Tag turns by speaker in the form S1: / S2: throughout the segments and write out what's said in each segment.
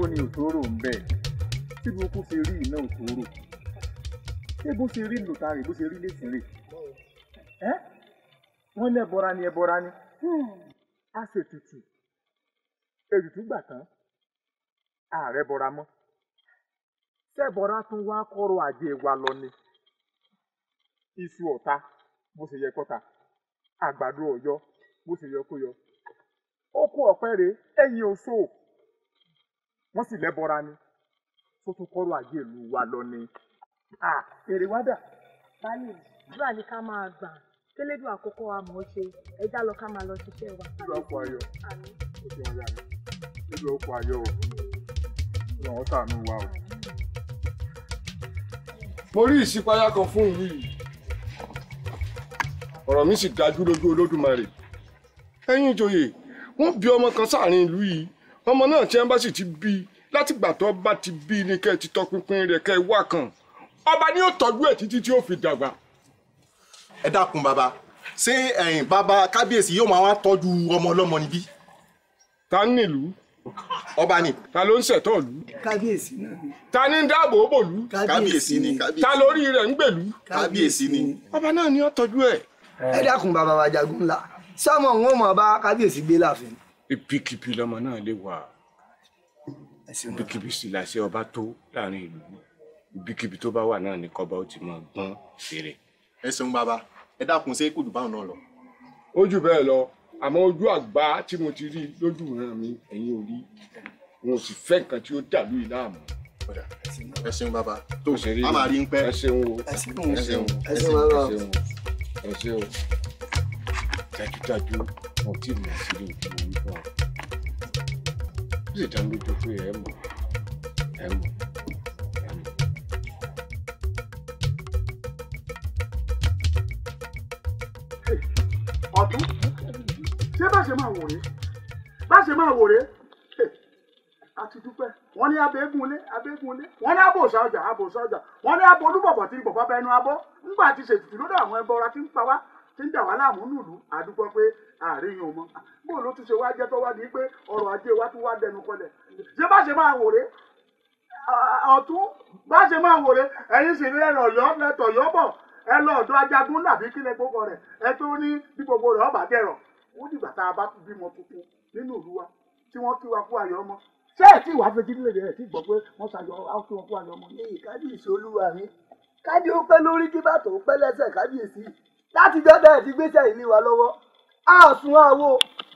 S1: níbo ni òtóró ń bẹ tí burúkú fi rí iná òtóró ṣé bó ṣe rí lòtà ni ẹbọra ni hmm. a tutu ètùtù gbà tán ààrẹ bọra mọ́ sẹ́bọra tún wá kọrọ ajé wa lọ ni iṣu ọ̀tá bó ṣe yẹ àgbàdo ọ̀yọ́ bó ṣe yẹ kó yọ ẹ̀yìn wọ́n sì lẹ́bọra ni tó tún kọ́rọ̀ ayé ìlú wa lọ ni.
S2: èrè wá dà. baálé ìdúrà ni ká máa gbà kélédù àkókò wa mọ̀ ọ́
S3: ṣe ẹja lọ ká máa lọ ṣiṣẹ́ wa. ìlú ọkọ̀ ayọ̀ ó ti
S1: wọn yà mí ìlú ọkọ̀ ayọ̀ ó ràn ọ́ sànú wa o. mo rí ìṣípayá kan fún ìlú yìí ọ̀rọ̀ mi sì dájú lójú Olódùmarè ẹ̀yin ìjòyè wọ́n bí ọmọ kan sáàrin ìlú yìí ọmọ náà tí wọ́n bá sì ti bí i látìgbà tó bá ti bí i ni kẹ́ ẹ ti tọpinpin rẹ̀ kẹ́ ẹ wá kan ọba ni yóò tọ́jú ẹ̀ títí tí yóò fi dàgbà. ẹ dákun bàbá ṣé ẹ̀yin bàbá kábíyèsí yóò máa wá tọ́jú ọmọ ọlọ́mọ níbí. ta ń nílùú. ọba ni. ta ló ń ṣètò ìlú. kábíyèsí náà ni. ta ni ń dáàbò bòlú. kábíyèsí ni. ta lórí rẹ̀ ń gbèlú. kábíyèsí ni. ọba náà ni yóò tọ́jú ẹ̀. ẹ dákun bàbá wa jagun ńlá sọmọ ń wọ́n mọ̀ bá kábíyèsí gbé láàfin ibikíbi lọmọ náà lè wà ibikíbi sì làṣẹ ọba tó láàrin ìlú ibikíbi tó bá wà náà ni kọba ó ti mọ gbọn fèrè. ẹ ṣeun bàbá ẹ dákun ṣe kùdù báwọn náà lọ. ó jù bẹ́ẹ̀ lọ àmọ́ ojú àgbà tí mo ti rí lójú ìran mi ẹ̀yìn orí wọn ò sì fẹ́ nǹkan tí ó dàlú yìí láàmú. ẹ ṣeun bàbá tó ṣe rí i máa rí i pẹ́. ẹ ṣeun o ẹ ṣeun o ẹ ṣeun o ẹ ṣeun o dájúdájú. motive masịrị nke ibu ahụ zicha ndị chukwu ya emo emo ọ̀tún ṣé bá ṣe máa wò rèé bá ṣe máa wò rèé dúpẹ́ wọ́n ní abẹ́gúnlé wọ́n ní abòsà wọ́n ní abọ́ olúbọ̀bọ̀ tí ń bọ̀ ẹnu abọ́ tí lọ́dọ̀ àwọn ẹbọra tí ń pa wá tí ń dà wá láàmú nùlù àdúgbò pé àríyìn ọmọ bó ló ti ṣe wá jẹ́ tó wá di pé ọrọ̀ ajé wa tún wá dẹnu kọlẹ̀ ṣé bá ṣe máa wòrè ọ̀tún bá ṣe máa wòrè ẹ̀yin sì ní ẹ̀rọ ọ̀yọ́ lẹ́tọ̀ ọ̀yọ́ bọ̀ ẹ lọ ọ̀dọ̀ ajagun nàbí kí lẹ gbókọ rẹ̀ ẹ tó ní bí gbogbo rẹ̀ ọ̀bà dẹ̀rọ̀ ó dìgbà tá a bá bímọ tuntun nínú ìlú wa tí wọ́n kí wa kú ayọ̀ ọmọ ṣé ẹ̀ tí ìwà fetí rẹ̀ ti gbọ́ pé wọ́n ṣàjọ kí wọ́n kú ayọ̀ ọmọ. èyí kábíyèsí olúwa mi kábíyèsí ó pẹ́ lórí kí bàtò ó pẹ́ lẹ́sẹ̀ kábíyèsí láti jọ́ bẹ́ẹ̀ ti gbéṣẹ́ ìlú wa lọ́wọ́ àsùn àwo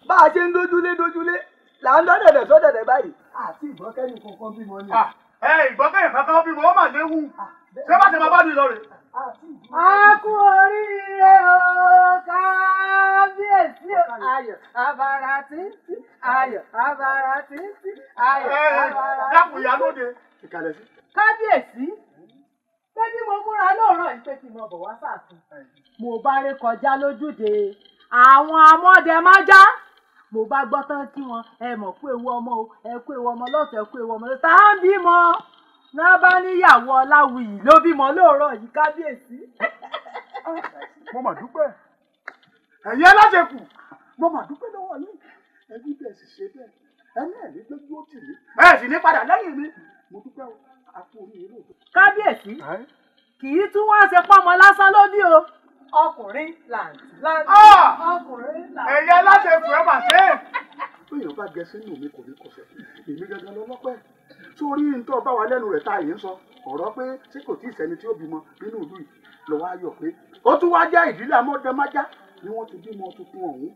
S1: bá a ṣe ń dójúlé dójúlé là ń dọ́ dẹ̀dẹ̀ sọ́ dẹ̀dẹ̀ báyìí àti ìbọ́kẹ́yìn kankan bímọ ni. ẹ ìbọ́kẹ́yìn kankan bímọ ó mà léwu ṣé bá ti
S4: máa bá mi lọ rè. a
S2: kú oríire o kábíyèsí ayọ̀ abara títí ayọ̀ abara títí ayọ̀ abara títí. dàpọ̀ ìyá lóde. kábíyèsí pé bí mo múra lóòrọ̀ ìpè tí mo bọ̀ wá sáà fún mo bá rí kọjá lójúde àwọn amọ́dẹ̀májá mo bá gbọ́ tán kí wọn ẹ mọ̀ pé ewu ọmọ o ẹ kó ewu ọmọ lọ́sẹ̀ ẹ kó ewu ọmọ lọ́sẹ̀ á ń bímọ náà bá níyàwó ọláwìyí ló bímọ
S1: lóòrọ̀ yìí kábíyèsí. mo mà dúpẹ́ ẹ̀yin alájẹkù mo mà dúpẹ́ lọ́wọ́ yín ẹbí bẹ́ẹ̀ sì ṣe bẹ́ẹ̀ ẹni ẹ̀rí gbẹ́jú ó tì mí ẹ sì ní padà lẹ́yìn mi
S2: mo dúpẹ́ àpò orí yìí lóòótọ́.
S1: kábíyèsí
S5: kì í tún wá ṣe pọ́nmọ lásán lódì o
S2: ọkùnrin làǹtí
S5: làǹtí ah!
S1: ọkùnrin làǹtí. ẹ̀yà láti ẹ̀kú ẹ̀ mà ṣe. tó yẹn bá gẹ sínú mi kò ní kọsẹ̀ èmi gangan lọ́lọ́pẹ́ sórí nítorí bá wa lẹ́nu rẹ̀ tá yìí ń sọ ọ̀rọ̀ pé tí kò tí ì sẹ́ni tí ó bímọ nínú ìlú yìí lọ́wọ́ ayọ̀ pé ó tún wá jẹ́ ìdílé amọ́dẹ́májá ni wọ́n ti bímọ tuntun ọ̀hún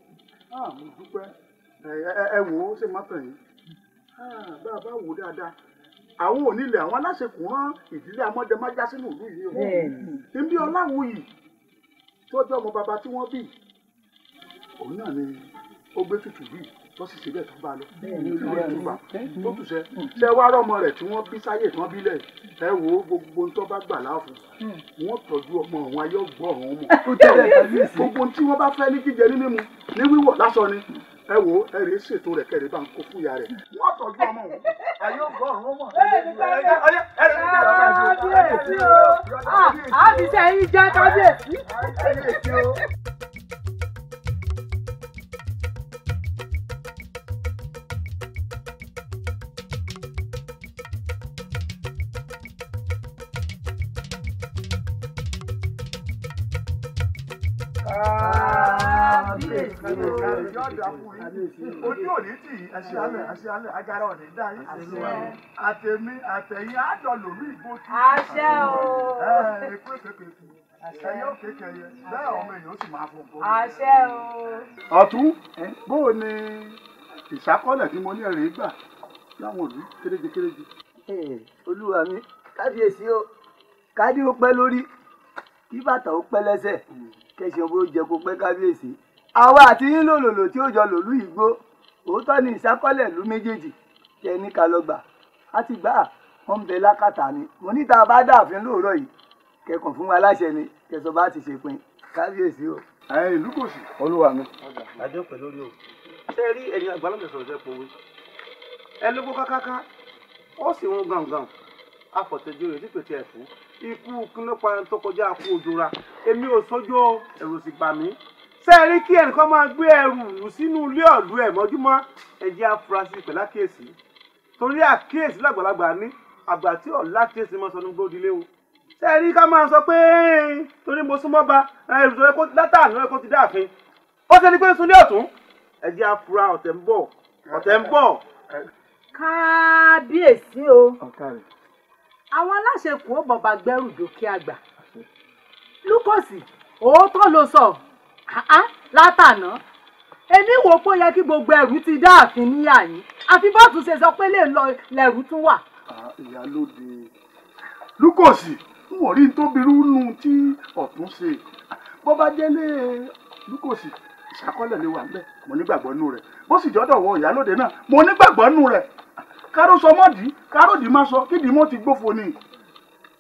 S1: ah, mo dúpẹ́ ẹ wò ó ṣe má tàn yín ah, wò ó dáadáa àwọn onílẹ̀ àwọn aláṣẹkùn rán ìdílé amọ́dẹ́májá sínú ìlú yìí o níbi ọláwùyí tó jẹ́ ọmọ bàbá tí wọ́n bí òun náà ni ó gbé tutù yìí tó sì ṣe bẹ́ẹ̀ tó bá lọ lórí ìtura tó tù sẹ́ ṣe hmm. wá rọ́mọ rẹ̀ tí wọ́n bí sáyè tán bílẹ̀ ẹ wo gbogbo ń tó bá gbà láàfù hmm. wọ́n tọ́jú ọmọ ọ̀hún ayé ọgbọ́n ọ̀hún mọ̀ gbogbo tí wọ́n bá fẹ́ ní jíjẹ ní mímu ní wíwọ̀ lásán ni ẹ wo ẹ rèé ṣètò rẹ kẹrìí bá ń kó fúya rẹ. wọ́n tọ́jú ọmọ òun ayé ògbọ́ ọ̀run ọmọ. ẹ ní káyọ̀ ẹ ní káyọ̀ kábíyèsí o àbíṣe
S3: yín jẹ́ kábíyèsí.
S1: dàkú yìí ojú òní tì í ẹsẹ̀ alẹ̀ agara òní dá yín àtẹ̀mí àtẹ̀yìn àjọ lòlú ìbò tì àṣẹ o. ẹ ẹ kékeré ẹyẹ ó kékeré bẹ́ẹ̀ ọmọ èèyàn sì máa fún un. àṣẹ o. ọ̀tún bó o ní tí mo ní ẹ̀rí gbà láwọn òbí kéréje kéréje. olúwa mi kábíyèsí o kádì ó pẹ́ lórí kí bàtà ó pẹ́ lẹ́sẹ̀ hmm. kẹsàn-án bó jẹ kó pẹ́ kábíyèsí àwa àti yín lòlòlò tí ó jọ lòlú ìgbó òótọ́ ni ìsákọ́lẹ̀ ìlú méjèèjì tẹ ní ká lọ gbà á ti gbà wọn ń bẹ lákàtà mi mo níta bá dààfin lóòrọ̀ yìí kẹkàn fún wa láṣẹ ni kẹsàn bá ti ṣe pin kábíyèsí o. ẹ ìlú kò sí olúwa mi. àjọ pẹ̀lú orí o ṣé rí ẹ̀yin àgbàlagbà sọ̀rọ̀ jẹ́ pòwe ẹ lóko kákáká ó sì wọn gàngàn afọ̀tẹ́jú rẹ̀ tí pèsè ẹ̀fọ́ ikú kí ló pa tó kọjá kú òjòra èmi ò sọ́jọ́ ẹ̀rù sì gbà mí sẹ́ẹ̀rí kí ẹnìkan máa gbé ẹrù sínú ilé ọ̀lú ẹ̀ mọ́júmọ́ ẹ̀jẹ̀ afurasí pẹ̀lú àkíyèsí torí àkíyèsí làgbàlagbà ní àgbà tí ọ̀la kíyèsí máa sọ ní gbódìlé o sẹ́ẹ̀rí ká máa sọ pé torí mo súnmọ́ ba ẹrù tó yẹ kó látàánú ẹ kó ti dáàfin ó ṣe ni pé sunlé ọ̀tún ẹ̀jẹ̀ afura ọ̀tẹ̀ ń bọ̀ ọ̀tẹ̀ ń bọ̀.
S2: kábíyèsí o àwọn aláṣẹ kò bọ̀bà gbẹ́rù dókè àgbà lúkọ̀sì òótọ́ ló sọ Ah, ah, látànà
S3: èmi wò pé ó yẹ kí gbogbo ẹrù ti dá àfin níyà yín àfi bọ́ọ̀tù ṣe sọ pé lè
S1: lọ lẹ̀rù tún wà. Ah, ìyálóde lúkọ̀sì ń wọ̀ rí tó birú nu tí ọ̀tún ṣe bó bá délé lúkọ̀sì ìṣàkọọ́lẹ̀ lè wà ńbẹ̀ mo nígbàgbọ́ nù rẹ̀ bó sì jọ́dọ̀ wọ ìyálóde náà mo nígbàgbọ́ nù rẹ̀ káró sọ mọ́dì káròdì má sọ kídìí mọ́ ti gbófo ni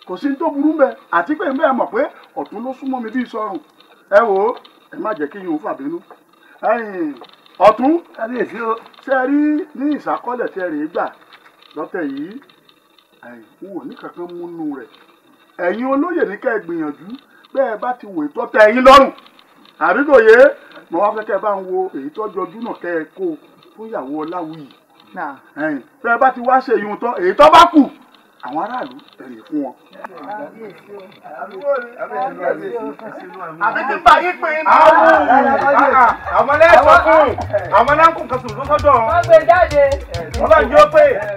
S1: kò sí ní tó burú mbẹ àti pé mbẹ mọ̀ pé ọ̀tún ló súnmọ́ mi bí sọrùn ẹ wò ó ẹ má jẹ́ kí yòówù fàbínú ọ̀tún kábíyèsí o ṣe rí ní ìṣàkọọ́lẹ̀ tẹ́ rèé gbà lọ́tẹ̀ yìí n ò ní kankan múnú rẹ̀ ẹ̀yin olóyè ní ká ẹ gbìyànjú bẹ́ẹ̀ bá ti wò ètò tẹ́ ẹ̀yin lọ́rùn àbíkòye mo wá fẹ́ kẹ́ ẹ bá ń wo èyí tó jọjú náà kẹ́ ẹ kó fún ìyàwó ọláwùyí bẹ́ẹ̀ bá ti wá ṣe ìyún tán èyí tó bá kù àwọn aráàlú ẹ̀rì fún wọn. àbí ti bá yí pé inú àwọn àwọn ẹlẹ́sọ̀kùn àwọn ẹlẹ́kùn kan sùn lọ́sọ̀dọ̀ ọlọ́run yóò pè é.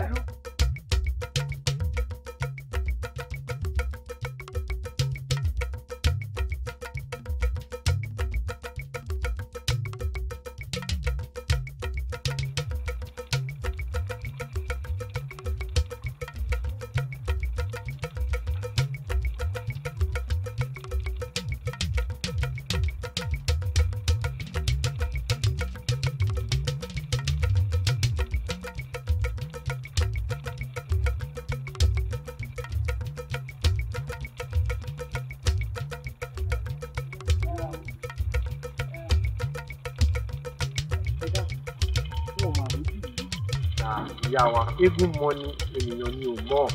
S1: eégún mọ ni ènìyàn ni ò mọ̀.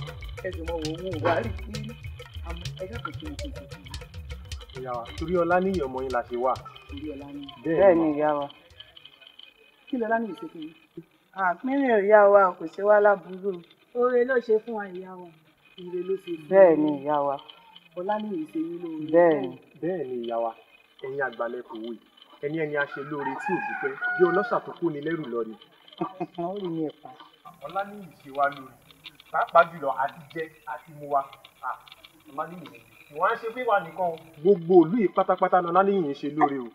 S1: ẹsẹ̀ mọ wo owó wa rí sí àmọ́ ẹ ṣáà kò tó nǹkan tó tó. ìyá wa torí ọlá ní ìyọmọ yín la ṣe wà. torí ọlá ní bẹ́ẹ̀ ni ìyá wa.
S3: kí lọ́lá ní ìṣèkè yìí. àpínrìn ìyá wa kò ṣe wá
S2: láburú. oore ló ṣe fún wa ìyá wa. ire ló ṣe fún wa. ni ìyá wa. ọlá ní ìṣe yín lóore. bẹ́ẹ̀ ni
S1: bẹ́ẹ̀ ni ìyá wa ẹ̀yin àgbàlẹ̀ kò wò ẹni ẹni a ṣe lóore tí ò dúpẹ́ bí ọlọ́ṣà tó kú ni lẹ́rù lọ ni. ó rí mi ẹ̀pà ọlá ní ìṣe wa lórí pàápàá jùlọ àti jẹ àti mu wa ọlá ní ìṣe ìwọ̀n ṣe pé wà nìkan. gbogbo ìlú yìí pátápátá ni ọlá ní ìyẹn ṣe lóore o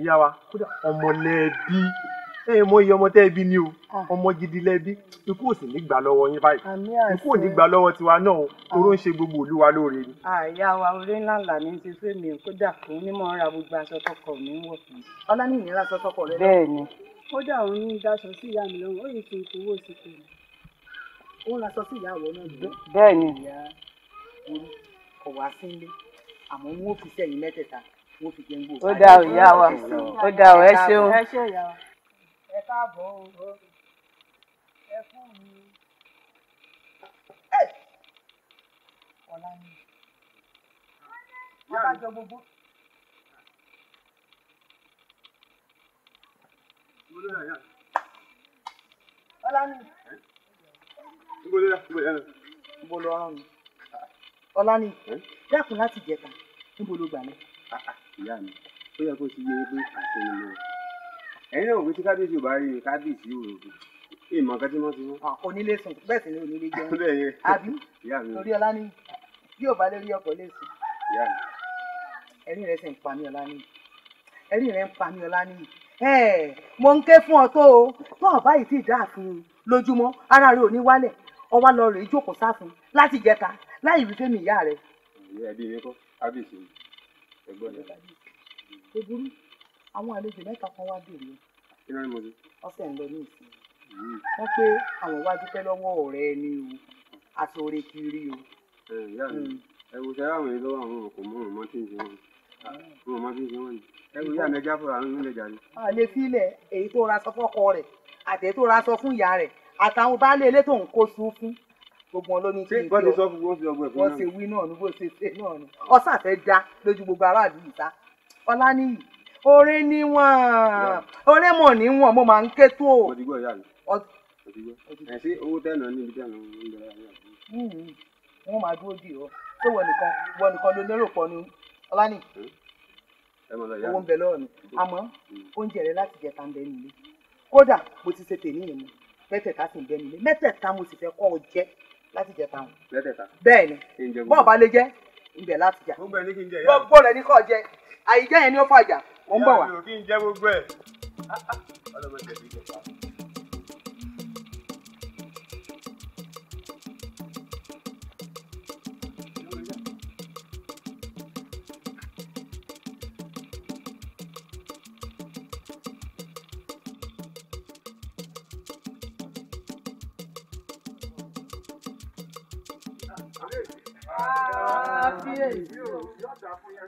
S1: ìyá wa kódà ọmọlẹ́bí ẹ mọ iye ọmọ tẹ́ ẹ bí ni o ah. ọmọ gidi lẹ́bí ikú ò sì ní gbà lọ́wọ́ yín báyìí ikú ò ní gbà lọ́wọ́ tiwa náà o ah. toró ń ṣe gbogbo ìlú wa lóore ni.
S3: àyà wa orí ńlá ńlá ní ti fún mi kódà kò ní mọ̀ ra gbogbo aṣọ tọkọ mi ń wọ̀ fún mi. ọlá ní ìnira aṣọ tọkọ rẹ. bẹ́ẹ̀ ni kódà òun ní daṣọ sí ìyá mi lọ́rùn ó yìí fi ìkówó sí pẹ̀lú òun la sọ sí ìyàwó náà jù. bẹ́ẹ̀ ni ìyá orí kò wá sílé àmọ́ wọn ò fi sẹ́yìn mẹ́tẹ̀ẹ̀ta wọn ò fi jẹun gbòòrò. ó dà ó ìyá wa ó dà ó ẹ ṣeun. ẹ ṣe ìyá wa
S2: ẹ káàbọ̀ o ẹ fún mi.
S3: ọ̀la ni wọ́n bá jọ gbogbo. ọlánì. níbo ló rán mi. ọlánì dákun
S1: láti jẹta níbo ló gbà mí. Ah, ah, ìyá mi ó yẹ kó ti yé e pé àṣẹ ni mo ẹ̀yin náà wò pé tí kábíyèsí ò bá rí kábíyèsí ò rò ìmọ̀ nǹkan tí wọ́n ti mú. Ah, onílé sùn bẹ́ẹ̀ sì ni onílé jẹun àbí torí ọlá ní bí ò bá lórí ọkọ̀ lè sùn
S3: ẹ̀rín rẹ̀ sì ń pa mí ọlá ní ẹ̀rín ń pa mí ọlá Eh, mo ń ké fún ọ tó o tó ọ báyìí tí ìdá àfin lójúmọ́ ara rẹ ò ní wálẹ̀ ọwá lọ rèé jókòó sáfún láti jẹta láì rí fẹmi ìyá rẹ.
S1: ẹbí mi kọ kábíyèsí ẹ̀gbọ́n mi. ebúrú àwọn àlejò mẹ́ta kan wá dèrè ọ̀sẹ̀ ń lọ ní ìsìn hmm. wọn pé àwọn wá dúpẹ́ lọ́wọ́ ọ̀rẹ́ ẹni o àti oore kiri o. Eh, hmm. ẹ wo ṣe aráàlú yìí lọ́wọ́ àwọn ọkọ̀ mọ́rùn-ún mọ́tò ìṣẹ́ wọn wọn ẹrù yá mi jáfọ àwọn ìlú ìjà ni.
S3: àlè sílẹ̀ èyí tó ra sọ fọ́kọ rẹ̀ àtẹ̀ tó ra sọ fún ìyá rẹ̀ àtàwọn baálé ilé tó ń kó sun fún
S1: gbogbo wọn ló ní kí wọ́n ṣe wí náà ní bó ṣe ṣe náà ni
S3: ọ̀sán àfẹ́ já lójú gbogbo aráàlú ìta ọláníyì oore ni wọn
S1: oore mọ̀ ní wọn mo máa ń ké tó. ọ̀dìgbò ìyá mi ẹ̀ sí owó tẹ̀nà níbi tẹ̀nà ń bẹ̀rẹ̀ àwọn àbúrò. wọ́n máa dúró dì ọ́ tó wọ nìkan ló lérò pọ̀ ni ọlánì owó ń bẹ lọ́wọ́ mi àmọ́ oúnjẹ rẹ láti jẹ tá ń bẹ nílé kódà mo ti ṣe tèmi yẹn mu mẹ́tẹ̀ẹ̀ta sì ń bẹ nílé mẹ́tẹ̀ẹ̀ta mo sì fẹ́ kọ́ ọ jẹ láti jẹ táwọn. mẹ́tẹ̀ẹ̀ta bẹ́ẹ̀ ni bọ́ọ̀ bá lè jẹ́ ibẹ̀ láti jà gbogbo rẹ̀ ní kò jẹ àyíjẹ́ yẹn ni ó fàjà mo ń bọ̀ wá. mi ò kí ń jẹ gbogbo ẹ̀. Ah, ah.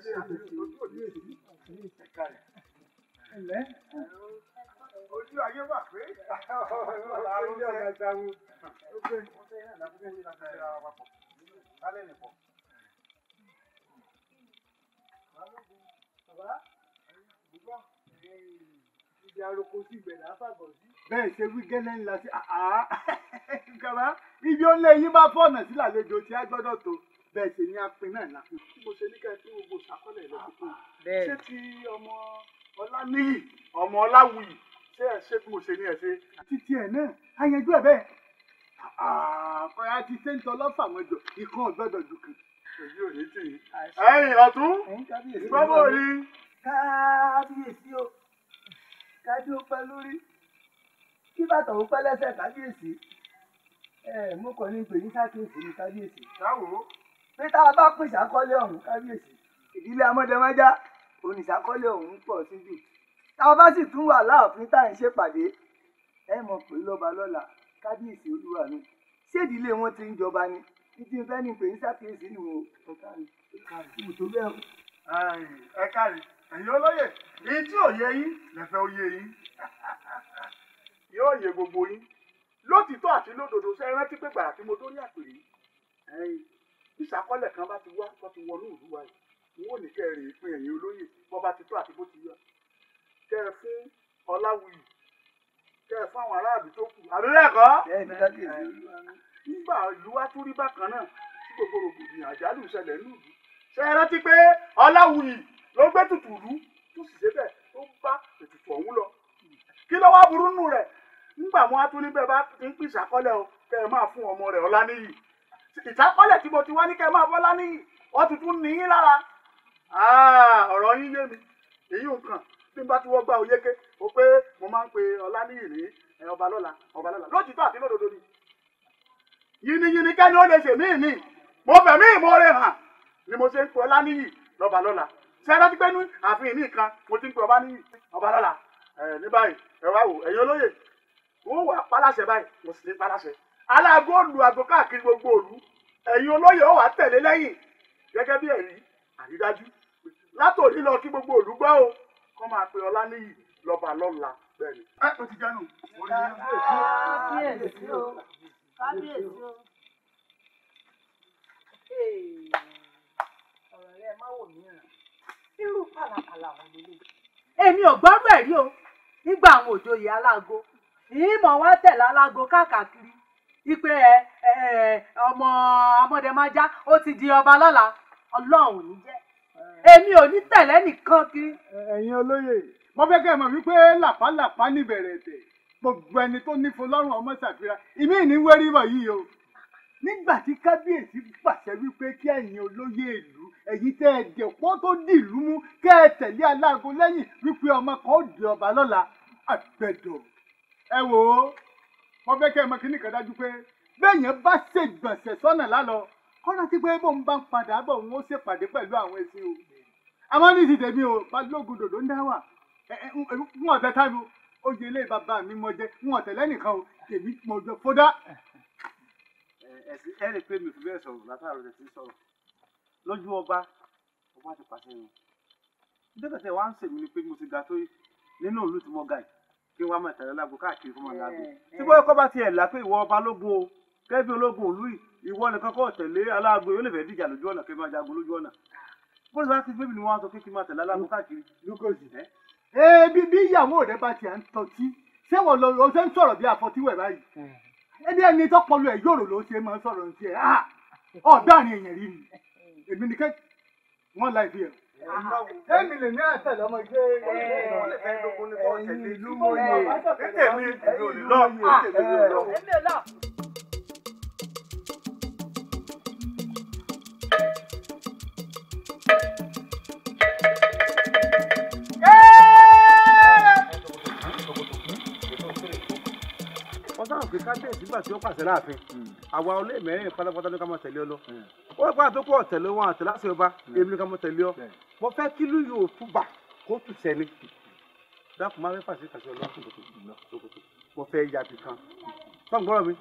S1: ẹlẹ ojú ayé wà pé ojú ọ̀gá ìdáwó
S2: ọgbẹ́ ọgbẹ́ náà
S1: làbúgbẹ́ yìí láti ra wa pọ̀ lálẹ́ yìí pọ̀. bàbá bùbá ìdí aroko sí ìgbẹ̀dà fàgọ̀ sí. bẹ́ẹ̀ ṣe wí gẹ́lẹ́ ńlá sí àá kàbá ibi ó lé yín bá fọ̀nà sí làlejò tí a gbọ́dọ̀ tó bẹ́ẹ̀ ṣe ní apin náà lápin tí mo ṣe ní ká tí gbogbo ṣàkọlẹ̀ lọ sí pé ṣé ti ọmọ ọláníyì ọmọ ọláwùyì ṣé ẹ ṣé bí mo ṣe ní ẹ ṣe àti tiẹ̀ náà á yanjú ẹ bẹ́ẹ̀ àkọyà ti ṣe ń tọ lọ́fà mọ́jọ ikán ọ̀gbọ́dọ̀ dùkú èyí ò ní tì í ẹ̀yìn ọ̀tún ìgbọ́bọ̀ rí. kábíyèsí o kájú ó pẹ́ lórí kí bàtà ó pẹ́ lẹ́sẹ̀ kábíyèsí mo kàn ní gbèyí sákèsí ní kábíyèsí. dáwọ́ pé tá bá pín ìṣàkọ́lé ọ̀hún kábíyèsí ìdílé amọ́dẹ́mọ́já òun ọ̀hún pọ̀ sí jù tá bá sì tún wà láàfin tá ń ṣèpàdé ẹ mọ̀ pé lọ́ba lọ́la kábíyèsí olúwa mi ṣé ìdílé wọn ti ń jọba ni títí fẹ́ ni pé ń ṣàkíyèsí ni wọn ò kárí mo tó bẹ́ẹ̀ o. ẹ kárí ẹ̀yin olóyè èyí tí ò yé yín lẹ́fẹ̀ẹ́ ó yé yín yóò yé gbogbo yín lótìtọ́ àti lódodo ṣe é rántí pé gbàrà tí mo dórí àpèrè yìí ìṣàkọọ́lẹ̀ kan bá ti wá tó ti wọnú ìlú wa yìí wọn ò ní kẹ́ ẹ rè pin ẹ̀yìn olóyè bó bá ti tó àti bó ti yọ kẹ́ ẹ fún ọláwùyí kẹ́ ẹ fún àwọn aráàlú tó kù àbẹ́lẹ́kọ́ nígbà ìlú wa tún rí bákan náà tí gbogbo rògbòdìyàn àjálù ṣẹlẹ̀ ní ìlú ṣe é rántí pé ọláwùyí ló gbé tutù ìlú tó sì débẹ̀ tó bá ètùtù ọ̀hún lọ kí ló wá burú nù rẹ̀ nígbà wọn á tún níbẹ̀ bá ń pèsè àkọlẹ̀ ìsápọ́lẹ̀ tí mo ti wá ní kẹ́ máa fọ́lá níyì ó tuntun ní yín lára ah, ọ̀rọ̀ yín yé mi èyí nǹkan bí n bá ti wọ́n gbà òyeke o pé mo máa ń pe ọlá níyì ní ọba lọ́la ọba lọ́la lójútọ́ àti lódodo ni yìnyínní kẹ́ni ó lè ṣe mí ní mo fẹ̀mí ìmoore hàn ni mo ṣe ń pe ọlá níyì lọ́ba lọ́la ṣé ẹ rántí pé ní àfihàn mi kan mo ti ń pe ọba níyì ọba lọ́la ní báyìí ẹ wá wò ẹ̀yin olóyè wọ́n wà pálásẹ̀ báyìí mo sì ní pálásẹ̀ aláàgó òlù àgọ káàkiri gbogbo òlù ẹ̀yin olóyè ó wá tẹ̀lé lẹ́yìn gẹ́gẹ́ bí ẹ̀rí àrídájú látòní lọ kí gbogbo òlù gbọ́ o kọ́ máa pe ọlá níyì lọ́ba lọ́la bẹ́ẹ̀ni. ẹ o ti jánu. kábíyèsí o
S2: kábíyèsí o ọ̀rọ̀ rẹ má wò mí ràn irú pàlàpàlà wọn lélẹ̀. èmi ò gbọ́dọ̀ ẹ̀rí o nígbà àwọn òjòyè alágo ìyímọ̀ wá tẹ̀lé alágo káàkiri wípé ẹ ọmọ amọ̀dẹ̀májá ó ti di ọba lọ́la ọlọ́run ní jẹ́ èmi ò ní tẹ̀lé nìkan kí. ẹ̀yin olóyè mo fẹ́ kẹ́ ẹ mọ̀ wípé
S1: làpálàpá níbẹ̀rẹ̀ tẹ̀ gbogbo ẹni tó ní fọlọ́run ọmọ ṣàfihàn ìmí ìní wẹ́rí bọ̀ yìí o nígbà tí kábíyèsí pàṣẹ wípé kí ẹ̀yin olóyè ìlú ẹ̀yin tẹ́ ẹ dẹ̀pọ́ tó dìlú mú kẹ́ ẹ tẹ̀lé aláàgọ́ lẹ́yìn wípé ọmọ kan ó di ọba lọ́la àgbẹ̀dọ̀ ẹ wò ó wọ́n fẹ́ kẹ́ ẹ mọ kíní kan dájú pé bẹ́ẹ̀yẹn bá ṣègbọ̀nsẹ̀ sọ́nà lálọ kọ́nà pé bóun bá ń padà bọ̀ òun ó ṣèpàdé pẹ̀lú àwọn ẹṣin o àmọ́ ní ti tèmi o balógun dòdò ń dá wà ń ọ̀tẹ̀ táìmù oyè ilé bàbá mi mọ jẹ ń ọ̀tẹ̀ lẹ́nìkan o tèmi mọ jẹ fódà. ẹsìn ẹ lè pè mí fún bẹ́ẹ̀ sọ̀rọ̀ látàrọ̀ rẹ̀ sọ̀rọ̀ lójú ọba ọba ti pàṣẹ yẹn nígbà tí ń sèmi ni pé mo ti ga tó nínú ìlú tí mo ga yìí kí wọ́n máa tẹ̀lé lágbo káàkiri fún wọn lágbo eh, tí wọ́n eh. kọ́ bá tiẹ̀ là pé ìwọ ọba lógun o kẹ́bí ológun òlú ìwọ nìkan kọ́ tẹ̀lé aláàgbé yóò lè fẹ́ dìjà lójú ọ̀nà kí wọ́n máa jagun lójú ọ̀nà bó ló bá ti gbébì ni wọ́n á sọ pé kí n máa tẹ̀lé lágbo káàkiri lúkọ̀ọ́sì rẹ̀. ebi eh? bí ìyàwó rẹ bá ti à ń tọ́tí ṣé wọ́n lọ ṣe ń sọ̀rọ̀ bí àfọtíwẹ̀ báyìí ebi ẹni tó pọlu ẹ̀ yòrò ló ṣe máa ń sọ̀rọ̀ ní tiẹ̀ ah! ọ̀dọ́ àrùn èèyàn rí ni èmi ni kẹ́ wọ́n láì fi ẹ̀rọ Tẹ́mi lè ní àṣẹ lọ́mọ gbé. Ó lè fẹ́ dogun ní kọ́ọ̀tẹ̀ lé lúmọ̀ yé. Ètè mi ò lọ. Ètè mi ò lọ. Èmi ò lọ. wọ́n sáà pé kábíyèsí nígbà tí ó pàṣẹ láàfin àwa olé mẹ́rin pátápátá ló ká máa tẹ̀lé ọ lọ wọ́n gbọ́dọ̀ tó kú ọ̀tẹ̀lẹ̀ wọn àtẹ̀lẹ̀ àṣẹ ọba hmm. èmi ni ká mọ tẹ̀lé ọ hmm. mo fẹ́ kí ló yóò fún bà kó tù sẹ́ni dákun máa fẹ́ fàṣẹ kàṣẹ ọlọ́run tòkòtò mo fẹ́ yàbí kan fọ́ngbọ́n mi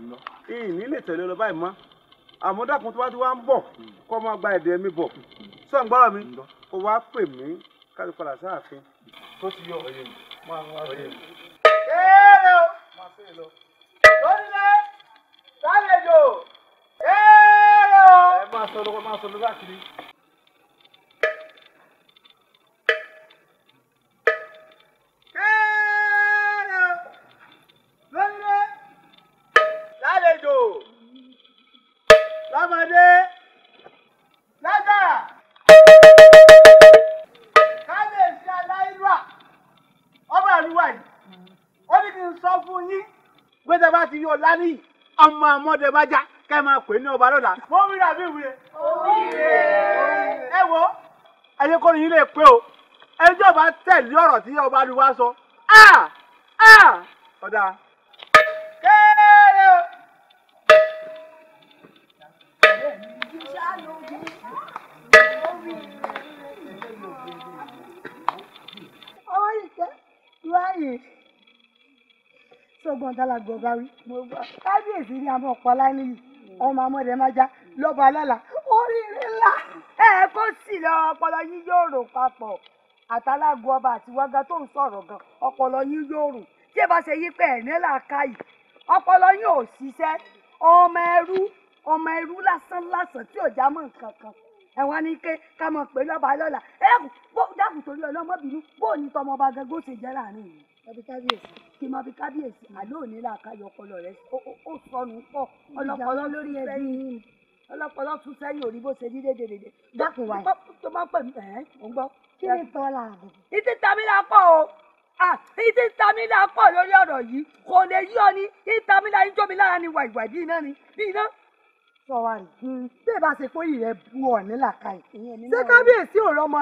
S1: ìní lè tẹ̀lé ọ lọ báyìí mọ́ àmọ́ dákun tó bá ti wá ń bọ̀ hmm. kọ́ máa gba ẹ̀dẹ̀ mi bọ̀ sọ ń gbọ́dọ̀ mi ó wá pè mí kájú padà sáàfin tó ti yọ ọ̀yẹ́ máa sọ lọ́wọ́ máa sọ lọ́wọ́ àkìrí. kẹ́ẹ̀rẹ́ lórílẹ̀ lálejò lọ́mọdé lágbà. kábíyèsí aláìlúwà ọba àlúwà yìí ó ní kí n sọ fún yín gbé tẹ bá ti yọ lánìí ọmọ àmọdé bá já pè ní ọba lọ́la. mo ń rírà bí ìwúre. ẹ wo ẹyẹ kọ́ni yín lè pé o ẹjọ́ bá tẹ̀lé ọ̀rọ̀ tí ọba lu wá sọ. ọ̀dà. kéèrè o.
S3: ọwọ́ yìí kẹ́ wá yìí sọ́gbọ́n dálàgbọ̀ bá wí. kábíyèsí ni a mọ̀ pa láyé nìyí ọmọ ọmọdé máa já lọ́ba alála oríire ńlá ẹ kó sì lọ ọpọlọ yín yóò rò papọ̀ àtàlágùn ọba àti wága tó ń sọ̀rọ̀ gan ọpọlọ yín yóò rò tí ẹ bá ṣe yí pé ẹ̀ní làákàyè ọpọlọ yín ò ṣiṣẹ́ ọmọ ẹrú ọmọ ẹrú lásán lásán tí ò já mọ́ nǹkan kan ẹ wá ní ké ká mọ̀ pé lọ́ba lọ́la ẹ dákun torí ọlọ́mọbìnrin bóò ní tọmọ ọba gẹ́gẹ́ ṣe jẹ́ láàrin yìí ẹbí kábíyèsí kí n máa fi kábíyèsí àlọ́ òní làákàyọ̀ ọpọlọ rẹ ó sọnù pọ̀ ọlọpọlọ lórí ẹbí ọlọpọlọ tún sẹ́yìn òrí bó ṣe rí dédé dédé. dákun wa tó bá pè mí ẹ̀ ń gbọ́. kí ni tọ́ la rẹ̀. ìdí tàmí la pọ̀ o ìdí tàmí la pọ̀ lórí ọ̀rọ̀ yìí kò lè yí ọ ni ìdí tàmí la ń jó mi lára ni wà ìwà bí iná ni bí iná. sọ wa rè hmm. bí ẹ bá ṣe pé ìrẹ bu ọ̀ nílàkàyè. ṣé kábíyèsí òrọ́mọ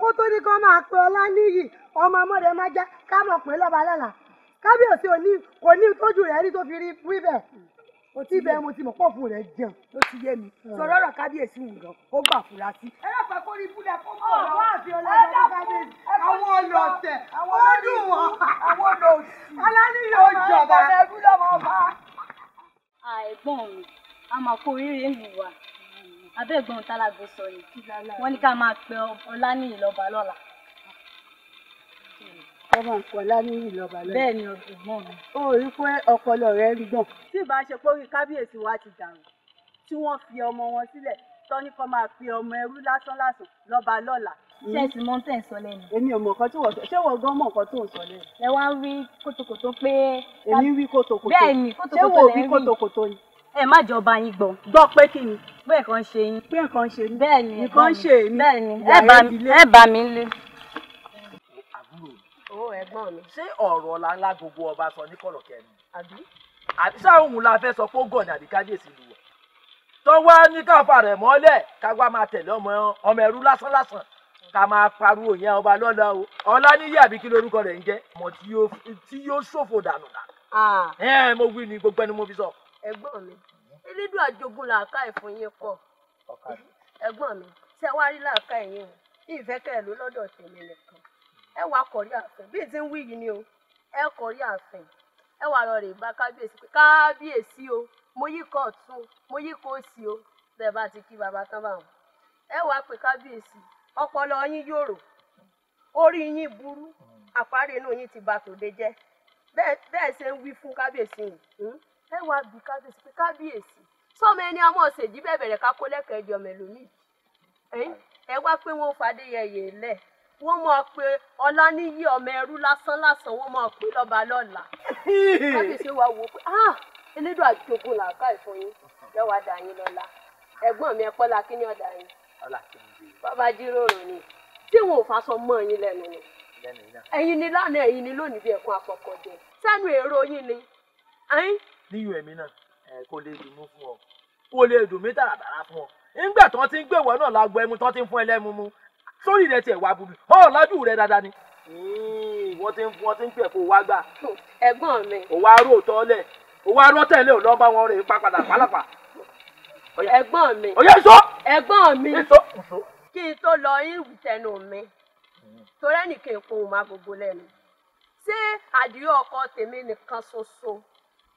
S3: kó tó ní kó máa pe ọlá níyì ọmọ ọmọdé máa já ká mọ̀ pé lọ́ba lọ́la kábíyèsí òní kò ní tójú rẹ̀ rí tó fi rí wí bẹ́ẹ̀ o ti bẹ mo ti mọ̀ pọ̀ fún rẹ̀ jẹun ló ti yé mi sọ̀rọ̀ ọ̀rọ̀ kábíyèsí wù gan ó gbà fura sí. ẹ bá fà kórìí búdà kó mọ̀ ọ́ wá àfi ọlọ́dún kábíyèsí àwọn ọlọ́tẹ̀ àwọn ọdún wọn àwọn olóòsì aláníyàn ìjọba.
S2: àìgbọ́n mi a máa kó oríire ìwà abẹ́ẹ̀gbọ́n tálágbó sọ ni wọ́n ní ká máa pe ọlá ní ìlọ́ba lọ́la. ọmọ
S3: nǹkan ọlá ní ìlọ́ba lọ́la. bẹ́ẹ̀ ni ọ̀gbọ́n mi. ó rí pé ọpọlọ rẹ ń gbọ̀n.
S2: tí ìbá ṣe pé orí kábíyèsí wa ti dàrú tí wọ́n fi ọmọ wọn sílẹ̀ tọ́ni kan máa pe ọmọ ẹrú lásán lásán lọ́ba lọ́la
S5: ṣẹ́ẹ̀sì hmm. mọ́tẹ́ ń sọ lẹ́nu. èmi ò mọ̀ nǹkan tí wọ́n sọ ṣé wọ́n gan mọ̀ nǹkan tó ń sọ lẹ́nu. ẹ wá ń wí kótókótó pé. èmi ń wí bẹ́ẹ̀ ni kótókótó lẹ́ ń wí. ṣé wọ́n wí kótókótó
S2: ni ẹ má jọba yín gbọ́. gbọ́ pé kí ni. bẹ́ẹ̀ kan ṣe yín. bẹ́ẹ̀ kan ṣe mí. bẹ́ẹ̀ ni nǹkan ṣe mí. bẹ́ẹ̀ ni ẹ bá mi lé.
S5: àbúrò mi. mi. ṣé ọ̀rọ̀ làlá gbogbo ọba sọ ní kọ̀rọ̀ kẹrin. àbí. àti sáà òun la fẹ́ sọ pé
S1: ó gọ̀ ní àbí kábíyèsí lu wọ̀. tó wá ní káfa rẹ̀ mọ́lẹ̀ ká wá máa tẹ̀lé ọmọ ọmọ ẹrú lásán lásán ká máa pariwo yẹn ọba lọ́la o ọlá níyí àbí kí lorúkọ rẹ̀ ń jẹ́ ọmọ tí yóò ṣòfò dànù. Ah. ẹ mo wí ni gbogbo ẹni mo fi sọ
S5: ẹ̀gbọ́n mi elédùn àjogún làákà ìfún yín pọ̀ ẹ̀gbọ́n mi tí ẹ wá rí làákà yín o ìfẹ́ kẹ́ ẹ̀ ló lọ́dọ̀ tèmi nìkan ẹ wàá kọ̀rí ààfin bí ti ń wí yìí ni o ẹ kọ̀rí ààfin ẹ wàá lọ rè bá kábíyèsí pé kábíyèsí o mo yí kọ́ ọ̀tún mo yí kọ́ òsì o bẹ́ẹ̀ bá ti kí baba tán bá wọn ẹ wàá pé kábíyèsí ọpọlọ yín yòrò orí yín burú àparí inú yín ti bà tòde jẹ́ bẹ́ẹ̀ ṣe ń wí fún kábíyèsí yìí hmm? ẹ wá bí kábíyèsí pé kábíyèsí sọmọ ẹni àwọn ọ̀sẹ̀jì bẹ̀rẹ̀ rẹ̀ ká kó lẹ́kẹ̀ẹ́jọ mẹ́lòmíì ẹ wá pé wọ́n fàdéyẹyẹ lẹ̀ wọ́n máa pe ọláníyí ọmọ ẹrú lásán lásán wọ́n máa pe lọ́ba lọ́la kábíyèsí wa wò pé ah elédò àjogún làákà ìfọyín lẹ́wọ̀ àdá yín lọ́la ẹ̀gbọ́n mi ẹ̀pọ́lá kí ni ọ̀dà yín bàbá jíròrò ni tí wọn ò fàṣọ mọ́ yín lẹ́nu ni ẹ̀yin ni lánàá ẹ̀yin ni lónìí bí ẹ̀kún àfọkọ̀jẹ sẹ́nu èrò yín ni
S1: níyọ ẹ̀mí náà kò lè dùnmú fún ọ kò lè dùn mí tààràtàrà fún ọ nígbà tán ti ń gbé ìwọ náà lágbo ẹmu tán ti ń fún ẹlẹ́mu mu sórí rẹ tiẹ̀ wá bubi ọ lájú rẹ dáadáa ni. wọ́n ti ń fún ọ ti ń pẹ̀ kó wá gbà. ẹ̀gbọ́n mi. ò wá rò tọ́lẹ̀ ò wá rọ́ tẹ̀lé ò lọ́ bá wọn rè é
S5: pápadà pálapà. ẹ̀gbọ́n mi. ọ̀yẹ́ sọ. ẹ̀gbọ́n mi. kí n tó lọ yín tẹnu mi torẹ́nì kì í má gbogbo lẹ́nu ṣé àdìyẹ ọkọ tèmi nìkan ṣoṣo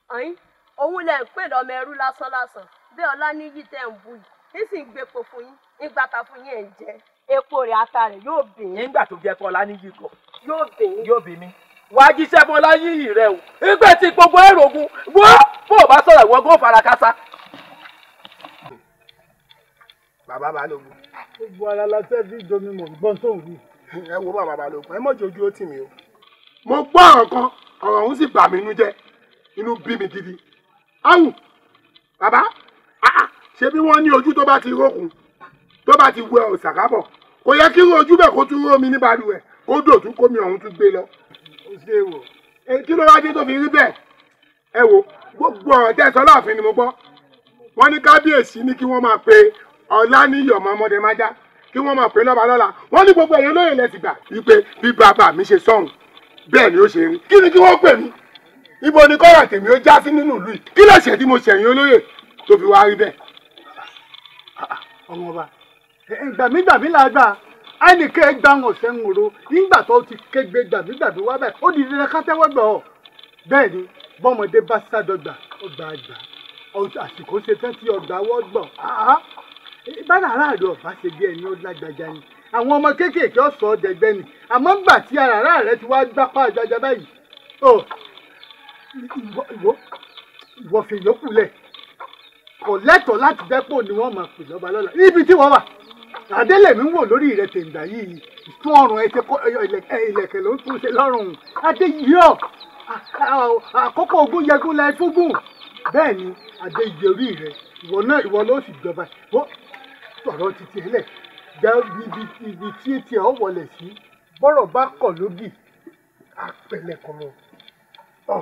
S5: òun lẹ ń pè lọmọ ẹrú lásán lásán bẹ́ẹ̀ ọlá ní yìí tẹ ń bù yìí nísìnyí gbẹpọ fún yín nígbà tá fún yín ẹ ń jẹ
S1: epo rẹ̀ ata rẹ̀ yóò bì í. nígbà tó jẹ kọ́ ọlá ní yìí kọ. yóò bì í. yóò bì mí. wàá jíṣẹ́ fún ọlá yìí rẹ o ìgbẹ́ ti gbogbo èrògùn wọ́n bó o bá sọ̀rọ̀ ìwọ gbọ́ fara kásá. bàbá balógun. gbogbo ara la fẹ́ bí domi mọ̀ gbọ́n tó wù. ẹ wo bàbá balógun ẹ mọ̀ jòjú ó tì mí o. mo gbọ́ ọ̀rọ̀ kan ọ̀rọ̀ ọ̀hún sì bà mí nú jẹ́ inú bí mi gidi. Awù bàbá ah, ah. ṣé bí wọ́n ní ojú tó bá ti rókun tó bá ti wẹ òṣàkábọ̀ kò yẹ kí ojú bẹ̀ kó tún ró mi ní balùwẹ̀ kó dòtú kó mi ọ̀hún tún gbé lọ. Kí ló wá dé tó fi rí bẹ́ẹ̀? Ẹ wo gbogbo ọ̀rọ̀ tẹ́ sọ láàfin ni mo gbọ́. Wọ́n ní kábíyèsí ní kí wọ́n máa pe ọ̀la ní ìyọ̀mọ́ ọmọdé má já kí wọ́n máa pè lọ́ba lọ́la wọ́n ní gbogbo ẹ̀yìn lóye lẹ́sìn gbà wípé bí bàbá mi ṣe sọ̀hún bẹ́ẹ̀ ni ó ṣe rí kí ni kí wọ́n pè mí ibo ni kọ́ra tèmi ó já sí nínú ìlú yìí kí lè ṣe tí mo ṣẹ̀yìn olóyè tó fi wá rí bẹ́ẹ̀. ọmọọba gbàmígbàmí la gbà ẹnìkẹ́ gba wọn sẹ́hùn ro nígbà tó ti kégbe gbàmígbàmí wá bẹ́ẹ̀ ó di dandan kátẹ́wọ́ gbà ọ́ bẹ́ẹ̀ ni bọ́mọdé bá sádọ́gba ọgbà àgbà àsìkò ṣe tán tí ọgbà wọ́ gbọ̀ bára aráàlú ọ̀bá ṣe bí ẹni ó lágbájá ni àwọn ọmọ kéékèèké ọ̀sọ́ ọ̀dẹ̀gbẹ́ ni àmọ́ ńgbà tí ara rẹ̀ ti wá gbápá àjàjà báyìí ìwọ ìwọ ìwọ fi yòókù lẹ̀ kò lẹ́tọ̀ọ́ láti dẹ́pọ̀ ni wọ́n máa pè lọ́ba lọ́la níbi tí wọ́n wà adélèmí ń wò lórí rẹ tèǹdà yìí ìtún ọrùn ẹ ti kọ ìlẹ̀kẹ̀ ló ń tún ṣe lọ́rùn adé yìí ọ àkókò ogún yẹgún la ẹfúgùn bẹ́ẹ̀ ni adé yìí orí rẹ ìwọ náà ìwọ ló sì jọba ìwọ sọ̀rọ̀ títí ẹ lẹ̀ já ibi tí etí ọ wọlé sí bọ́rọ̀ bá kọ̀ lógì àpẹlẹ kọ̀rọ̀ ọ̀.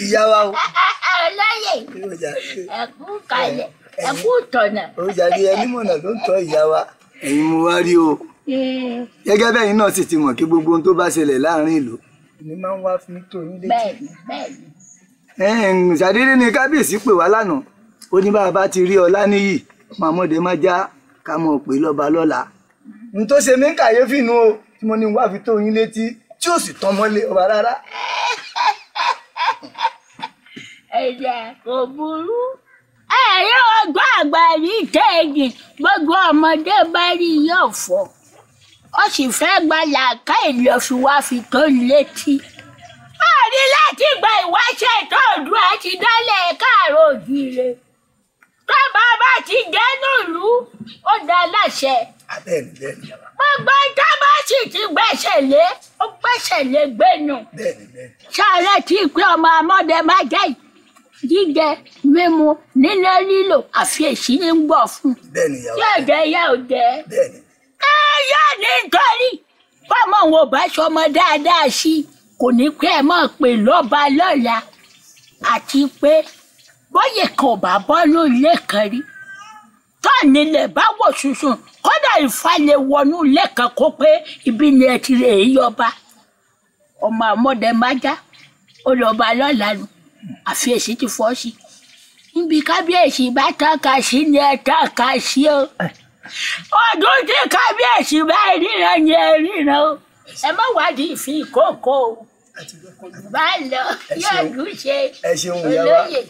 S1: ìyá wa o.
S6: ọlọ́yẹ̀ ẹ̀kú kalẹ̀
S1: ẹ̀kú tọ̀nà. ọjà bíi ẹni mọ̀nà ló ń tọ́ ìyá ẹ̀yin mo wá rí o gẹ́gẹ́ bẹ́yìn náà sì ti mọ̀ kí gbogbo ohun tó bá ṣẹlẹ̀ láàrin ìlú. èmi máa ń wá fún tòun létí. bẹ́ẹ̀ni bẹ́ẹ̀ni. ṣàdédé ni kábíyèsí pè wá lánàá ó ní bá a bá ti rí ọlá níyì ọmọ ọmọdé má já ká mọ̀ pé lọ́ba lọ́la. n tó ṣe mí ń kàyéfì nu o tí mo ní wá fi tóun létí tí ò sì tán mọ́lé ọba rárá
S6: ẹ̀yẹ kò burú. ẹ̀rí ọgbọ́n àgbà rí kéèjì gbogbo ọmọdé bá rí yóò fọ́ ó sì fẹ́ gba làákà ìlọsùn wa fi tó létí. báyìí láti gba ìwáṣẹ̀ tó dùn ẹ́ ti káàró òjìire tó bàbá ti dẹnu ìlú ó dá láṣẹ. gbogbo ìjọ sì ti gbẹ́sẹ̀ lé ó gbẹ́sẹ̀ lé gbénu. ṣàrẹ́ tí pé ọmọ amọ́dẹ má jẹ́ jíjẹ mímu níná lílò àfi èsì ní gbọ fún. bẹ́ẹ̀ni ìyá òjẹ yóò jẹ ìyá òjẹ. bẹ́ẹ̀ni. ẹ yóò nítorí fọmọ òun ò bá ṣọmọ dáadáa sí i kò ní pẹ́ ẹ máa pè lọ́ba lọ́la àti pé bóyè kan ò bá bọ́nú ilé kan rí tán nílẹ̀ bá wò ṣùṣùn kódà ìfalẹ̀ wọnú ilé kan kó pé ibi ni ẹ ti rè é yọba ọmọ àmọ́dẹ má já ó lọ́ba nù àfiyèsí ti fọ́ sí níbi kábíyèsí bá tọ́ka sí ni ẹ tọ́ka sí o ọdún tí kábíyèsí bá ríran ni ẹ ríran o ẹ má wádìí ìfín ìkókó o
S1: bá lọ yọ̀ọ̀dún ṣe olóyè.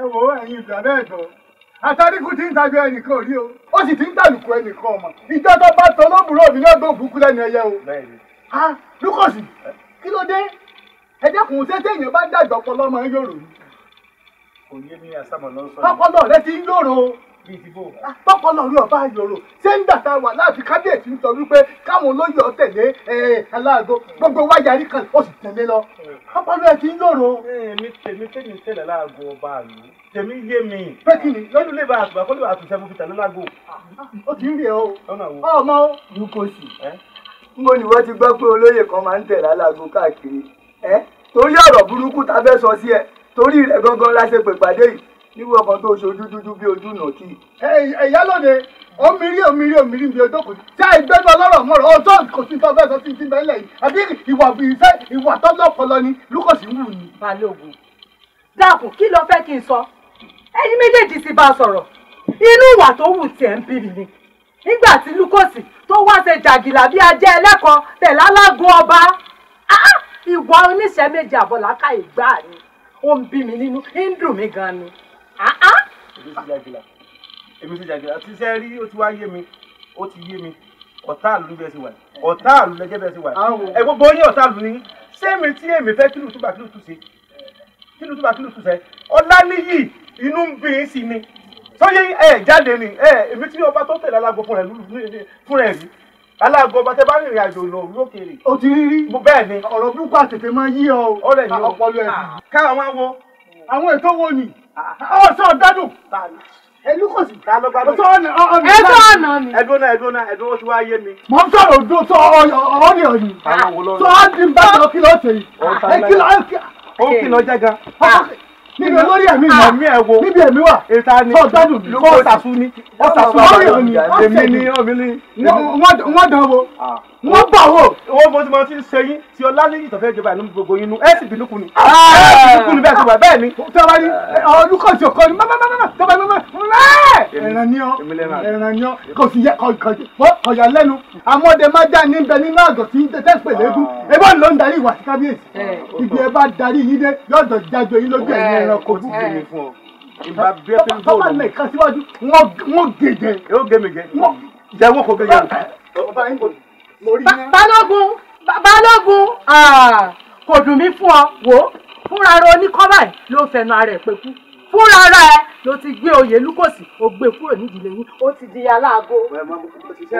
S1: ẹ wo ẹ̀yin ìgbà náà jọ àtàríkù tí ń tajú ẹnìkan rí o ó sì ti ń tàlùkù ẹnìkan ọmọ ìjọ tó bá tọ lóbùrọ̀ mi náà gbọ́ òkúkú lẹ́nu ẹyẹ o. lukọ́sì kí ló dé ẹ dẹ́kun ṣé téèyàn bá dàgbà ọpọlọ máa ń yòrò ni. kò yé mi àsámọ̀ lọ sọ. ọpọlọ rẹ ti ń yòrò. bíi ti bò. Ah, ọpọlọ rẹ ọba yòrò ṣé ń gbà tá a wà láàfin kábíyèsí ń sọ wípé káwọn olóyè ọ tẹ̀lé aláàgọ gbogbo wáyàrí kan ó sì tẹ̀lé lọ. ọpọlọ rẹ ti ń yòrò. èmi tèmi tèmi tẹ̀lé aláàgọ ọba mi tèmi yé mi. pé kí ni. lọ́dún lè bá àtùbà kó lè bá àtùsẹ́ fún fìtà lọ́lágò. ó ti ń rí ẹ o. ọmọ yìí kò sí. mo ní wọ́n ti gbọ́ pé olóyè kan máa ń tẹ̀lé aláàgọ káàkiri. ẹ́ torí ọ̀rọ̀ burúkú ta fẹ́ sọ sí ẹ torí rẹ̀ gangan la ṣe pèpàdé yìí nírú ọkàn tó ṣojú dúdú bí ojú nà kí. ẹ̀yà lóde omiri omiri omiri mi ojókòó ṣá ìgbẹ́nu ọlọ́rọ̀ mọ́rọ̀ ọjọ́ kò sí tó fẹ́ sọ sí ti bẹ́ẹ̀ lẹ́yìn àbí ìwà ìfẹ́
S2: ìwà tọ́jọ́ pọlọ ni lúkọ̀sí wù ní. balógun dákun kí ló fẹ́ kí n sọ ẹ̀yin méjèèjì ti bá a sọ̀rọ̀ inú ìwà tó wù tiẹ̀ ń bí mi ni nígbà tí lúkọ̀sí tó wá ṣe jàgìlà bí ajẹ́ ẹlẹ́kọ̀ọ́ tẹ̀lá lágùn ọba ah, ah ìwọ oníṣẹ́ méjì àbọ̀ làákà ìgbà ni ó ń bí mi nínú ń dùn mí gan ni.
S1: èmi sì jàgìlà tí sẹ́ rí ó ti wá yé mi ó ti yé mi ọ̀tá àlù bẹ́ẹ̀ sì wà ọ̀tá àlù lẹ́jẹ́ bẹ́ẹ̀ sì wà ẹ gbogbo yín ọ̀tá ni ṣé èmi tí èmi fẹ́ kílù túbà kílù tù sí kílù túbà kílù tù sẹ́ ọ̀làníyì inú ń bí sí ni sọ́yẹ́ ẹ̀ jáde ni ẹ̀ èmi tí ọba tó tẹ̀lé alágbó fún rẹ̀ lù fún rẹ̀ rí aláàgọ́ ọba tẹ bá rìnrìn àjò lọ lókèrè. o ti rí rí. mo bẹ́ẹ̀ ni. ọ̀rọ̀ burúkú àtètè máa yí ọ o. ó rẹ̀ ní o ọpọlọ ẹ̀. Ah. káwọn máa wọ. àwọn ètò wo ni. Ah. ọ̀sán ọ̀dádùn.
S3: ẹnu kò sí. ta ló bá lóye. ọ̀sán ọ̀nà
S1: ni. ẹ̀dọ́ ọ̀nà ni. ẹ̀dọ́ náà ẹ̀dọ́ náà ẹ̀dọ́ ti wá yé mi. mo ń sọ̀rọ̀ ojú sọ ọ̀ọ́nì ọ̀nì. sọ ọ́ níbi olórí ẹ̀mí mọ̀ mí ah. ẹ̀ wo níbi ẹ̀mí wà ìta ni ọ̀gbádùn kọ́ ọ̀sàsún ni ọ̀sàsún lórí ẹ̀mí ni ọ̀mí ni wọ́n dán wo. Ah wọ́n bọ̀ wò. owó mo ti mọ ti ń ṣe yín tí ọlálẹ́yìn tó fẹ́ jọba ìlú gbogbo yín nu ẹ sì bínú kù ni. Ah. ẹ sì bínú kù ni bẹ́ẹ̀ ti wà bẹ́ẹ̀ ni tí wọ́n bá ní olùkọ́ tí o kọ́ ni mọ́mọ́mọ́mọ́ tó bá ní mọ́mọ́ ẹ̀ràn ni ọ́ ẹ̀ràn ni ọ́ kò sì yẹ kọ̀yà lẹ́nu amọ́dé má já ní bẹ nínú àgọ́ tí tẹ́tẹ́ pè lébú ebó ló ń darí ìwà sí kábíyèsí eh, ibi ẹ bá darí yín dé yọ̀dọ̀ jájọ yín lójú ẹ̀yìn eh, ẹranko tọ́ba lè kásíwájú wọ́n gègé. yóò gé mi gé. jẹ́ wọ́n
S2: kò gé yàrá balógun balógun ah, kò dùn mí fún ọ wò ó fúnra rẹ oníkọ́bà ẹ̀ ló fẹnu ara ẹ̀ pé kú fúnra rẹ ló ti gbé oyè lúkòsì ó gbé kúrò nídìílé yín
S1: ó ti di aláàgó.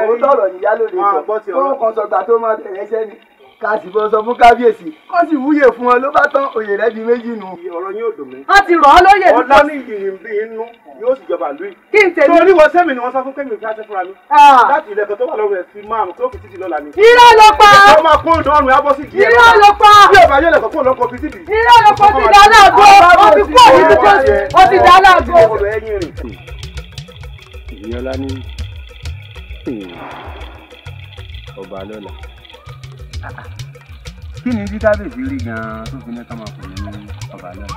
S1: òun tọrọ níyálò lè sọ orúkọ sọgbà tó máa tẹ̀lé sẹ́ni ká sì bọ́ sọ fún kábíyèsí kó sì wúyè fún wọn ló bá tán òye rẹ di méjì nù. ọ̀rọ̀ yóò dùn mí. wọ́n ti rọ̀ ọ́ lóye nípa. ọ̀la ní ìyìn bí inú yóò sì jọba lóyè. kí n tẹ̀lé. torí wọ sẹ́mi ni wọ́n sá fún kẹ́mi ìfẹ́ àtẹ́fúnra mi. láti ilẹ̀kùn tó wà lọ́rùn ẹ̀ sí máàmù tó fi títì lọ́la ni. irọ́ ló pa. ó máa kó ìdánwò abọ́ sí kí ẹ irọ́ ló pa. bí ọba yóò lẹ̀kọ́ kó lọ́kọ̀ fi títì. irọ́ ló pa ti dá láàgó. ó kí ni tí kábíyèsí rí gan-an tó fi ní ká máa pè ní ọba náà.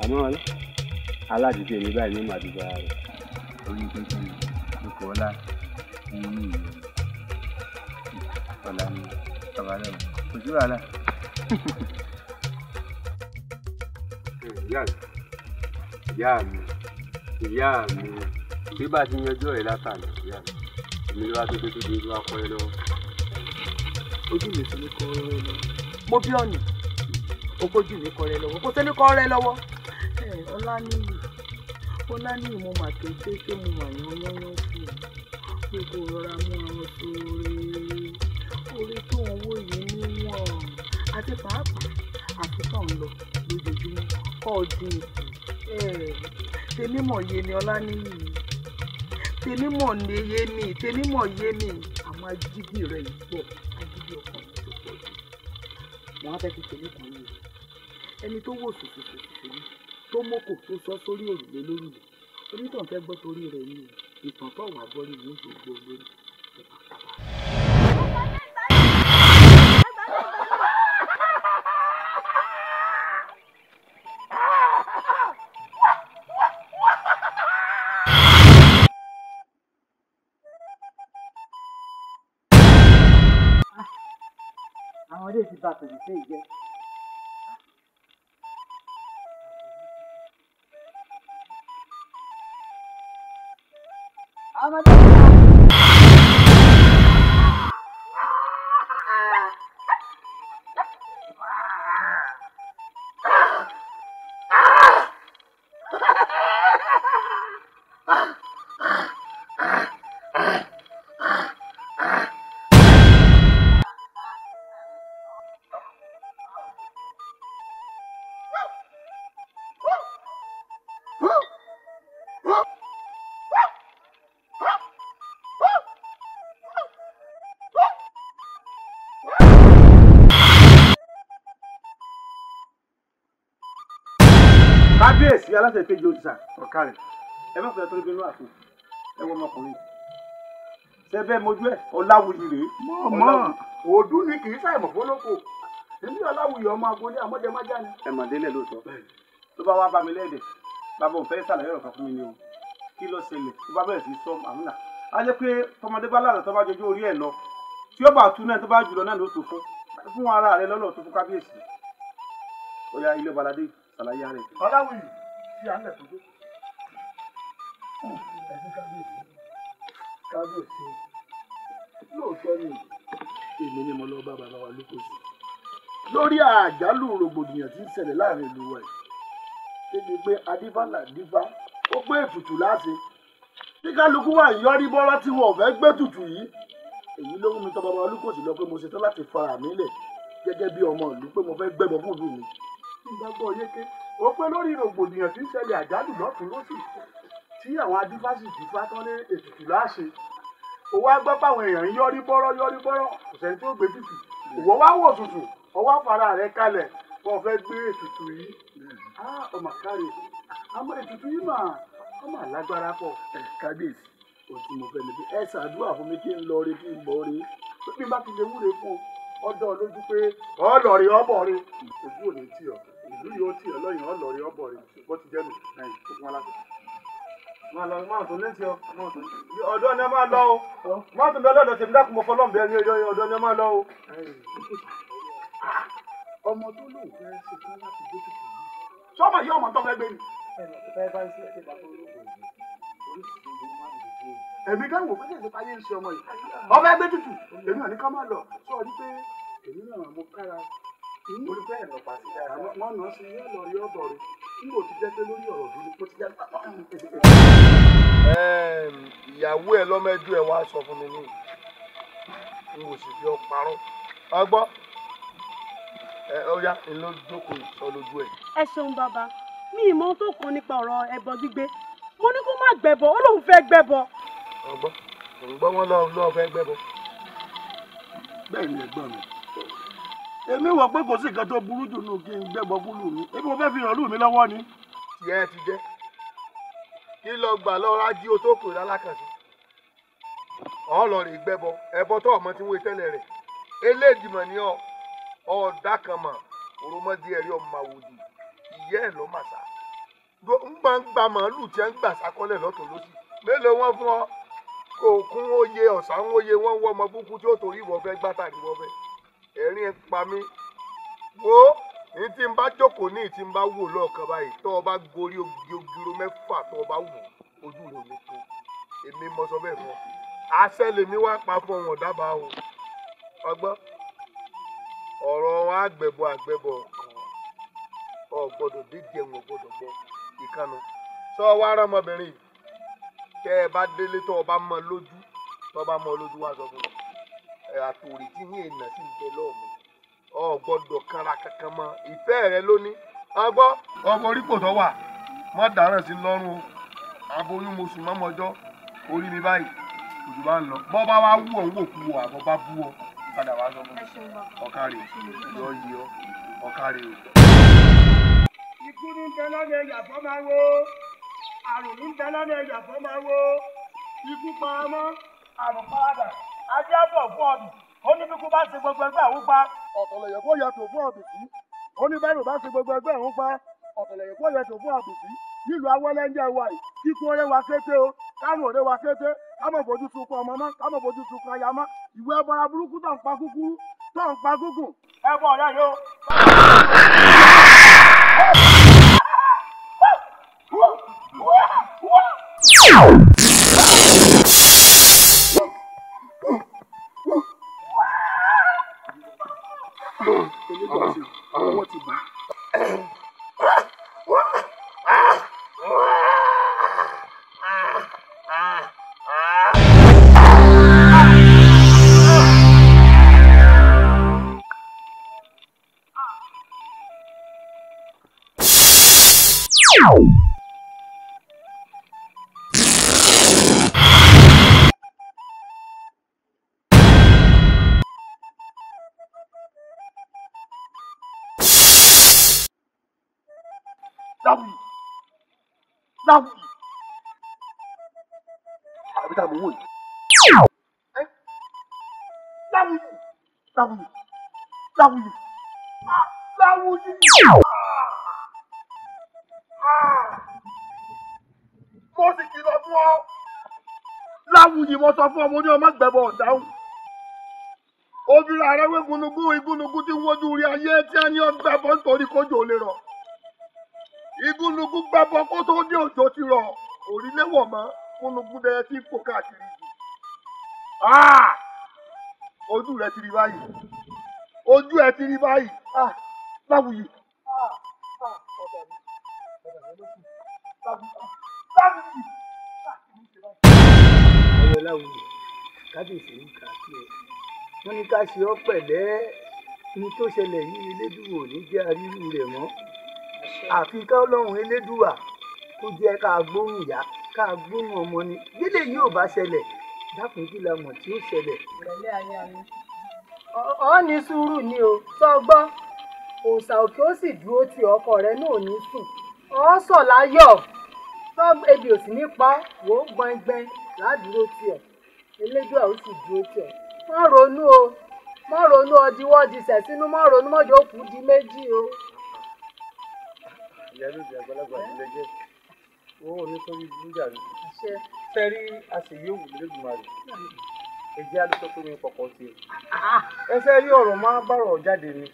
S1: àmọ́ aládìsí èmi báyìí ní màdùbà rẹ̀. orí pé kí ipò ọlá ní ìlú ọ̀la ní ọba náà kò sí wàhálà. ìyá mi ìyá mi ìyá mi bí bá ti yanjú ẹ̀ látàlẹ̀ ìyá mi èmi ló wá ẹ lọ́wọ́. ojú mi sì ní kọ́ ẹ lọ́wọ́. mo bí ọ̀nì ogójì mi kọ́ ẹ lọ́wọ́ kó sẹ́ni kọ́ ẹ lọ́wọ́. ọlá níyì ọlá níyì mo mà tó ṣe ṣé mo mà yán yán yán fún ọ pé kó rọra mú àwọn tó orí tó ń wó yìí níwọ̀n àti pàápàá àfikàn lọ lójoojúmọ́ kọ́ ọ dín in tèmi mọ̀ yé ni ọlá níyì tèmímọ̀ ni yé mi tèmímọ̀ yé mi àwọn ajínigbé rẹ̀ gbọ́ ajínigbé ọkùnrin tó pọ̀ jù wọ́n á fẹ́ fi tèmi kàn yìí ẹni tó wò sòsòsòsò ní tó mọ́kò tó sọ sórí òrùlé lórí rẹ̀ onítàn fẹ́ gbọ́ torí rẹ̀ ni ìtàn tó wà gbọ́ rí ní gbogbo lórí.
S2: ọmọdé ti bà tòlù sí ìjẹ́.
S4: ọmọdé ti bà tòlù sí ìjẹ́.
S1: kábíyèsí aláṣẹ kejì òrìṣà ọ̀kàrẹ̀ ẹ má fẹ́ tó gbé inú àpò ẹ wọ ọmọkùnrin sẹbẹ mojú ẹ ọláwùyí rèé mọ òdu ni kì í sàìmọ̀ fọlọ́kọ̀ níbi ọláwùyí ọmọ agolé àmọ́jẹmájá ni. ẹ mà délẹ̀ lóòótọ́ tó bá wá bá mi lẹ́ẹ̀dẹ̀ bàbá òun fẹ́ sàlàyé ọ̀rọ̀ kan fún mi ni o kí ló ṣẹlẹ̀ tó bá bẹ̀rẹ̀ sí sọ àmúlà á jẹ́ pé tọmọdé bá lára tó bá jọjú orí ẹ̀ lọ tí ó bá tú náà tó bá jùlọ náà ló tó fún fún ara rẹ lọ́lọ́ tó fún kábíyèsí ó yá ilé balade sàlàyé rẹ. ọláwùyí sí alẹ́ tó dé. ẹ̀sìn kábíyèsí kábíyèsí lóòótọ́ ni èmi ni mo lọ bá bàbá wa lókòsí lórí àjálù rògbòdìyàn tí ń ṣẹlẹ̀ láàrin ìlú wa yìí débi pé adífá là dífá ó pé ètùtù láṣẹ bí kálukú wà yọrí bọ́rọ́ tí wọn ò fẹ́ gbé tutù yìí èyí ló mú mi tọ́ bàbá olúkòsì lọ pé mo ṣetán láti fara mi lẹ̀ gẹ́gẹ́ bí ọmọ ìlú pé mo fẹ́ gbẹ́bọ fún ìlú mi. ìgbàgbọ́ yéké ó pé lórí rògbòdìyàn tí ń ṣẹlẹ̀ àjálù lọ́tún lọ́sì tí àwọn adífásitì fátán ní ètùtù láṣẹ òwò agbọ́ páwọn èèyàn ń yọrí bọ́rọ́ yọrí bọ́rọ́ kò sẹ́ni tó gbé tìtì òwò wá wò tutù ọwọ́ fara rẹ kalẹ̀ wọn fẹ́ gbé ètùtù yìí hmm. ah, ọmọ káre àmọ́ ètùtù yìí mà ọmọ alágbára pọ̀ eh, kábíyèsí òtún mo fẹ́ mi pé ẹ ṣàdúrà fún mi kí n lọ rí kí n bọ̀ rí pé bí n bá ti lè wúre fún ọ lójú pé ọ lọ rí ọ bọ̀ rí ojú ò tì ọ ìlú yóò tì ọ́ lọ́yìn ọlọ́rin ọ̀bọ̀ rẹ̀ bó ti jẹ́ nù ẹ̀yìn tó fún wa láti. máa lọ máa tó létí ọ ọ̀dọ̀ ni ẹ máa lọ o máa tún bẹ lọ́dọ̀ tèmi dákun mọ́ fọlọ́ọ̀bù ẹni ọ̀dọ̀ ni ẹ máa lọ o. ọmọ tó lè fẹ́ ṣe fún láti dé tètè yìí. sọ́mọ yìí ọmọ tó fẹ́ gbé mi. ẹ̀mí dáwọ̀ pé ṣèṣe fáyé ń ṣe ọmọ yìí ọmọ torí bẹ́ẹ̀ lọ pàṣẹ dára wọn nà sí yóò lọ rí ọ̀dọ̀ rẹ nígbò tí jẹ́ pé lórí ọ̀rọ̀ dúró kó ti jẹ́ ìyàwó ẹ lọ́mọdún ẹ wá sọ fún mi ní n sì fi ọ parọ́ ọgbọ́n ẹ ọyá ẹ ló jókòó sọ lójú ẹ.
S5: ẹ ṣeun bàbá
S3: mi ìmọ̀ tó kàn nípa ọ̀rọ̀ ẹbọ gbígbé mo ní kó má gbẹbọ ó lóun fẹ́ gbẹbọ.
S1: ọgbọ́n òun wọn lọ́ọ́ fẹ́ gbẹbọ. bẹ́ẹ̀ ni ẹ̀gbọ́n mi èmi wọ̀ pé kò sí nǹkan tó burú jù nù kí n gbẹ́bọ̀ fúlù mi èmi mo fẹ́ fi hàn lù mí lọ́wọ́ ni. tiẹ̀ ti jẹ́ kí lọ gbà lọ rájí o tó pèrè alákànṣe ọ̀ lọ rè gbẹ́bọ ẹbọ tó ọmọ tí wọ́n tẹ́lẹ̀ rẹ̀ eléèdìmọ̀ ni ọ ọ̀dà kan mọ̀ òròmọdé ẹ̀rí ọmọ àwòdì ìyẹ́ ẹ̀ lọ́màṣá ńgbà ń gba màálù tí ń gbà sákọ́lẹ̀ lọ́tọ̀ lọ́sì mélòó wọn fún ọ kò kún oyè ọ̀sán oyè wọn wọ ọmọ búkú tí ó torí ìwọ fẹ́ gbátà ìwọ fẹ́ ẹ̀rín ń pa mí wo ní tí n bá jókòó ní tí n bá wò lọ́ọ̀kan báyìí tọ́ ọ bá gorí ogiro mẹ́fà tọ́ ọ bá wò ojú rẹ̀ ò ní tó èmi mọ sọ bẹ́ẹ̀ fún ọ àṣẹ lèmi wá pa fún wọn dábàá o ọgbọ́n ọ̀rọ̀ wọn àgbẹ̀bọ àgbẹ̀bọ ọ̀ gbọ́dọ̀ dídì ẹ̀wọ̀n gbọ́dọ̀ gbọ́ ìkànnì sọ wá rọmọbìnrin tẹ́ ẹ bá délé tọ́ ọ bá mọ lójú tọ́ ọ bá mọ lójú wá sọ fún mi àtòrí tí ní èèyàn sì ń bẹ lọ́ọ̀mù ọ gbọ́dọ̀ kanra kankan mọ́ ìfẹ́ rẹ lóní. agbọ́ ọmọ orípò tó wà má dáràn sí lọ́rùn o aboyún mo sùn mọ́mọ́jọ́ orí mi báyìí òjò bá ń lọ bọ́ bá wá wú ọ̀hún òkú wọ àbọ̀ bá bú ọ padà wá sọ fún mi ọ̀kárì lọ yí ọ ọ̀kárì o. ikú ní tẹ́lọ́dẹ̀ yàtọ̀ máa wo àrùn ní tẹ́lọ́dẹ̀ yàtọ̀ máa wo ikú pa ọmọ àrùn padà adé àbọ̀ fún ọ̀bì ó ní bíkú bá ṣe gbogbo ẹgbẹ́ àwọn pa ọ̀tọ̀lẹ̀yẹ̀ kó yẹ tó fún ọ̀bì sí ó ní bẹ́ẹ̀ bá ṣe gbogbo ẹgbẹ́ àwọn pa ọ̀tọ̀lẹ̀yẹ̀ kó yẹ tó fún ọ̀bì sí nílùú awọ́lẹ́ńjẹ́ wa yìí kíkú oré wa kété o kárùn òde wa kété kámọ̀ fojú sunkún ọmọ mọ́ kámọ̀ fojú sunkún aya mọ́ ìwé ẹbọra burúkú tó ń pa kúkúrú tó ń pa gúngùn ẹbọ ọ̀rẹ́ yìí o. Wow! fún ọmọ ní ọmọ gbẹbọ ọdáhùn obìnrin àrẹwé gúnugún igúnugún tí ń wojú rí ayé tí a ní ọgbẹbọ nítorí kójú ò lè rọ igúnugún gbẹbọ kó tó dé òjò ti rọ òrìléwọ mọ gúnugún dẹyẹ tí kò káàkiri jù ah! ojú rẹ ti rí báyìí ojú ẹ ti rí báyìí ah! báwo yìí. aláwòye kábíyèsí ń kà sí ẹ wọn ní ká ṣe ọ pẹ̀lẹ́ ní tó ṣẹlẹ̀ yìí elédùwà ò ní jẹ́ arírù rẹ̀ mọ́ àfi ká ọlọ́run elédùwà kó jẹ́ ká gbóhùn ìyá ká gbóhùn ọmọ ni lílé yìí ò bá ṣẹlẹ̀ dákun kí la mọ̀ tí ó ṣẹlẹ̀. ìrẹ̀lẹ̀ ayé mi ọ ní sùúrù
S3: ni o sọ gbọ́ òòṣà òkè ó sì dúró ti ọkọ rẹ náà ní sùn ọ sọ láyọ̀ tọ́ ebi ò sì ní pa wò ó gbọ̀ngbọ̀n ládùúró tiẹ̀ elédùà ó sì dúró tiẹ̀ má ronú o má ronú ọdíwọ́ di sẹ̀sínú má ronú mọ́jọ́ òkú di méjì o.
S1: ìyá ló di àgbàlagbà nílé jẹ́ owó onítorí jíjà rẹ̀ tẹ́rí àṣeyẹ̀wò lẹ́gbìmọ̀ rẹ̀ èjì alùpùpù tó ní kọ̀kọ̀ tiẹ̀ ẹsẹ̀ rí ọ̀rọ̀ máa bàrọ̀ jáde ni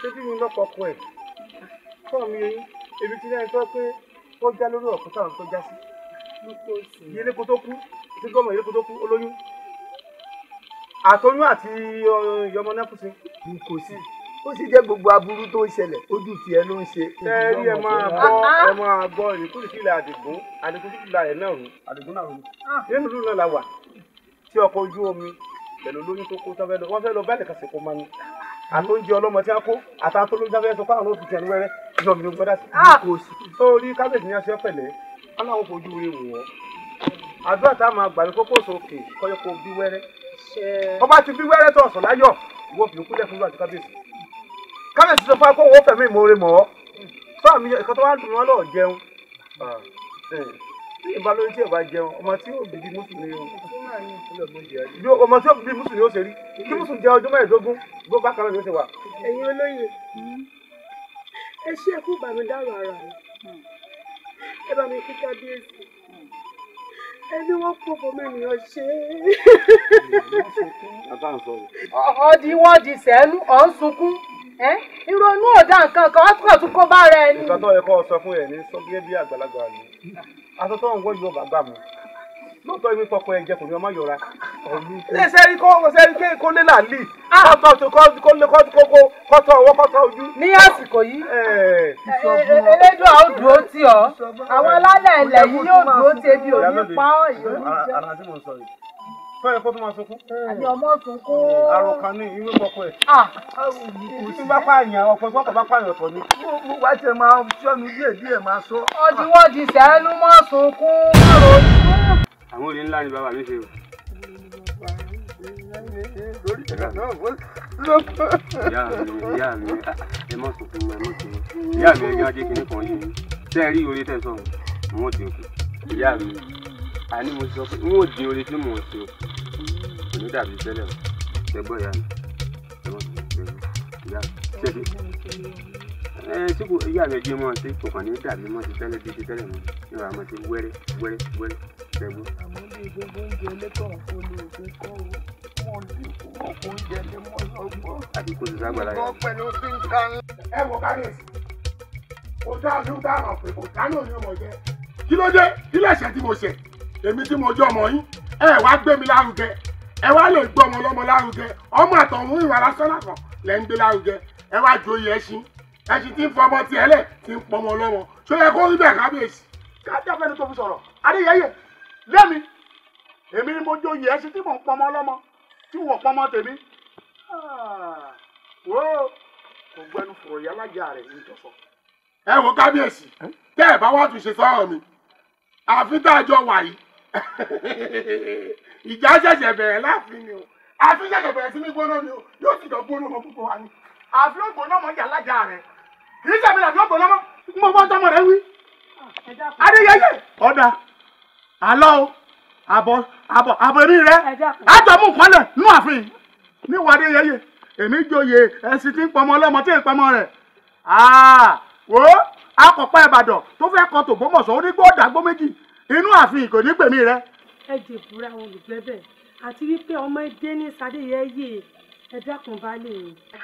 S1: ṣé bí mi lọ́kọ̀ọ̀kọ̀ ẹ̀ fọ́ọ̀mù yẹn èmi ti náà sọ pé ó já lórí ọ̀kúta àwọn tó já sí yéléko tó kú tí gọ́mọ yéléko tó kú olóyún àtọyún àti ìyọmọ nẹ́kùsí. kò sí ó sì jẹ́ gbogbo aburú tó ń ṣẹlẹ̀ ojú tiẹ̀ ló ń ṣe. ẹ rí ẹ máa gbọ́ ẹ máa gbọ́ ìrìkúrì sí ilẹ̀ àdìgún àdìgún sí ilẹ̀ rẹ̀ náà rún àdìgún náà rún ah, nínú ìlú náà la wà tí ọkọ̀ ojú omi pẹ̀lú olóyún tó kó tán fẹ́ lọ wọ́n fẹ́ lọ bẹ́ẹ̀ lẹ́kàsí kó máa ní àtúnjẹ ọlọ́mọ tí wọ́n kó àtàtúndínláfẹ́ sọ fáwọn olóòtú tẹnu wẹ́rẹ́ ìjọba mi ló gbọ́dá sí. Ah! kò ọlọ́run fojú rẹ wò ọ́ àdúrà tá a máa gbà ní kókó sókè kọ́yọ́ kó bí wẹ́rẹ́ tó bá ti bí wẹ́rẹ́ tó ọ̀sán láyọ̀ ìwọ fi òkú lẹ́kùn àti kábíyèsí kábíyèsí sọ fún akọ́ wọ́n fẹ̀mí ìmoore mọ́ fáàmì ẹ̀kọ́ tó wá dùn wọn lọ́ọ̀ jẹun tí ìbá lórí tí ẹ̀ bá jẹun ọmọ tí yóò bìbí mùsùlùmí o ọmọ tí yóò bìbí mùsùlùmí o ṣe rí kí mùsùlùmí jẹ ọjọ́ mẹ́ẹ̀ẹ́dógún bó bá kan lọ́dún ó ṣe wà. ẹ̀yin olóye ẹ ṣe é kú bàmí dáhùn ara rẹ̀
S5: ẹ bá mi kí kábíyèsí ẹni wọ́n kó bomi ènìyàn ṣe. ọ̀ọ́dì wọ́n di sẹ́nu ọ̀ọ́ sunkún ìrònú ọ̀dà nǹkan kan wọ́n kàn tún kó bá ara ẹni. ìgbà
S1: tó yẹ kó sọ fún ẹ ní sọ bí àgbàlagbà ni aṣọ tó yóò bá gbà mọ́ lóòótọ́ ìwé fọkàn ẹ̀jẹ̀ kò ní ọmọ yọra. ṣé sẹ́rí kó sẹ́rí ké kó lé làálì ah! kọ́tọ̀ tó kó lé kọ́tọ̀ ọwọ́ kọ́tọ̀ ojú. ní àsìkò yìí elédùn àwọn dúró tì ọ́ àwọn alálẹ̀ ilẹ̀ yìí yóò dúró tì ebi òní pa ọ́ yìí. ara tí mo sọ yìí fẹ́ẹ̀ kó tó máa sunkún. àní ọmọ sunkún. àròkàn ní ìwé kọkọ ẹ̀. ìtú bá pààyàn ọ̀pọ̀ ìfọ́kọ̀ bá pààyàn ọ̀tọ̀ ni. mo wá tiẹ̀ máa sọ́nu díẹ̀ díẹ̀ máa
S2: sọ. ọdún wọ́n ti sẹ́nu mọ́ sunkún
S1: àwọn olè ńlá ni bàbá mi ṣe o. ìyá
S2: mi
S1: ìyá mi ẹ mọ̀ sùn fún mi ẹ mọ̀ sùn ìyá mi ẹgbẹ́ ajé kìíní yìí tẹ́ ẹ rí orí tẹ̀ sọ̀rọ̀ n ó dín kù ìyá mi àní mo sọ pé n ó dín orí tí mò ń ṣe o kò ní dàbí tẹ́lẹ̀ o ṣe ìyá mi ẹ mọ̀ sùn fún mi ìyá mi ṣe ẹ tí kò yí àgbẹ̀ jẹ́ mọ́ ọ sí kò kàn ní dàbí mọ́ ti tẹ́lẹ̀ bíi ti tẹ́lẹ̀ mọ́ ní wàá mọ́ ti wẹ́rẹ́ wẹ́rẹ́ wẹ́rẹ́ ṣẹ́gun. àmọ́ bí gbogbo oúnjẹ lẹ́tọ̀ kò lè ṣe kọ́ o wọn ti ọkọ̀ oúnjẹ ni mo lọ gbọ́. àti kò sì ságbára yẹn. pẹ̀lú tí n kan. ẹ wọ kábíyèsí kò dá ọdún dá àwọn pé kò dáná ní ọmọ jẹ kí ló dé kí lẹ̀ṣẹ̀ tí mo ṣẹ̀ èmi tí mo jẹ́ ọmọ yín ẹ wá gbé mi lárugẹ ẹ wá lè gbé ọmọ lọ́mọ lárugẹ ọmọ àtọ̀hún ìwà lásán làkàn lẹ́ ń gbé lárugẹ ẹ wá joyè ẹṣin ẹ̀sìn tí ń fọmọ tiẹ̀ lẹ̀ tí ń pọmọ lọ́mọ ṣó yẹ kó rí bẹ́ẹ̀ kábíyèsí. kájà fẹ́ni tó fi sọ̀rọ̀ adéyẹyẹ lẹ́mi èmi ni mo joyè ẹ̀sìn tí mò ń pọmọ lọ́mọ tí wọ́n pọmọ tèmi. Ah, wo kò gbẹnu fọ̀rọ̀ yà lájà rẹ̀ ní ìjọsọ. ẹ wo kábíyèsí tẹ́ ẹ bá wá tún ṣe sọ̀rọ̀ mi àfi tá a jọ wà yìí ìjà ṣẹ̀ṣẹ̀ bẹ̀rẹ̀ láàfin ni o àfi ṣẹ̀ṣẹ̀ bẹ̀rẹ̀ sí ní gbóná ni o yóò sì jọ gbóná ọmọ púpọ̀ wa ni àfi ó gbóná ọmọ yà lájà rẹ̀ kì í làbí ọ̀gbọ̀n lọ́mọ n bọ̀ tọmọ rẹ̀ wí. adéyẹyẹ ọ̀dà àlọ́ o àbọ̀ àbọ̀ àbọ̀ èmi rẹ̀ àjọmú nǹkan lẹ̀ àfin níwọ̀ adéyẹyẹ èmi joyè ẹ̀sìn tí ń pọmọ ọlọ́mọ tí ń pọmọ rẹ̀ wò ó akọ̀pá ìbàdàn tó fẹ́ kọ tògbómọ̀ṣọ́ onígbòdàgbò méjì inú àfin kò ní gbèmí rẹ̀.
S3: ẹ jèbúra àwọn olùgbẹ́ bẹ́ẹ̀ àti wípé ọmọ èdè ní sadéyẹyẹ ẹ bá lè.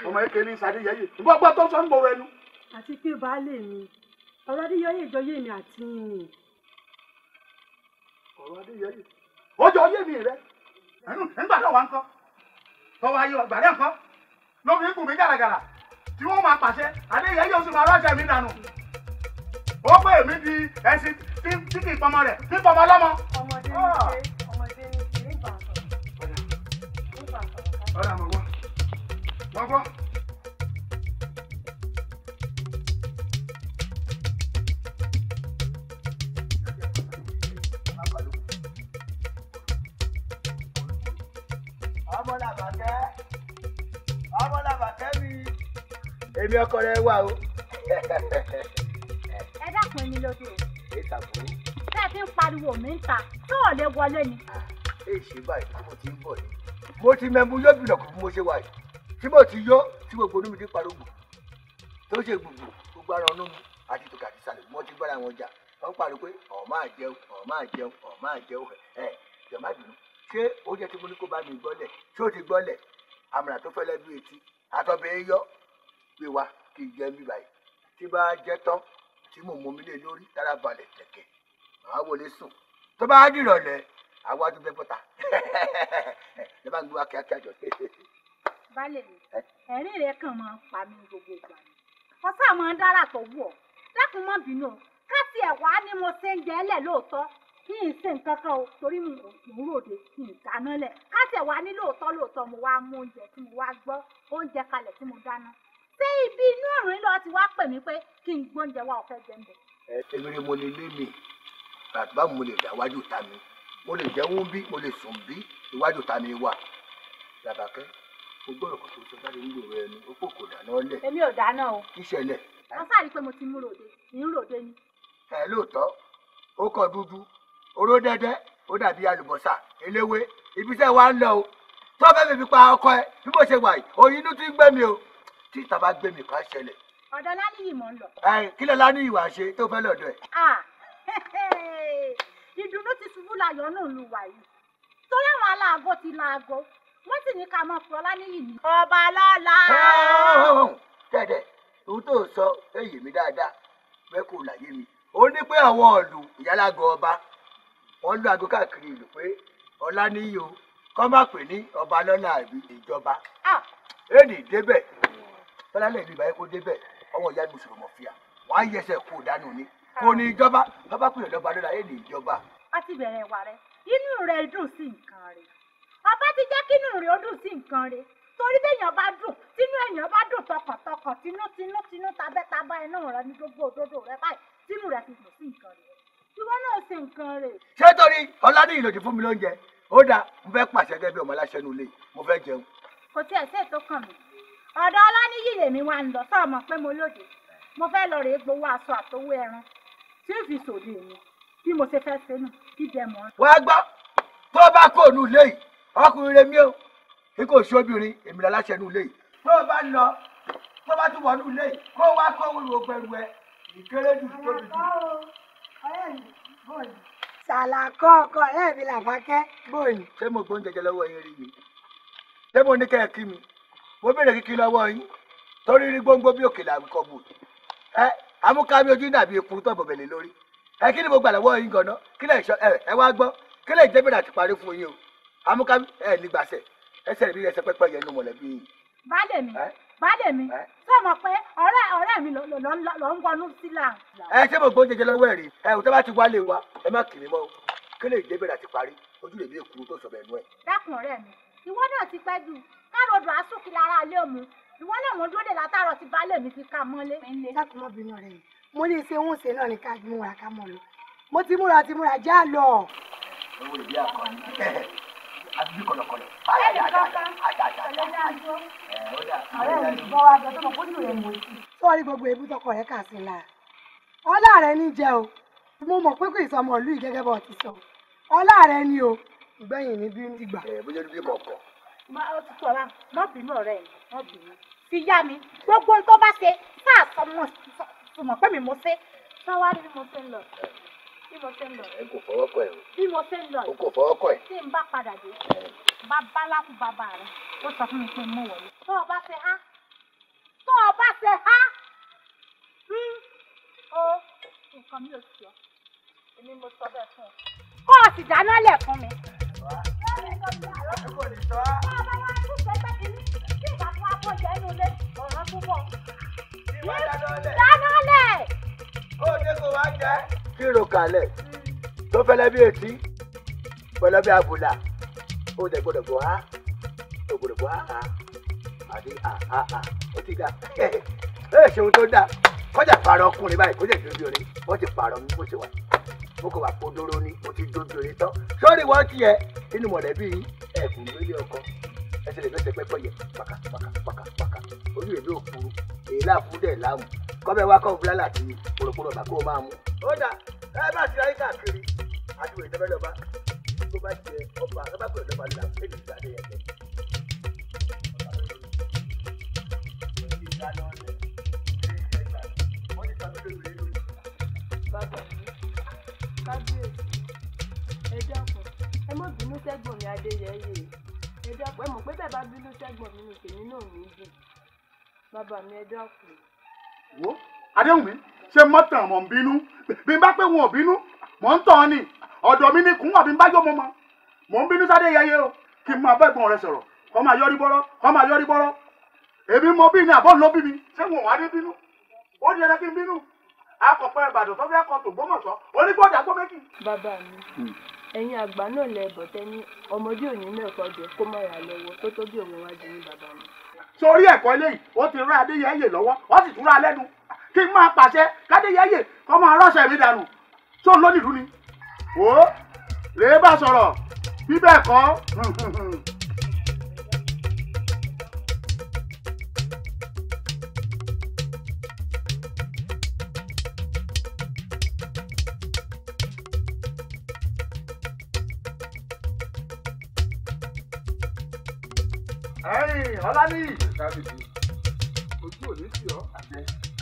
S3: ọmọ
S1: èké ní sadéyẹyẹ gbọ́gbọ́ tó sọ ń gbòòrò
S3: ẹnu àti pé baálé mi ọ̀rọ̀ adéyọyè jọ
S1: yé mi àti yín ni. ọ̀rọ̀ adéyọyè ó jọ yé mi rẹ nígbà tó wà ń kọ́ tọ́wọ́ ayé ọgbà rẹ̀ ń kọ́ ló fi kù mí gàràgàrà tí wọ́n máa pàṣẹ adéyẹyẹ oṣù máa rọ́ṣẹ́ mi dànù ó pè mí di ẹṣin tí kì í pọmọ rẹ̀ tí pọmọ lọ́mọ.
S4: ọmọdé ní ṣe ah! ọmọdé ní ṣe nígbà sọ̀rọ̀
S1: nígbà sọ̀rọ̀ ká. ọ̀rẹ́ àmọ̀ wọ́n wọ́n gbọ́. ọmọ làbàkẹ́ ọmọ làbàkẹ́ mi èmi ọkọ rẹ wà o. ẹ
S2: dákun ẹni lójú o. ẹ tàbí. bẹ́ẹ̀ fi ń pariwo mi ń ta tó lè wọlé ni. Ah, ẹ
S1: ṣe báyìí mo ti ń bọ̀ ni mo ti mẹ́mu yóò bìnà kó mo ṣe wà yìí tí mo ti yó tí gbogbo onú ti parogbo tó ṣe gbogbo gbogbo ara ọ̀nà mi àti tòkè àti sàlẹ̀ mo ti gbára wọn jà wọ́n pariwo pé ọ̀ máa jẹun ọ̀ máa jẹun ọ̀ máa jẹun ẹ̀ jọ̀ọ́ má bínú ṣé ó jẹ́ tí mo ní kó bá mi gbọ́lẹ̀ ṣé ó ti gbọ́lẹ̀ àmàlà tó fẹ́lẹ́ bí etí àtọ́bẹ̀ yọ gbé wa kì í jẹ́ mi báyìí tí bá jẹ́ tán tí mò ń mọ mi lé lórí tára balẹ̀ tẹ̀kẹ̀ màá wọlé sùn tó bá dìrọ̀lẹ́ àwa tó fẹ́ bọ́ta ẹ bá ń gbé wa kíákíá jọ.
S2: baálé mi ẹ̀rín rẹ kàn máa ń pa mí gbogbo ìgbà mi ọ̀sán àwọn dára tó wù ọ́ dákun ká tiẹ̀ wá ní mo ṣe ń jẹ́ lẹ̀ lóòótọ́ kí n ṣe nǹkan o torí mi ò ròde kí n dáná lẹ̀ ká tẹ̀ wá ní lóòótọ́ lóòótọ́ mo wá mú oúnjẹ tí mo wá gbọ́ oúnjẹ kalẹ̀ tí mo dáná ṣé ibi inú ọ̀rùn yìí lọ ti wá pè mí pé kí n gbóúnjẹ wá ọ̀fẹ́ jẹ ń bẹ̀.
S1: ẹ ewúrẹ́ mo lè lé mi bàbá mo lè dá iwájú ta mi mo lè jẹun bí mo lè sùn bí iwájú ta mi wà Làbàkẹ́ o gbọ́dọ̀ kò tó sọ jáde nílò rẹ ni o kò kò dáná lẹ̀.
S2: èmi ò dáná o. ìṣẹ̀lẹ̀. wọ́n sáré
S1: kọ dúdú oró dẹ́dẹ́ ó dàbí àlùbọ́sà eléwé ibiṣẹ́ wa ń lọ o tó fẹ́ fi pa ọkọ ẹ bí mo ṣe wà yìí oyin inú ti ń gbé mi o tí ìta bá gbé mi kàn ṣẹlẹ̀.
S2: ọ̀dọ̀ lánìyí mò ń lọ.
S1: ẹ kí ló lánìyí wàá ṣe tó fẹ́ lọ́dọ̀ ẹ̀.
S2: ìdùnnú ti ṣubú layọ̀ náà lù wà yìí torí àwọn aláàgọ́ ti laago wọ́n sì ní ká máa fọ́ lánìyí ni. ọba lọ́la.
S1: dẹ́dẹ́ òun tó sọ èyí mi dáadáa mẹ́kù làyé mi ó ní pé àwọn ọ̀lù ìyálàgọ̀ wọ́n ń lo àgọ́ káàkiri ìlú pé ọlá níyì o má pè ní ọba lọ́la àbí ìjọba èdè débẹ̀ tọ́lálẹ̀ ìlú ìbáyé kó débẹ̀ ọmọ ìyá mùsùlùmí fìyà wàá yẹsẹ̀ kó dànù ni kò ní ìjọba bàbá pè lọ́ba lọ́la èdè ìjọba.
S2: a ti bẹ̀rẹ̀ wà rẹ inú rẹ dùn sí nǹkan rẹ bàbá ti jẹ́ kí inú rẹ dùn sí nǹkan rẹ torí béèyàn bá dùn tínú èèyàn bá dùn tọkàntọkàn tinú tinú tinú tabẹ́tabá inú rẹ ní gbogbo òdodo rẹ báyìí tínú rẹ ti dùn sí nǹkan rẹ tí wọ́n náà ṣe nǹkan rẹ̀.
S1: ṣé torí ọládìyí lòdì fún mi lóúnjẹ ó dáa mo fẹ́ pàṣẹ gẹ́gẹ́ bí ọmọ aláṣẹ nulẹ̀ mo fẹ́ jẹun.
S2: kò tiẹ̀ sí ètò kan mi ọ̀dọ̀ ọlánìyí lèmi wà ń lọ sọ́ọ̀mọ̀ pé mo lóde mo fẹ́ lọ rèé gbowó aṣọ àtowó ẹran tí ó fi sòde mi bí mo ṣe fẹ́ ṣe nù jíjẹ mọ́.
S1: wàá gbọ́ tó bá kó òun lé yìí ọkùnrin rẹ mi ò kí kò sí obìnrin èmi lọ láṣẹ nulẹ̀ yìí tó bá lọ tó bá tún wọnú yìí kó wá kó wúlò gbẹrù ẹ ìkéré jù tóbi jù ọ̀rẹ́ mi bòyí ṣàlàkọ́ ọkọ ọ̀rẹ́ mi làfákẹ́ bòyí. ṣé mo gbóhùn jẹjẹ lọ́wọ́ yín rí mi ṣé mo ní kẹ́ ẹ kí mi mo béèrè kíkí lọ́wọ́ yín torí rí gbóngbó bí òkèlè àwùkọ bù ẹ amúkámi ojú dàbí eku tó bọ̀bẹ̀lẹ̀ lórí ẹ kí ni mo gbà lọ́wọ́ yín gan-an kí lè ṣọ ẹ ẹ wá gbọ́ kí lè jẹ́ bẹ̀rẹ̀ àti parí fún yín o amúkámi ẹ ní gbàṣẹ ẹsẹ̀ rí ẹsẹ̀ pẹ́pẹ́ yẹn nù mọ̀lẹ́bí yín.
S2: bá lè mi baálé mi ṣé mo pé ọ̀rẹ́ ọ̀rẹ́ mi lọ ń wọnú sílà.
S1: ẹ ṣé mo gbóúnjẹ jẹ lọ́wọ́ ẹ̀rí ẹ ò tẹ́ bá ti wálé wa ẹ má kiri mọ́ o kí lè débẹ̀rẹ̀ àti parí ojú lè kúrú tó sọ
S2: bẹ́ẹ̀ nú ẹ̀. dákun ọ̀rẹ́ mi ìwọ náà ti pẹ́ jù káàròdù àsùnkì lára alẹ́ òmu ìwọ náà wọ́n dúró dè látàrọ̀ tí baálé mi ti ká mọ́lé. dákun má bínú yìí mo ní ṣe ń ṣe náà ní ká múra ká mọ̀ lọ
S3: mo ti múra ti múra já lọ.
S2: owó
S1: ìdí àkọ́ni àti bí kọ̀lọ̀kọ̀lọ̀. ọ̀rẹ́ mi bá bá ọ̀lẹ́dá àjọ. ọ̀rẹ́ mi
S3: bọ́ wa jọ tó mọ̀ kó jù rẹ̀ mọ̀ sí. sọ́ọ́rí gbogbo ebú tọkọ rẹ̀ kà sí la ọlá rẹ ní jẹ o mo mọ̀ pé kò ìsọmọ ìlú yìí gẹ́gẹ́ bọ́ ti sọ ọlá rẹ ni o ìgbẹ̀yìn ní bí
S2: ní
S1: gbà. ẹ bójú bí kọ̀ọ̀kọ̀.
S2: má ó ti sọ̀rọ̀ má bínú ọ̀rẹ́ mi má bínú. fi yá mi gbogbo ohun tó bá ṣe sáà sọmọ sọmọ pé mi mo ṣe sáwárí ni mo ṣe lọ bí mo ṣe ń lọ. ẹ kò fọwọ́ kọ ẹ o. tí n bá padà dé. bàbá lápò bàbá rẹ ó sọ fún mi pé mo wọlé. tó o bá ṣe há tó o bá ṣe há ó nǹkan mi ò sí ọ èmi mo sọ bẹ́ẹ̀ fún ọ. kó o sì dáná lẹ̀ fún mi. kó o lẹ̀ ó dé kó wá jẹ́.
S1: kí irun kalẹ̀ tó fẹ́lẹ́ bí etí fẹ́lẹ́ bí abùlà ó dẹ̀ gbọ́dọ̀ bọ̀ á ó gbọ́dọ̀ bọ̀ á àti àhàhà ó ti dà ẹ ẹ ṣeun tó dà kọjá pààrọ̀ ọkùnrin báyìí kó jẹ́ ìdúró bí orin wọ́n ti pààrọ̀ mi bó ṣe wà mo kò wà pọ̀ dóró ni mo ti dóbi orin tán sọ́ọ́rì wọ́n ti yẹ inú mọ̀lẹ́bí ẹ̀kún mílíọ̀kan ẹsẹ̀ lè lọ́sẹ̀ pẹ́pẹ́ yẹ pàkà pàkà orí èmi ò kúrú èyí láàfù dẹ̀ láàmù kọ́bẹ̀ wá kọ́ búlálà àti pòròpòrò bàkó o máa mú. ó dà ẹ bá ti ráyè káàkiri àdúgbò ìjọba tó bá jẹ ọba tó bá pè lọ́ba nílà èdè ìgbà dé ẹ̀jẹ̀. bàbá
S5: ẹ má bínú sẹ́gbọ̀n mi adéyẹyẹ yìí ẹ dákun ẹ mọ̀ pé bẹ́ẹ̀ bá bínú sẹ́gbọ̀n mi tèmi náà ní í dùn bàbá mi ẹ dákun.
S1: wo adéhùnmí ṣé mọ́tàn mọ̀ ń bínú bí n bá pé wọn ò bínú mọ̀ ń tàn án ni ọ̀dọ̀ mi ní kún àbí n bá yọ̀ mọ́ mọ́ mọ̀ ń bínú sádé yẹyẹ o kí n máa bá ẹ̀gbọ́n rẹ sọ̀rọ̀ kọ́ máa yọrí bọ́rọ́ kọ́ máa yọrí bọ́rọ́ èmi mọ bí ní àbọ̀ ló bí mi ṣé wọn wá dé bínú ó di ẹ̀rẹ́ kí n bínú akọ̀pẹ́ ìbàdàn tó fẹ́ kọ́
S5: tògbómọ̀ṣọ́ onígbọ̀dà gbọ́ méjì. bàbá mi hmm ẹ̀yin àgbà náà lẹ bọ̀tẹ́ ní ọmọdé òní mẹ́ẹ̀kọ́ jẹ kó má ra lọ́wọ́ tó tó bí òun wájú ní bàbá mi.
S1: sórí ẹ̀kọ́ eléyìí wọ́n ti rán adéyẹyẹ lọ́wọ́ wọ́n sì tún rán alẹ́nu kí n máa pàṣẹ kádéyẹyẹ kọ́ máa rọ́ṣẹ̀ mi dànù tó ń lónìí lú ó rèé sọ̀rọ̀ bíbẹ̀ kọ́ ọlámíyì ojú ò ní sí ọ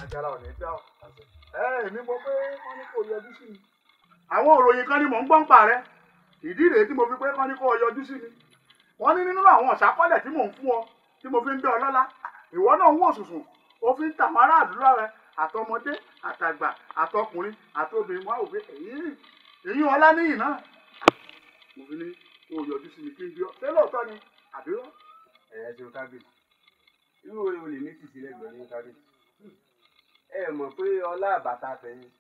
S1: àjàrà ò ní dá ọ èmi mọ̀ pé wọn ní kó yọjú sí mi. àwọn òròyìn kan ni mò ń gbọ́ pa rẹ ìdí rèé tí mo fi pé wọn ní kó yọjú sí mi wọn ní nínú àwọn ọ̀sàkọ́lẹ̀ tí mò ń fún ọ tí mo fi ń bẹ ọ lọ́lá ìwọ náà ń wò sùsùn ó fi ń tà mọ́ aráàlú lára àtọmọdé àtàgbà àtọkùnrin àtobìnrin wọn ò fi èyí èyí ọlá níyì náà mo fi ní kó yọjú sí mi kí n bí ọ ṣé lóòótọ́ ni àbí rọ́ọ̀ ẹ ṣeun kábíyèsí irú orin olè ní títí lẹ́gbẹ̀ẹ́ ní kábíyèsí ẹ mọ̀ pé ọlá àbàtà tẹ̀yìn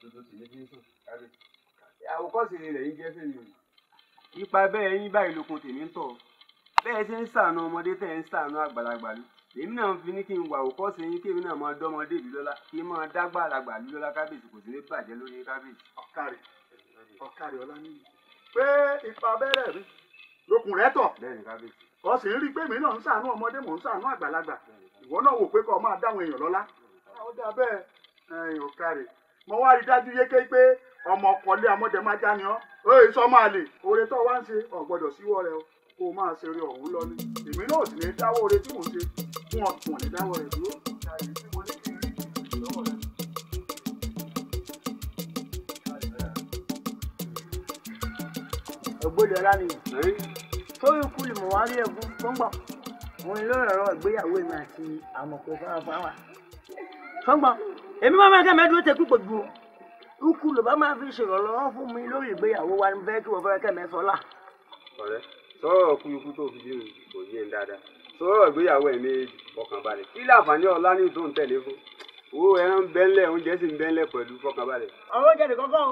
S1: dodo sì ní fíìsùn kábíyèsí àwòkọ́sí rẹ̀ yín jẹ́ fèmí o. ipa bẹ́ẹ̀ yín báyìí lókun tèmi ń tọ̀ bẹ́ẹ̀ ṣe ń ṣàánú ọmọdé tẹ̀ ń ṣàánú àgbàlagbà ló èmi náà fi ní kí n wà àwòkọ́sí yín kí èmi náà máa dọ́mọdé ìlú lọ́la kí n máa dágbà àgbà ìlú lọ́la kábíyèsí kò sí ní bàjẹ́ lórí kábíyèsí. ọ̀kàrẹ̀ ọ̀kàrẹ̀ ọ̀lá níbi pé ipa bẹ́rẹ̀ mi lókun rẹ tọ̀ kò sì ń rí i pé èmi náà ń ṣàánú ọmọdé mò ń ṣàánú àgbàlagbà ìwọ náà wò pé kó máa dáwọn èèyàn lọ́lá ó dà bẹ́ẹ̀ ẹ̀yìn òkàrè mo wá rí dájú yéké pé ọmọ ọkọlé amọdé má já ni ọ èyí sọ máa lè oore tó wá ń ṣe o gbọ́dọ̀ síwọ́ rẹ o kó o máa ṣeré ọ̀hún lọ ni èmi náà ò sì ní dáwọ́ oore tí mò ń ṣe fún ọ̀gbọ̀n ní rẹ dúró. ògbódọ̀lá ni sórí ikú ni mò ń wá rí ẹkún tó ń bọ̀ òun ló rọ̀rọ̀ ìgbéyàwó mi àti àmọ̀pọ̀ fáwà tó ń bọ̀ èmi máa máa kẹ́ mẹ́dúró tẹ pípò ju ikú ló bá máa fi ṣèrànlọ́wọ́ fún mi lórí ìgbéyàwó wa ní fẹ́ kí wọ́n fẹ́ kẹ́ mẹ́ sọ́lá. ọ̀rẹ́ sọ̀rọ̀ kú ikú tó fi dé mi kò yé ń dáadáa sọ̀rọ̀ ìgbéyàwó ẹ̀mí fọkànbalẹ̀ kí láǹfààní ọ̀la ní ìdóhùn tẹ̀lé fún owó ẹran bẹ́ńlẹ̀ oúnjẹ sì ń bẹ́ńlẹ̀ pẹ̀lú fọkànbalẹ̀. ọ̀rọ̀ jẹ̀dẹ̀ kọ́kọ́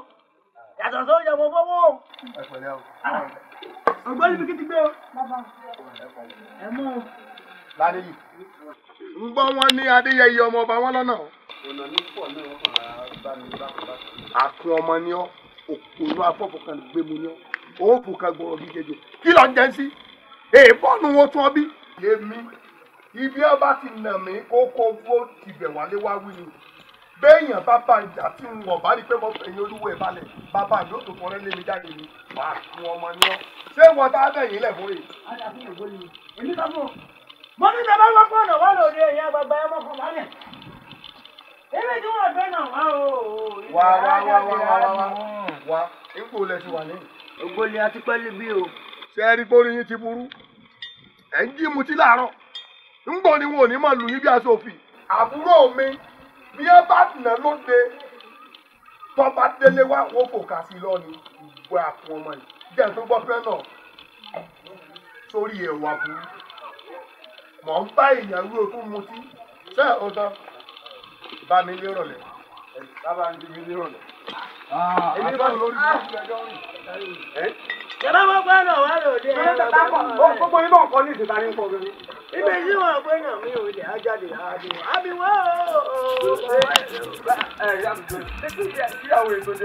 S1: yàtọ̀ sọ ìyàwó fọwọ́. ọgbọ́n níbi kí ti gbé o. ẹ mọ o. lálẹ́ yìí. ń gbọ́ wọn ní adéyẹyẹ ọmọ ọba wọn lọ́nà. ọ̀nà ní pọ̀ ní wọn kàn á bá mi bákúbákú. àfin ọmọ ni ọ òpònú afọ́fọ́ kan gbé mu ni ọ òòpù kan gbọ̀rọ̀ bí jẹjọ kí lọ jẹ sí èèbọ̀nù wọn tún ọ bí. yémi ibi ọba ti nà mí kó kó wó wálé wá wí ni béèyàn bàbá ìjà tí ń wọ̀ bá rí pé mo fẹ̀yìn olúwo ẹ̀ balẹ̀ bàbá yóò tó fọrẹ́ lé mi jáde ni wàá fún ọmọ ní ọ ṣé wọn tá a bẹ̀yìn lẹ̀ fún yìí.
S3: mo ní tẹ bá wọ́n fún ọ̀nà wà lórí ẹ̀yìn
S1: àgbàgbà ẹ̀ mọ́kàn balẹ̀ ebi tí wọ́n fẹ́ náà wá o. wá wá wá wá wá wá wá ipò lẹ ti wà ní. ògbóni àti pẹ́lú bí o. ṣé ẹ rí bórí yín ti burú ẹ̀ ń jí mu ti láàárọ̀ ńgbọ́n bí ẹ bá nà lóde tọ́ba délé wá wọ́n fò kà sí lọ́ọ̀ni ìgbọ́ àpò ọmọ yìí jẹ́ tó gbọ́ fẹ́ náà sórí ẹ̀wà burú mọ̀ ń bá èèyàn rú òkú mutí ṣé o tán bá mi lé rọ̀lẹ́ bàbá mi lé rọ̀lẹ́. èmi bá mi ah, lórí
S4: ìgbẹ́jọ́ rìn. ìjọba gbọ́dọ̀ wà lóde.
S1: gbogbo yín náà kọ́ ní ìsìnkà ní nǹkan obìnrin ibẹ̀ tí wọ́n gbé náà mi ò lè ajáde àbí wọ́n o. ẹ ẹ yàgò tó fún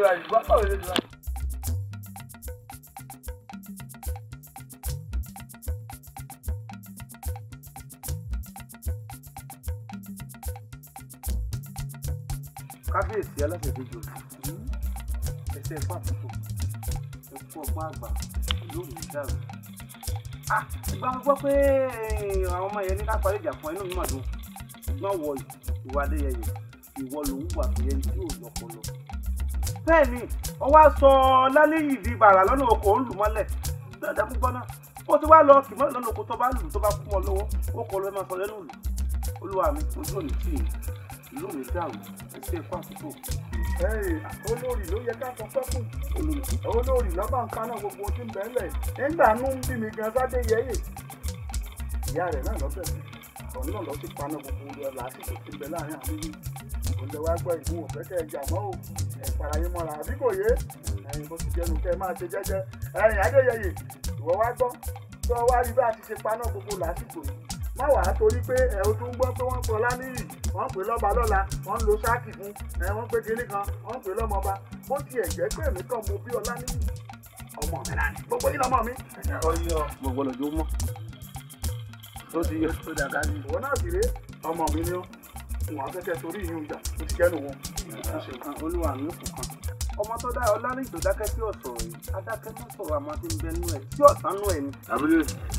S1: ọgbọ́n àgbà yóò ní ìgbà mo gbọ́ pé eh, àwọn ọmọ yẹn ní ká parí ìjà fún inú mi mà dùn ṣùgbọ́n wọ ìwà adéyẹyẹ ìwọ ló wùwà tó yẹ tí ò lọ́pọlọ. bẹ́ẹ̀ ni ọwọ́ sọ lálẹ́ yìí di bàrà lọ́nà oko ń lù mọ́lẹ̀ dáadáa mú gbọ́ná kó o ti wá lọ kì mọ́ lọ́nà oko tó bá lù tó bá kú mọ́ lọ́wọ́ ó kọ́ máa sọ lẹ́nu lù olúwa mi ojú ò tì í ìlú mi dàrú iṣẹ́ fásitò. olórí ló yẹ ká sọ pé kù olórí lọ́ba nǹkan náà gbogbo ti ń bẹ́ẹ̀lẹ̀ nígbà nú ń bí mi gan sáde yẹ́yẹ́ ìyá rẹ̀ náà lọ́bẹ̀ mi ọ̀run náà lọ́ ti paná gbogbo olùwẹ̀ lásìkò ti ń bẹ láàrin àwọn yìí olùwẹ̀ gbọ́ ìlú òfẹ́ kẹ́ mọ́ o ẹ̀ parayé mọ́ra àbí kò yé ẹ̀yin bó ti jẹnu kẹ́ ẹ máa ṣe jẹ́jẹ́ ẹ̀yin adéyẹyẹ ìwọ wá gbọ́ tó wá rí bá a ti ṣe paná gbogbo lásìkò yìí má wàá torí pé ẹ o tún gbọ́ pé wọ́n pọ̀ láníyì wọ́n pè lọ́ba lọ́la wọ́n ń lo sáàkì fún ẹ wọ́n pé kinní kan wọ́n pè lọ́mọba bó tiẹ̀ jẹ́ pé èmi kàn mo bí ọlá níyì ọmọ mi náà ni gbogbo yín lọmọ mi. ọyọ gbogbo lọjọ mọ tó ti yọ tó dàgbà ni. òun náà sì ré ọmọ mi ni ó wọn akẹkẹ torí ìyún ìjà ó ti kẹnu wọn. olúwa mi kù kan ọmọ tó dá ọlá ní ìtòdákẹ́ sí ọ̀sọ̀ yìí adákẹ́ mọ́sọ̀rọ̀ àmọ́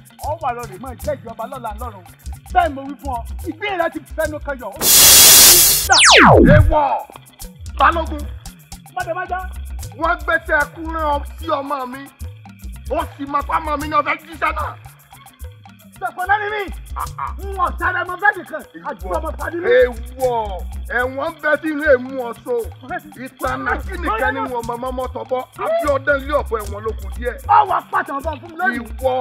S1: ó wà lọ rè mọ ìjẹ́ ìjọba lọ́la lọ́run bẹ́ẹ̀ mo wí fún ọ ìgbé rẹ ti fẹnu kẹyọ ó ti dà. ewọ balógun mọdàmọdà wọn gbẹsẹ ẹkú rán sí ọmọ mi wọn sì mọ pé ọmọ mi ni ọbẹ jíṣẹ náà. sọ̀kọ̀ lẹ́ni mi n ò sáré ọmọ bẹ́ẹ̀ nìkan àti ọmọ padì ewọ ẹ̀wọ̀n bẹ́ẹ̀ tí ilé mú ọ so ìtànà kí nìkan ni wọn mọ mọmọ tọbọ abiodun ilé ọ̀pọ̀ ẹ̀wọ̀n ló kù díẹ̀. ọwọ́ pàtàkì ọba fún mi lónìí. ìwọ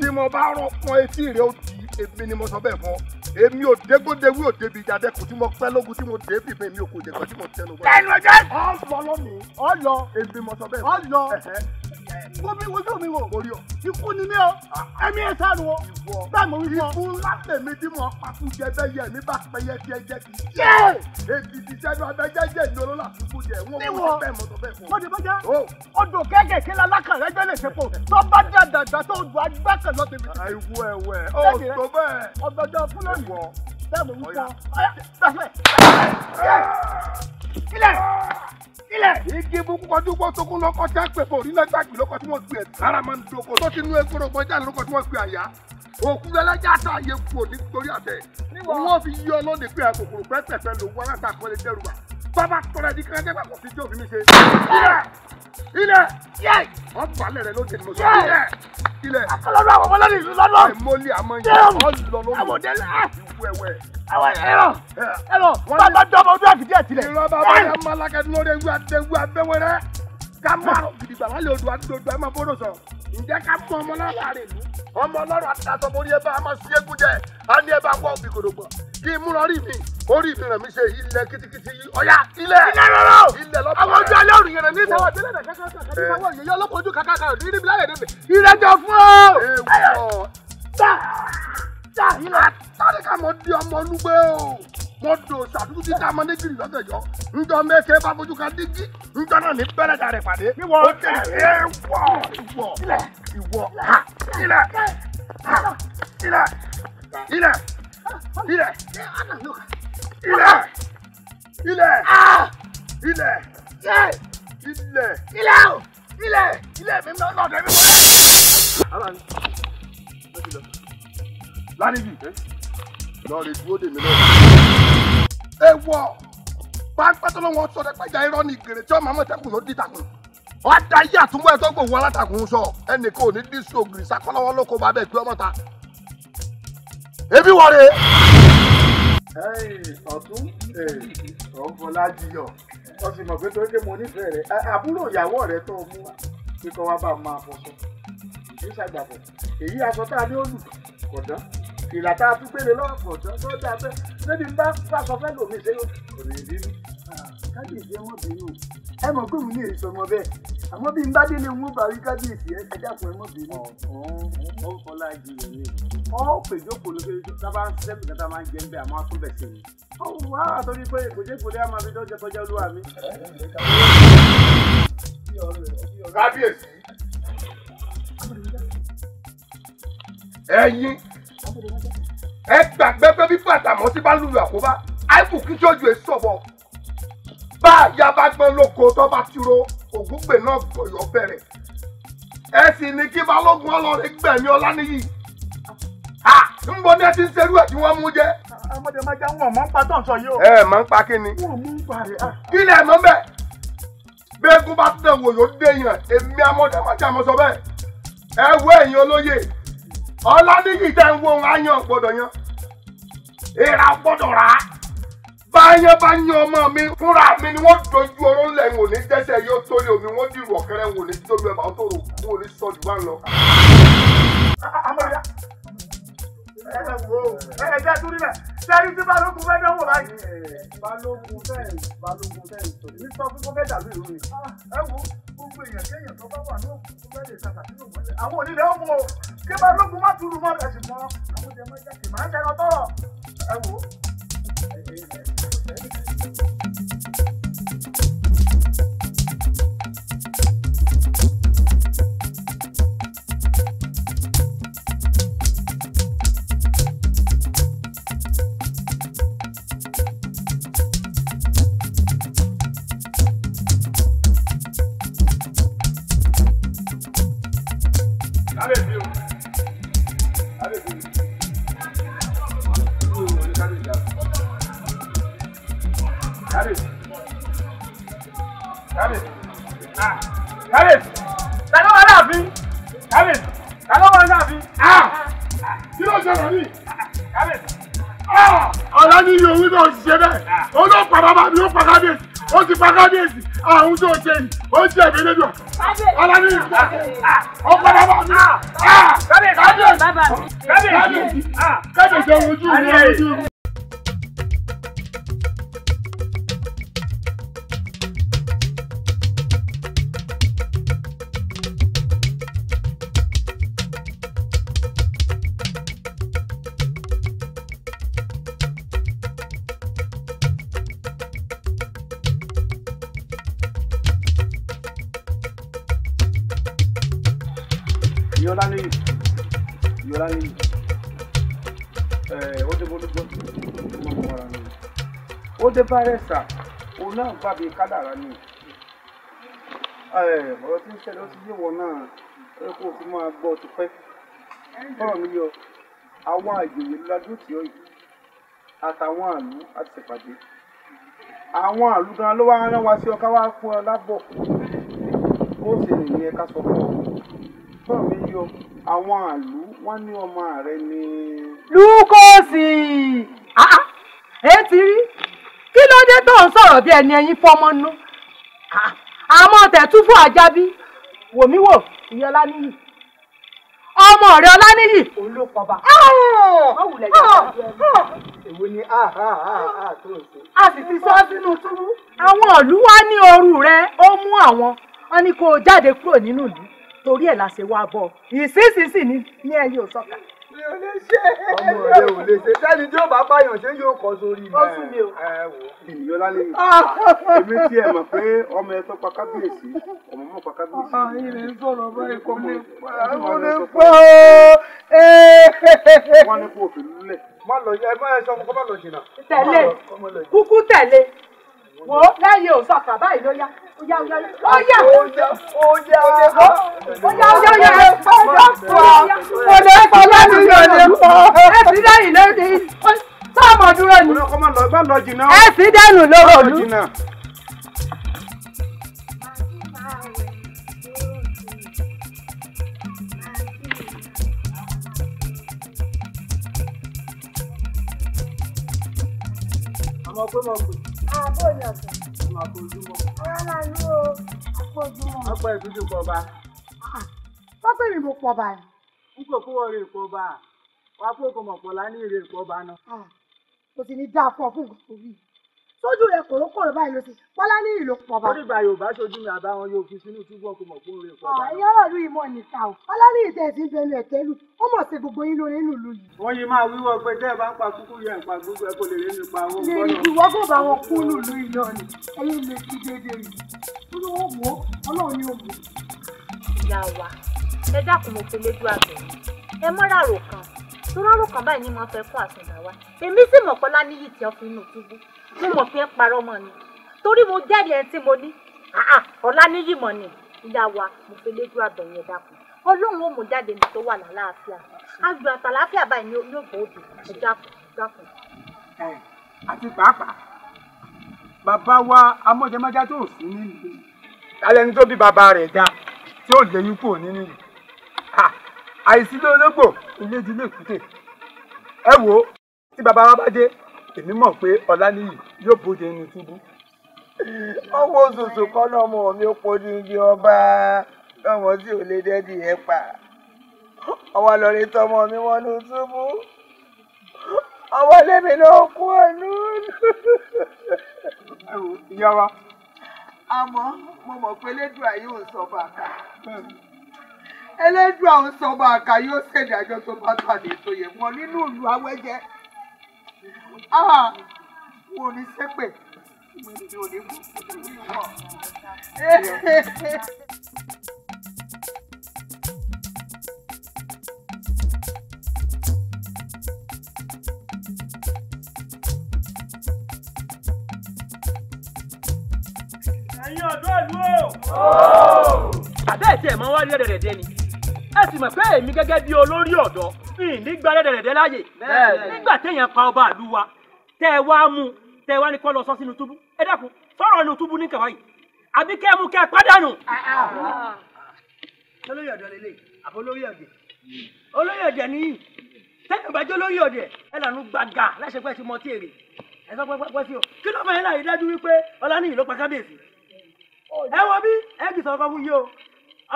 S1: tí mo bá rọpọn etí rẹ ó di èmi ni mo sọ bẹ́ẹ̀ fún ọ èmi ò dégódéwí ò débi ìjàdẹ kò tí mo pẹ́ lógun tí mo dé bí mi ò kò jẹ kan tí mo tẹnu bọ. ẹnu ọjọ́ ọlọ lónìí ọlọ èmi mo sọ bẹ́ẹ̀ fún ọ wọ́n mi wojú mi wò ikú ni mí o ẹ̀mí ẹ̀ sáré o bẹ́ẹ̀ mo wí fún ọ òun látẹ̀mí tí mo pàkú jẹbẹ yẹ mi bá pẹyẹ tiẹ jẹ ti yẹ èkìtì sẹnu abẹjẹjẹ ìnoro làtúkú jẹ wọn mú bẹ́ẹ̀ mọtò bẹ́ẹ̀ fún. bọ́dẹ bọ́dẹ oh! odò kéékèèké la lákàrẹ́ jẹ́ sẹ́pọ̀ tó bá dàdàdà tó odò agbẹ́kẹ̀ lọ tèmi. àìwú ẹ̀wẹ̀ ó tó bẹ́ẹ̀. ọ̀dọ̀dọ̀ fúlọ̀nì bẹ́ẹ̀ mo ń kọ́ ilẹ̀ igi bukú kọjú bó tókun lọkọ tí a pè fún tí wọ́n gbé ẹ̀ tààrà máa ń dóko tó ti nú egbòrògbọ́n jáde lọkọ tí wọ́n gbé àyà òkú ẹlẹ́jà tá a yẹ kú òní torí àtẹ wọ́n fi yí ọlọ́ọ̀dẹ pé àkókò pẹ́pẹ́pẹ́ ló wọ́n láti àkọlé dẹ́rù wa bàbá tọrọ ẹni kan dẹ́gbà kò sí tí òfin mi ṣe. ilẹ̀ ilẹ̀ wọ́n balẹ̀ rẹ lóde ni mo sọ ilẹ̀ ilẹ̀. akọlọ́dọ̀ àwọn ọmọ lónìí lọ́dọ̀. ẹ mọ́lẹ̀ àmọ́ yẹn ọ̀lọ́ lórí wẹ́wẹ́. ẹwọ ẹrọ ẹrọ bàbá dọ́bọ̀ ọdún àti díẹ̀ tilẹ̀. ìrọ̀ bàbá yẹn máa lakẹ́ lórí ewu àti ewu abẹ́wẹ́rẹ́ ká márùn gidigba wálé odò àdúgbò ẹ máa bọ́dọ̀ sọ ǹjẹ́ ká mú ọmọ lọ́rọ̀ àrè mú ọmọ lọ́rọ̀ àtàtọ̀ mórí ẹ bá a máa sí egun jẹ a ní ẹ bá wọ́ òbí kòdògbò kí n múra orí mi orí mi rẹ̀ mi ṣe ilẹ̀ kitikiti ọ̀yà ilẹ̀ ilẹ̀ rọrọ ilẹ̀ lọ́pọ̀ àwọn ojú alẹ́ òrùn yẹn ní ìtàn àtẹlẹ́ rẹ̀ kẹ́kẹ́ kẹ́kẹ́ kẹ́kẹ́ wọ́n yẹ̀yẹ́ lọ́pọ̀ ojú kàkàkà ní níbi láyé níbi ìrẹ́jọ fún ọ. ẹ̀wọ̀ tá tá ìlà tá mo dò sàdúgbò tí ká máa négiri lọ́sẹ̀jọ́ njọ mẹ́kẹ́ bá fojú ka dígí njọ náà ní bẹ́lẹ̀dà rẹ̀ pàdé. ìwọ ó tẹ̀lé ẹ wọ ìwọ ìwọ ha ilẹ̀ ha ilẹ̀ ilẹ̀ ilẹ̀ ilẹ̀ ilẹ̀ ilẹ̀ ilẹ̀ ilẹ̀ o ilẹ̀ ilẹ̀ mi náà lọ́dọ̀ mi. lánìí yìí lọ́ọ̀rì dúró dèmí náà. ẹ wọ pápá tó lọ́wọ́ sọ dẹ́pẹ́jà irọ́ ni gèrè tí ọmọ àmọ̀tẹ́kùn ló dì takùn. wọ́n á da iye àtúmọ̀ ẹ̀ tó gbòòwò alátakùn sọ ẹnì kan ò ní dí sí ògiri sakọ́lọ́wọ́ lóko bá bẹ́ẹ̀ pé ọmọ ta. ebi wọ̀re. ọ̀tún ọ̀fọlájiyọ̀ wọ́n sì mọ̀ pé torí pé mo nífẹ̀ẹ́ rẹ̀ àbúrò ìyàwó rẹ̀ tó mú kíkọ́ wá bá máa fọṣọ ìṣàgbàfọ̀ èyí aṣọ tá a ní ó lù kọ̀dán ìlà tá a tún gbélé lọ́pọ̀ tó tó dáa pé débi bá pàṣọ fẹ́ lòmí ṣe kò lè dé mi. kábíyèsí ẹ wọ́n bínú ẹ mọ̀ pé ní èso ọmọ bẹ́ẹ̀ àmọ́ bí n bá délé wọn bá rí kábíyèsí ẹ ẹ dákun ẹ mọ̀ bínú. ọ̀hún ọ̀fọlá ju ìyẹn ni ọ pèjọ polówó tábà sẹ́mi kẹta ń jẹ mi. ó wá àtọ́jú pé kòjé kòlé àmọ́ àbí dọ́jọ́ tọ́jú olúwa mi. kábíyèsí ẹ gbàgbé pé bí pàtàmọ́ ti bá lùlù àkóbá àìkú kí sójú èso ọ̀bọ bá a ya bá gbọ́n lóko tó bá ti ro ògúnpè náà gbọ̀yọ̀ bẹ̀rẹ̀ ẹ sì ní kí balógun ọlọ́rin gbẹ̀mí ọlá níyì ń bọ ní ẹ ti ń serú ẹ tí wọ́n mú jẹ. ọmọdé máa já wọn mọ̀ ń pa tó ń sọ yìí o. ẹ mọ̀ ń pa kí ni. wọn mú ń pa rẹ. kí ni ẹ mọ̀ bẹ́ẹ̀ kó bá tẹ̀ wò yóò èmi amọ̀dé máa já mọ̀ sọ bẹ́ẹ̀ ẹ wọ ẹ̀yin olóye ọlọ́díjì tẹ́ ń wo ohun ayan gbọ́dọ̀ yan èèrà gbọ́dọ̀ rà á báyẹn bá yan ọmọ mi fúnra mi ni wọ́n dojú oró ńlẹ̀ ń wò ní dẹ́sẹ̀ yóò tóli omi wọ́n dìrò ọ̀kẹ́rẹ́ ń wò ní tóbi ẹ̀bà ó tòrò fún orí sọ́ọ̀dù wà lọ ẹ wo ẹ jẹ́ tún níbẹ̀ tí balógun fẹ́ dánwò báyìí. balógun fẹ́ balógun fẹ́ sọ ní sọ fún fẹ́ dàlú ìlú mi. ẹ wo gbogbo èèyàn kéèyàn tó bá wà ní òkú fẹ́ lè tàkà sínú mọ́lẹ̀. àwọn onílé ọmọ o kí balógun má túlù mọ́ ẹ̀sìn mọ́ àwọn jẹ́ mọ́ jáde máa ń jẹ́ lọ ẹ wo. àwọn tó ṣe ó jẹ mi lójú
S6: alani ọpọlọ bá
S1: mi kábíyèsí kábíyèsí kábíyèsí ojú mi ojú mi. ń pàdé kádàrá ni ọ̀rọ̀ tí ń ṣẹlẹ̀ ó ti yé wọ náà ó kó o ti máa gbọ́ ọ ti pẹ́ fọ́nrán mi yọ àwọn àjòyè ládùn tí ó yìí àtàwọn àlù àti ṣèpàdé àwọn àlù gan ló wá rán wa sí ọká wá fún ọ lábọ̀ ó sì nìyẹn ká sọ fún ọ fọ́nrán mi yọ àwọn àlù wọn ní ọmọ rẹ ni.
S2: lúkọ́ọ̀sì ah, ah.
S3: ẹ ti rí kí ló dé tó ń sọ̀rọ̀ bí ẹni ẹyin fọmọ nú
S2: àmọ́ tẹ̀tú fún àjábí wòmíwò ìyá ọlánìyí
S3: ọmọ rẹ ọlánìyí olùkọba ọwùlẹ̀ èwo
S2: ni a a
S1: a a tó ń ṣe.
S3: a sì ti sọ sínú túbú. àwọn ìlú wá ní ooru rẹ ó mú àwọn wọn ní kó o jáde kúrò nínú ìlú torí ẹ̀ la ṣe wá bọ̀ ìsinsìnyí ní
S1: ẹ̀yìn òsọ́kà ò lè ṣe ọmọ rẹ ò lè ṣe sẹ́ni tí ó bá pààyàn ṣé yóò kọ́ sórí rẹ ọsùn mi ò ènìyàn lálẹ́ ah! èmi tí ẹ mọ̀ pé ọmọ ẹ tó pa kábíyèsí ọmọ mọ̀ pa kábíyèsí. ilé ah, ń sọ̀rọ̀ báyìí kò lè pa kò lè pa ó. Eh! wọ́n ní kó òfin lulẹ̀. má lọ ẹ má ẹ sọ ọmọ kọ́ má lọ jìnnà.
S3: tẹ̀lé kúkú tẹ̀lé wo láyé òsọ̀kà báyìí ló yá. Oya oya oya oya oya oya
S4: oya oya oya
S3: olè kọ lọ́nu olè kọ ẹ̀sìn lẹ́yìn lẹ́yìn
S1: sọ́ọ̀mọ̀ dúró ni ẹ̀sìn dẹ́nu lóòlù.
S2: ọmọ pé mo pè. àbó ni ọ̀sán àpò ojúmọ́. ọ̀rọ̀ là ń lò ó
S1: àpò ojúmọ́. ọ̀pọ̀ ìdúdú pọ̀ bá.
S3: Ah, pápẹ́ ni mo pọ̀ bá ni.
S1: n kò kó wọ́n rè pọ̀ bá wàá kó kò ní ìrè pọ̀ bá náà. Ah,
S3: kò sì ní dáa fún ọ fún tó rí i sójú rẹ kòró kòró báyìí ló ti bọ́lá ní ìlú pọ̀ba. ó dìgbà yorùbá ṣojú mi àbá
S1: wọn yóò fi sínú túbọ̀ kó mọ̀ fún rẹ̀ pọ̀ba.
S3: ẹ̀yin ọlọ́run ìmọ̀ nìka o bọ́lá ní ìtẹ̀ sí bẹnu ẹ̀tẹ́ lù ó mọ̀ sí gbogbo yín lórí ìlú yìí.
S1: wọ́n yìí máa wíwọ́ pé tẹ́ ẹ bá pa kúkú yẹn pa gbogbo ẹ kò lè rí nípa
S2: owó gbọ́dọ̀. lè bá wọn kú irọ́rùn kan báyìí ni mo fẹ́ fún àsùnbà wa èmi sì mọ̀ pé láníyì tí ọkùnrin inú túbú mo mọ̀ fi ń parọ́ mọ́ ni torí mo jẹ́rìí ẹni tí mo ní ọ̀láníyì mọ̀ ni ìyá wa mo fi lójú àbẹ̀yẹ dàpọ̀ ọlọ́run ó mú jáde mi tó wà lálàáfíà àgbẹ̀ àtàláfíà báyìí ni yóò bò òbí ẹja dàpọ̀. ẹ
S1: àti pàápàá bàbá wa amọ̀jẹ̀mọ́já tó sí nílùú alẹ́ ní tó bí bàbá rẹ̀ dá tí ó lè yín kúrò nínú yìí àìsílẹ̀ ológbò ilé di ilé èkúté ẹ wò ó tí bàbá wa bá dé èmi mọ̀ pé ọ̀lànìyí yóò bóde inú túbú. ọwọ́ òṣòṣò kan náà ọmọ mi ó pọ̀ ní iye ọba ọmọ tí ò lè dẹ́dì ẹ̀ pa ọwọ́ lọ́rẹ́ tọmọ mi wọnú túbú ọwọ́ lèmi náà kú ọ̀nù. ìyá wa. àmọ́ mo mọ̀ pé lẹ́dùn ayé ò sọ bàkà elédùn àwọn sọba àkà yóò ṣèdájọ́ tó bá tàdé tó yẹ wọn nínú ìlú awẹjẹ wọn ò ní ṣépè mi ò ní kú mi ò ìlú o. àbẹ́ẹ̀tì ẹ̀ máa wá rí ọ̀dẹ̀dẹ̀ ni ẹ sì mọ̀ pé èmi gẹ́gẹ́ bí olórí ọ̀dọ́ nígbà dẹ́dẹ̀dẹ̀ láàyè nígbà téèyàn pa ọba ìlú wa tẹ́ ẹ wá mú tẹ́ ẹ wá ní kó lọ sọ sínú túbú ẹ dákun sọ̀rọ̀ inú túbú ní kàwáyì àbí kẹ́ ẹ mú kẹ́ ẹ pàdánù.
S3: olóyè ọ̀dọ́ lélẹ̀ àbọ̀ olóyè ọ̀dẹ̀ olóyè ọ̀dẹ̀ nìyí tẹ́lẹ̀ ìbàjẹ́ olóyè ọ̀dẹ̀ ẹ lànà gbàgà láṣẹ pẹ́ ti mọ tí èrè ẹ sọ pẹ́ pẹ́ sí o kí ló fẹ́ láyé dájú wípé ọlá ní ìlú pa kábíyèsí ẹ wọ bí ẹ jù sọ ọkọ fún yìí o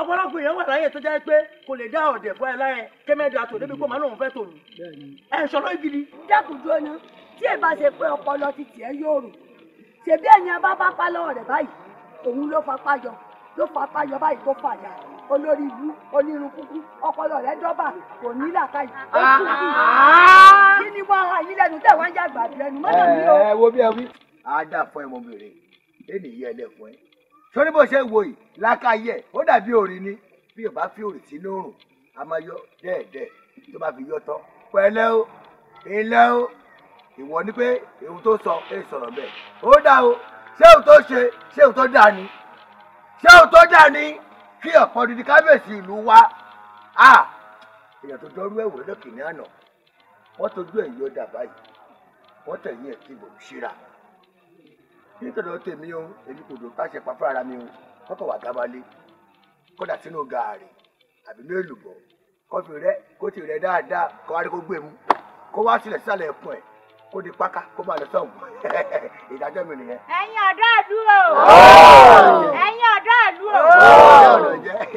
S3: ọ̀pọ̀lọpọ̀ èèyàn wà láyé tó jẹ́ pé kò lè dá ọ̀dẹ̀ bọ́ ẹ láyé kẹ́mẹ́dà
S1: tó débi kó máa lóun fẹ́ tòun ẹ̀ sọ̀rọ̀
S3: ìgidi. dákùjọ ni tí ẹ bá ṣe pé ọpọlọ ti tiẹ̀ yóò rùn ṣèbí ẹ̀yìn bá bá pa lọ́wọ́ rẹ̀ báyìí òun ló fapá yọ ló fapá yọ báyìí tó fàyà olórí ìlú onírun ọpọlọ rẹ̀ dọ́bà kò ní làkàyè ó kúkú ah! kí ni wọn ara yìí lẹ́nu tẹ wọn yàgbà bí ẹnu mọ́tò
S1: sórí bó ṣe wò yìí lákàyè ó dàbí òrì ni bí o bá fi òrì sínú òrùn a máa yọ dẹ́ẹ̀dẹ́ẹ̀ tó bá fi yọ tán pẹ̀lẹ́ o ilẹ̀ o ìwọ ni pé èwo tó sọ èyí sọ̀rọ̀ bẹ́ẹ̀ ó dá o ṣé òun tó ṣe ṣé òun tó dà ní ṣé òun tó dà ní kí ọ̀pọ̀ dídí kábíyèsí ìlú wa a èèyàn tó dọ́rú ẹ̀wọ̀ lọ́kìnrin àná wọ́n tójú ẹ̀ yọ dà báyìí wọ́n tẹ̀yìn ẹ̀ kí bò ń ṣíra nítorí tèmi o èmi kò dùn káṣẹ pa fúnra mi o kọkọ wà dábàlẹ kódà sínú gàárì àbí ní èlùbọ́ kọfí rẹ kó ti rẹ dáadáa kó wá rí kó gbé mu kó wá sílẹ̀ sísàlẹ̀ ẹkùn ẹ kó di páká kó máa lọ sọhùn ìdájọ́ mi nìyẹn.
S2: ẹ̀yin ọ̀dọ́ ìlú o ẹ̀yin ọ̀dọ́ ìlú o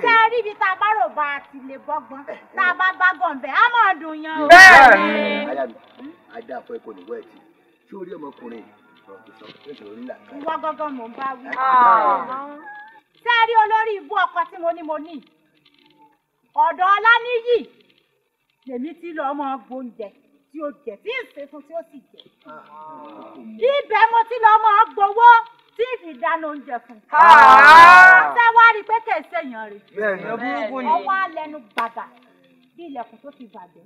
S2: ṣé rí ibi tá a bá rò bá a ti lè bọ́gbọ́n tá a bá bá gàn á mọ̀ ọdún yan o. bẹ́ẹ̀ ni. ayá
S1: mi adá àfọ nìwọ ẹ̀ tí tí ó rí ọmọkùnrin yìí
S2: ìwọ gangan mò ń bá wí. Ah. ṣé ẹ rí olórí ibú ọkọ tí mo ní mo ní ọ̀dọ̀ ọláníyì lèmi ti lọ ọmọ gbóúnjẹ tí ó jẹ tí ń tí ó sì jẹ ibẹ̀ mo ti lọ ọmọ gbowó tí ìfi dáná oúnjẹ fún ah. ṣé wàá rí i pé kèé ṣèyàn rè ọwọ́ alẹ́nu gbàgbà tí ilẹ̀kùn tó ti bàjẹ́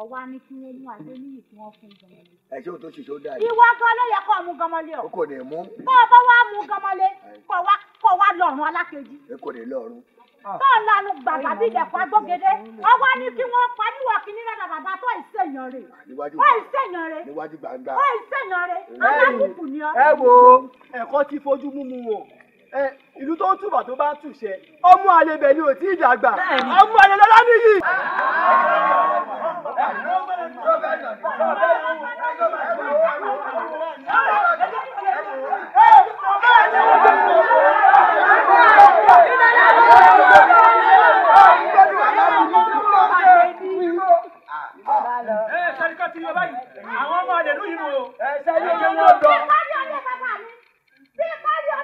S2: ọ̀wá ní kí wọ́n mú adé níyì kí wọ́n fún gọmọlé.
S1: ẹ ṣé o tó ṣe tó dáa yìí. ìwọ
S2: gan ló yẹ kó o mú gọmọlé o. o kò ní mú. kó o bá wá mú gọmọlé kó o wá kó o wá lọ́rùn alákejì. ẹ kò ní lọ́rùn. Ah. tó o lanu gbàgbà bí ilẹ̀kùn agbógede ọwá ní kí wọ́n pa níwọ̀ kíní rẹ̀ dàdàdà tó ìṣèyàn rẹ̀. Ah,
S1: níwájú gbàngà. ó ìṣèyàn rẹ̀. alákùnkùn ni ọ. ẹ wo ẹ̀kọ́ ti fojú mú mu wọn ìlú tó ń túbọ̀ tó bá ń túṣẹ ọmọ àlebẹ̀ ni ò tí ì dàgbà ọmọ àlebẹ̀ lọ́dún yìí.
S3: Àwọn ọmọ àlè lóyún o. Ẹ̀sẹ̀ yóò gbé wọn lọ.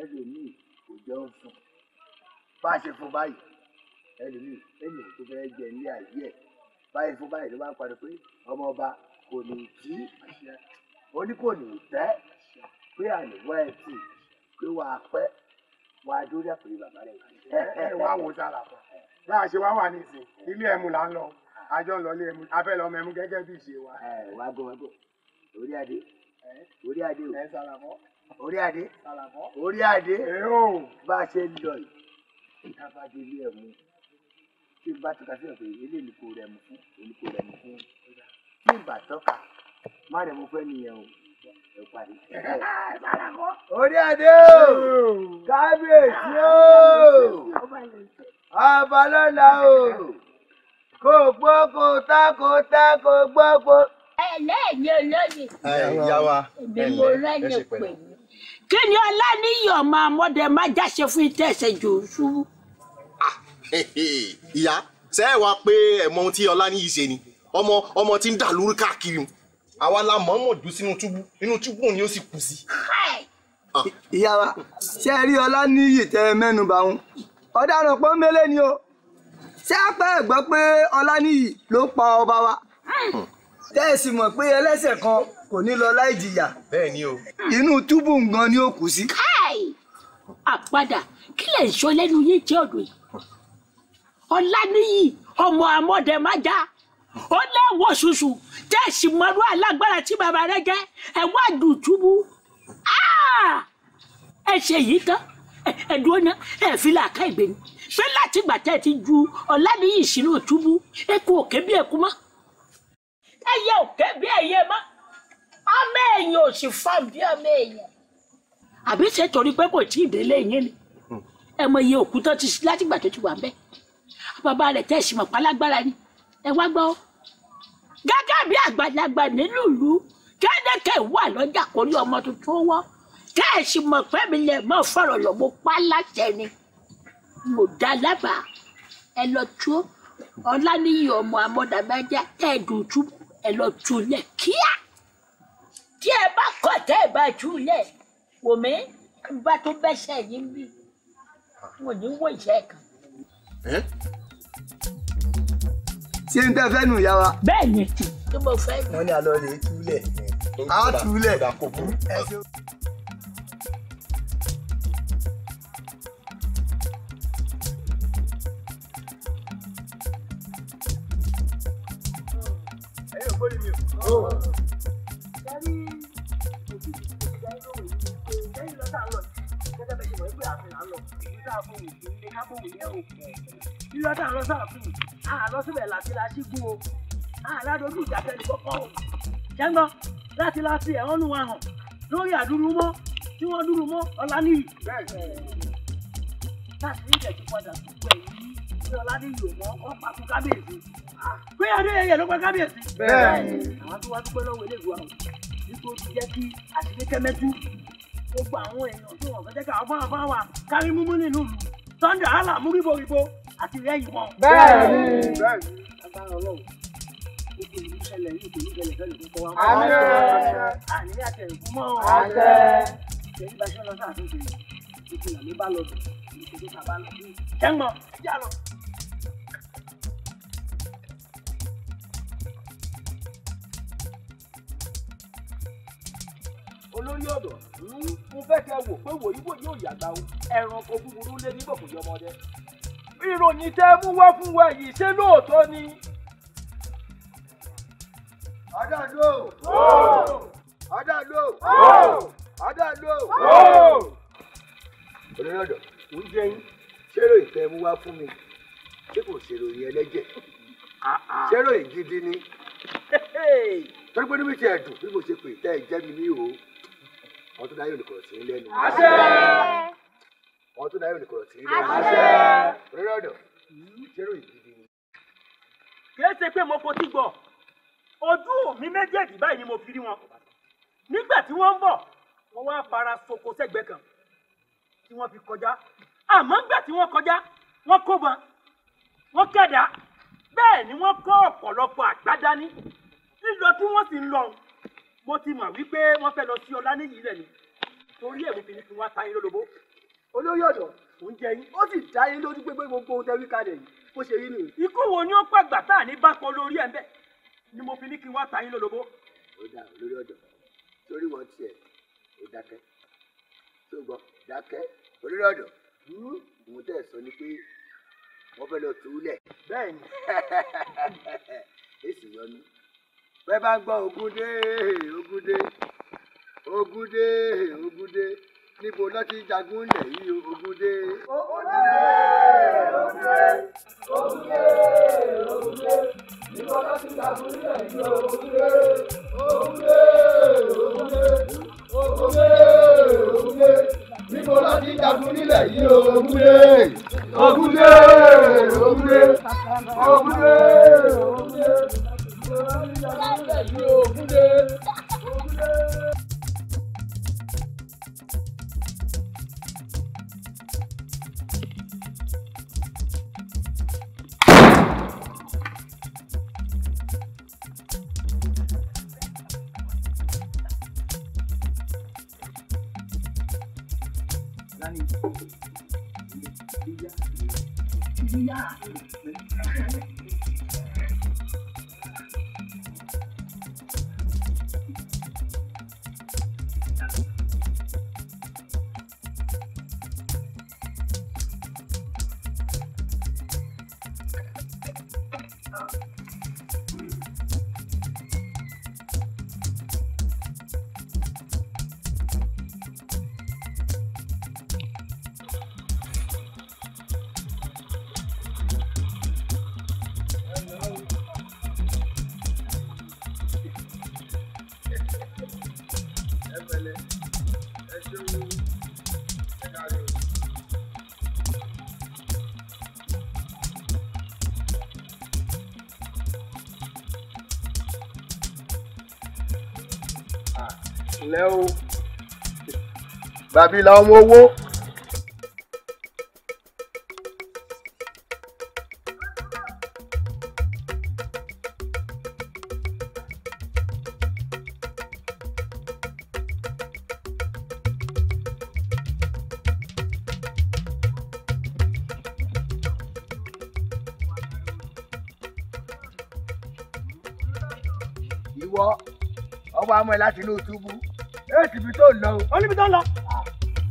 S1: ẹlòmíì kò jẹun fún bá a ṣe fún báyìí ẹlòmíì ẹnìyàn tó fẹ́ jẹ ilé ayé ẹ̀ báyìí fún báyìí ló bá parí pé ọmọ kò ní jí ó ní pé àníwá ẹ̀ tì pé wà á pẹ́ wà á dórí àpèrè bàbá rẹ̀ ẹ̀ ẹ̀ wá wò sára fún bá a ṣe wá wà nísìn ilé ẹmu là ń lọ àjọ ń ẹmu abẹ́ lọ́mọ ẹmu gẹ́gẹ́ bí ìṣe wa. ẹ wá gbọ́ wá gbọ́ orí adé orí adé o. ẹ sàlàmọ́ orí adé orí adé bá a ṣe lọ yìí ìta bá dé ilé ẹ̀ mú tí n bá tọ́ka sí ọ̀pẹ ilé ìlúkọ rẹ̀ mú fún ìlúkọ rẹ̀ mú fún tí n bá tọ́ka má rẹ̀ mú fẹ́ nìyẹn o ẹ parí.
S4: orí adé o
S1: kábíyèsí o abalọ́la o kò gbọ́ kò tá kò tá kò gbọ́ kò. ẹ lẹ́yìn olóyè. ẹ yá wa ẹ lẹ́yìn ẹ ṣe
S6: pẹ̀lú kí ni ọlá níyọ̀ máa mọ́dẹ má jáṣe fún ìtẹ́ ẹ̀sẹ̀ jòṣù.
S1: ìyá ṣe é wá pé ẹ̀mọ ohun tí ọlá níyì ṣe ni ọmọ ọmọ tí ń dà lórí káàkiri mu àwa la mọ̀ọ́mọ̀ sínú túbú inú túbú ni ó sì kù sí. Ah. ìyá wa ṣe é rí ọlá níyì tẹ mẹ́nuba òun ọ̀daràn pọ́nbélé ni o ṣé a pẹ́ gbọ́ pé ọlá níyì ló pa ọba wa hmm. tẹ́ ẹ sì mọ̀ pé ẹlẹ́sẹ̀ kan kò ní lọ láì jìyà. bẹ́ẹ̀ ni o. inú túbú ngan ni ó kù sí.
S6: káì àpàdà kí lè sọ lẹ́nu yín jẹ́ ọ̀dọ̀ yìí ọ̀làníyì ọmọ àmọ́dẹ má já ó lẹ́wọ̀ ṣoṣù tẹ́sí mọ́rú alágbára tí bàbá rẹ jẹ́ ẹ wá dùn túbú ẹ ṣe yìí tán ẹ dúró ná ẹ fi làákà ìgbé ni pé láti gbà tẹ́ ẹ ti ju ọ̀làníyì sínú túbú ẹ kú òkè bí ẹ kú mọ́ ẹ yẹ òkè bí ẹ yẹ mọ́ àmì ẹ̀yìn ò sì fà bí àmì ẹ̀yìn àbí ṣe torí pé kò tí ì délé yín ni ẹ mọ iye òkú tó ti sí látìgbà tó ti wà ńbẹ̀ bàbá rẹ̀ tẹ̀sí mọ̀ pálágbára ni ẹ wá gbọ́ gẹ́gẹ́ bí àgbàlagbà nílùú ìlú kẹ́dẹ́kẹ́ wà lọ́jà kórí ọmọ tuntun wọ́ tẹ̀sí mọ̀ pẹ́mi lẹ̀ mọ́ fọ̀rọ̀ lọ mo pa láṣẹ ni mo dá lábàá ẹ lọ tó ọlá níyì ọmọ amọ̀dàmẹ́jà ẹ̀ẹ́dùn tú ẹ lọ tú lẹ̀ kíá tí ẹ bá kọ̀ tẹ́ ẹ bá jù lẹ̀ wò mí bá tó bẹ́sẹ̀ yín bí wọn ní wọ ìṣe kan.
S1: ṣé ń tẹ́ fẹ́ nù yá wa. bẹ́ẹ̀ ni tí mo fẹ́ wọ́n ní alọ́ lè túlẹ̀. a túlẹ̀. Oh.
S2: lọ èyí tá a fún òkú
S5: síbẹ̀ láti la ṣígun o
S2: a ládójú ìjà kọ́kọ́ o ṣẹ́ńgbọ́n láti la fi ẹ̀hónú wa hàn lórí àdúrú mọ́ tí wọ́n dúró mọ́ ọ̀lànìyí. láti ní ìjẹ̀jú
S6: padà
S1: gbogbo ẹ̀yìn ní ọ̀lànìyí ò mọ́ ọ́ pàkó kábíyèsí. pé adéyẹyẹ ló pẹ́
S3: kábíyèsí. bẹ́ẹ̀
S1: àwọn tó wá dúpẹ́ lọ́wọ́ eléyìí wa o gbogbo àwọn èèyàn tí wọn fẹ́ jẹ́ káwọn bá wà kárí múmú nínú mi Sunday àhàlà mú ríboríbo àti rẹ́ yìí wọn. bẹ́ẹ̀ni agbára
S4: Ọlọ́run
S3: gbogbo ìlú ṣẹlẹ̀ yìí kò ní ṣẹlẹ̀ fẹlẹ kó wá.
S1: àṣẹ
S4: àní àtẹrù fún mọ. àṣẹ
S5: ṣẹlẹ̀ bá ṣẹlẹ̀ sáà tó ṣẹlẹ̀ ìṣẹlẹ̀ mi bá lọ bẹ ìṣẹlẹ̀ bá lọ bẹ. ṣẹ́ńgbọ̀n ẹ jà
S1: olórí ọ̀dọ́ hmm, mo fẹ́ kẹ́ wò pé wòyí wò yóò yàgbá o ẹranko búburú lé nígbà kò ọmọdé. ìròyìn tẹ́ mú wá fún wa yìí ṣé lóòótọ́ ni. àdàlú o àdàlú o àdàlú o. olórí ọ̀dọ́ ń jẹ́ yín ṣérò ìtẹ́ mú wá fún mi tí kò ṣèrò yẹn lẹ́jẹ̀ ah, ah. ṣérò ìgidi ni torí pé níbi tí ẹ dùn bí mo ṣe pè tẹ́ ẹ jẹ́ mi ní o wọ́n tún dáyọ̀ nìkọ̀rọ̀ sí lẹ́nu. àṣẹ. wọ́n tún dáyọ̀ nìkọ̀rọ̀ sí lẹ́nu. àṣẹ. orí ọ̀dọ̀ ṣẹ́rù ìdíje ni. kì í ṣe pé mo fotí gbọ́ ojú mi méjèèjì báyìí ni mo fi rí wọn nígbà tí wọ́n ń bọ̀ mo wá para soko sẹ́gbẹ̀ẹ́ kan tí wọ́n fi kọjá àmọ́ nígbà tí wọ́n kọjá wọ́n kó bọn wọ́n kẹ̀dá bẹ́ẹ̀ ni wọ́n kó ọ̀pọ̀lọpọ̀ àgbá lílọ tí wọ́n sì ń lọ mo ti mọ̀ wípé wọ́n fẹ́ lọ sí ọlá níyì rẹ̀ ni torí ẹ̀ mo fi ní kí wọ́n ta yín lólobó. olóyè ọ̀dọ̀ ò ń jẹ yín ó sì dá yín lójú pé gbogbo ohun tẹ́wí kalẹ̀ yìí bó ṣe rí nìyí. ikú wo ni ó pàgbà tá à ní bá pọ̀ lórí ẹ̀ ń bẹ̀ ni mo fi ní kí wọ́n ta yín lólobó. ó dà olóyè ọ̀dọ̀ torí wọn tiẹ̀ ó dákẹ́ tó gbọ́ dákẹ́ olóyè ọ̀dọ̀ mo hmm? tẹ̀ sọ ni pé wọ́n fẹ́ lọ tú bẹ́ẹ̀ ni èsì yọnu bẹ́ẹ̀ bá gbọ́ Ogunde. Ògúndé Ògúndé Ògúndé níbo ló ti jagun lẹ̀ yìí Ogunde, Ogunde, Ogunde, Ogunde. Ògúndé níbo ló ti jagun lẹ̀ yìí Ogunde, Ogunde,
S4: Ogunde, Ogunde. Ògúndé níbo ló ti jagun nílẹ̀ yìí Ogunde, Ogunde, Ogunde, Ogunde. Ògúndé lórí ọdún lẹ́yìn ògúndé.
S1: Sàbílà ọmọ owó. ìwọ ọwọ amọ ẹ láti inú túbú ẹ ti fi tó lọ o. ó níbi tó lọ.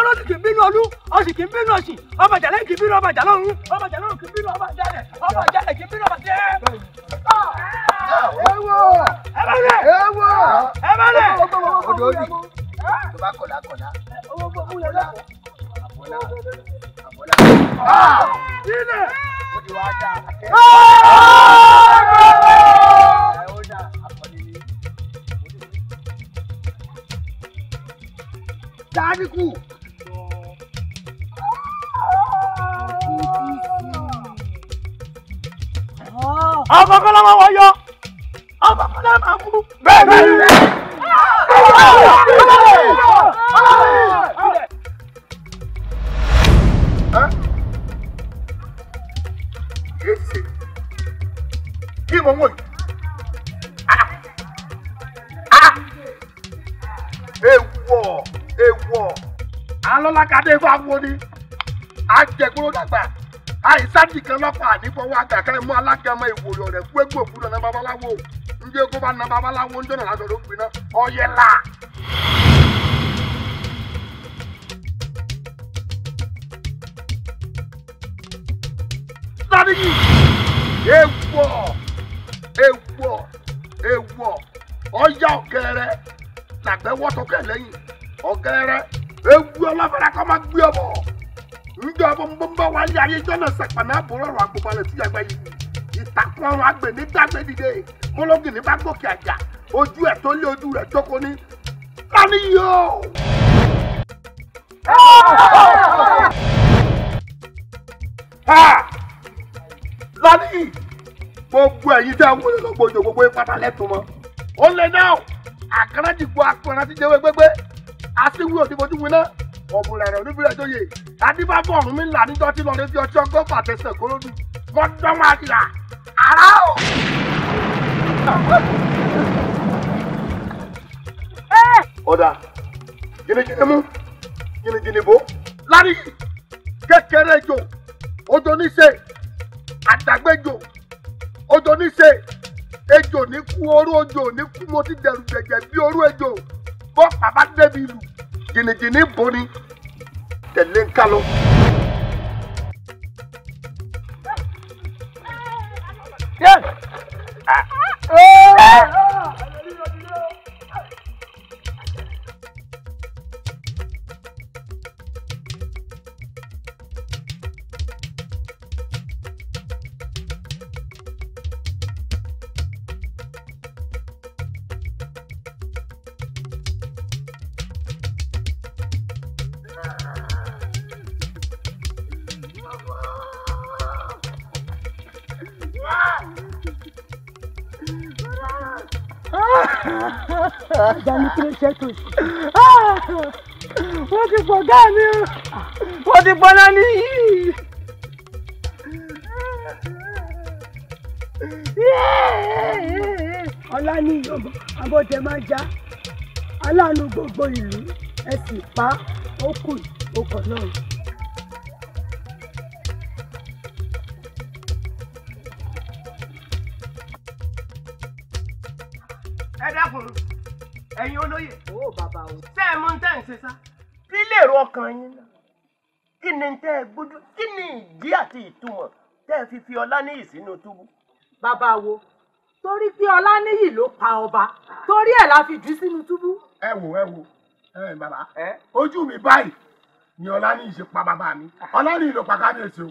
S1: olódì kì í bínú olú ọ̀sì kì í bínú ọ̀sì ọba jàlẹ̀ kì í bínú ọba jàlẹ̀ ọ̀run ọba jàlẹ̀ kì í bínú ọba jàlẹ̀ ọba jàlẹ̀ kì í bínú ọba jẹ́. ewo ẹbẹlẹ ewo ẹbẹlẹ odò olì tó bá kọlá kọlá àbọlá àbọlá àbọlá. ilẹ̀ ó ti wá dá a kẹ́. Dáríkù. ọkọ̀ kan lọ́mọ wọ́n yọ ọkọ̀ kan lọ́mọ kú. bẹ́ẹ̀ ni kí mo mọ̀ yìí. ewọ ewọ alọ́lákadé bá wọ ni àjẹgbọ́n dàgbà. àìsàdì kan lọ́pọ̀ ànífọwọ́ àgàkà ẹ̀mú alágẹmọ ìwòrò rẹ̀ kú egbò òkú lọ́nà babaláwo ndí egó bá na babaláwo ń dọ̀nà lásán ló ń gbiná ọyẹ là. sárigi ewọ ewọ ewọ ọjà ọ̀gẹ̀rẹ̀ làgbẹwọtọkẹ lẹ́yìn ewu máa gbé njọ bọ́nbọ́nbọ́ wa lé ayé jọ́nà sẹ̀pẹ̀nà àbúrò ọ̀rọ̀ àgbòbalẹ̀ tí yàgbá yìí ìtàkùn ọ̀run agbèní dágbé dìde mọ́lọ́gìnì bá gòkè àjà ojú ẹ̀ tó lé ojú rẹ̀ jókòó ní lánì yóò. lánì gbogbo ẹ̀yin tẹ́ wọlé lọ́gbọ̀ òjò gbogbo ìpàtà lẹ́tùn mọ́ ó lè náà àkàrà dìgbò apẹ̀rẹ̀ àti jẹ́wé gbégbé àti wí òdìbò dùnmí náà ọmọ rẹ̀ rẹ̀ oníbìrẹ̀ tó yè adébábọ̀ ọ̀run mi là níjọ́ tí lọ́ọ́ fi ọtí ọgbọ́n pàtẹ́sẹ̀ kó lódù mọ́ dánwó àdìrà àrà o. ọ̀dà jìnnìjìnnì mú jìnnìjìnnì bò lárí kékeré jò ojó níṣe àdàgbẹ́jò ojó níṣe ejò ní kú orú ojò ní kú mo ti dẹrù gbẹ̀gẹ̀ bí orú ejò bọ́ bàbá débi ìlú jìnnìjìnnì bo ni tẹ̀lé Yes. Ah. Oh. Ah.
S3: iṣẹ́ tó ṣe. Ah!
S1: wọ́n ti pọ̀ gáà mi o wọ́n ti pọ̀ náà ní yìí.
S3: ọlá ní ìyọ̀bọ̀ abọ́dẹ máa já aláàánú gbogbo ìlú ẹ pa ó kù ó kọ̀ náà.
S5: ẹ̀yin olóyè. ó bàbá o. ṣé ẹ mọ ní tẹ́ ń ṣe sá kí lè rọ ọkàn yín náà kí ni tẹ́ ẹ gbójú kí ni
S1: ìdí àti ìtumọ̀ tẹ́ ẹ fi fi ọlá ní ìsínú túbú. bàbá wo torí pé ọlá níyì ló pa ọba torí ẹ̀ la fi jù sínú túbú. ẹ wo ẹ wo ẹ ẹ bàbá ojú mi báyìí ni ọlá ní pa bàbá mi ah. ọlá ní ìlò pàkánìyèsí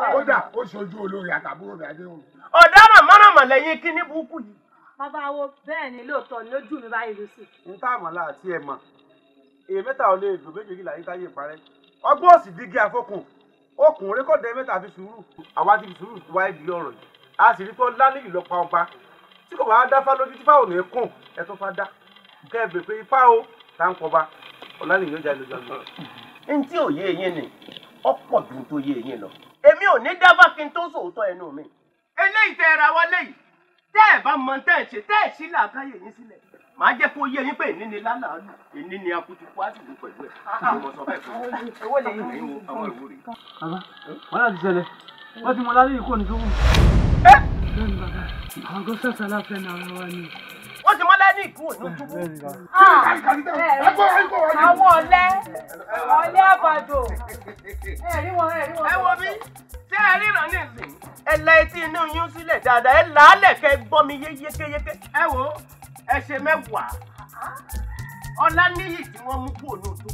S1: o kódà ah. ó ṣojú olórí àtàbúrò rẹ adéhùn. ọ̀daràn mọ́nàmọ́lẹ́yìn kíní burúkú yìí
S2: bàbá wo bẹ́ẹ̀ ni lóòótọ́ ni lójú mi báyìí lùsì.
S1: n tá àmọ́ là àti ẹ̀ mọ̀ èyí mẹ́ta ò lè dùn méjì láyé táyé parẹ́ ọgbọ́n òsì dígí afọ́kùn okùn rékọ́dẹ̀ mẹ́ta fi sùúrù àwa ti fi sùúrù wáyé di ọ̀rọ̀ yìí a sì rí pé lálẹ́ yìí lọ pa ọba tí kò bá dá fá lójú tí fáwọn ò kùn ẹ tó fá dá kẹ ẹ bèpè ifá o tá ń pọba ọlálẹ́ yìí ó jáde lójú àná. n tí òye yín ni ọ̀pọ̀ dùn tó yé yín lọ èmi ò ní dábàá kí n tó sòótọ́ ẹnu mi eléyìí tẹ ra wọlé yìí tẹ́ ẹ̀ bá mọ tẹ́ ẹ̀ ṣe tẹ́ ẹ̀ sí làákàyè yín sílẹ̀ màá jẹ́ kó yé yín pé èní ni lálàálù èní ni akutuku á sì mú pẹ̀lú ẹ̀ àwọn sọ bẹ́ẹ̀ fún mi. owó lè àwọn ìwú bàbá wọn láti ṣẹlẹ̀ wọn ti mọ lálẹ́ yìí kò ní tó wù. àwọn gọ́sẹ̀ sálá
S3: fẹ́ náà wá ní
S1: wọ́n ti mọ́lẹ́ ní ìkún òní ojú. Ah, àwọn ọ̀lẹ́ ọ̀lẹ́ àbàdò ẹ̀rí wọn ẹ̀rí wọn. ẹ wo bí tí ẹ ríran ní ìsìn ẹ la etí inú yín sílẹ̀ dáadáa ẹ làálẹ̀ kẹ́ gbọ́ mi yé yékéyéké ẹ wo ẹ ṣe mẹ́wàá ọláníyì tí wọ́n mú kú òní ojú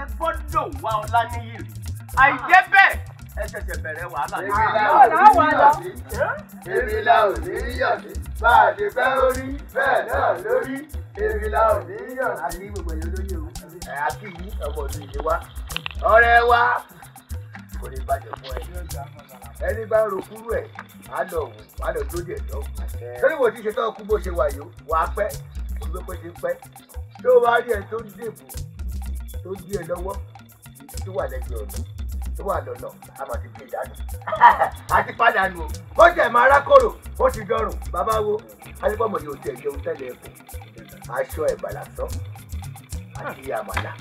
S1: ẹ gbọ́dọ̀ wá ọláníyì rí àìjẹ́ bẹ́ẹ̀ ẹ ṣẹ̀ṣẹ̀ bẹ̀rẹ̀ wàhálà. èmi la ò ní yọ̀ sí. èmi la ò ní yọ̀ sí bá a ṣe fẹ́ lórí bẹ́ẹ̀ náà lórí èmi la ò ní yàn. àti gbogbo èyí olóyè o àti yìí ọmọ ìlú ìlú wa ọ̀rẹ́ wa kò lè bàjẹ́ fún ẹ ẹni bá ro kúrú ẹ á lọ wò á lọ tó díẹ̀ lọ torí wo ti ṣe tán kú bó ṣe wà yìí wàá pẹ́ gbogbo ti pẹ́ tó wàá rí ẹ tó dìbò tó dí ẹ lọ́wọ́ tó wà lẹ́gbẹ̀ẹ́ ọdún tó wà lọ́lọ́ a máa ti fi ìdánù àti padà nù o ó jẹ̀ máa rákòrò ó ti dọ̀rùn bàbá wo alẹ́bọ̀mọ̀ yóò tẹ̀ jẹun tẹ́lẹ̀ ẹ̀kọ́ aṣọ ẹ̀bà lásán àti àmàlà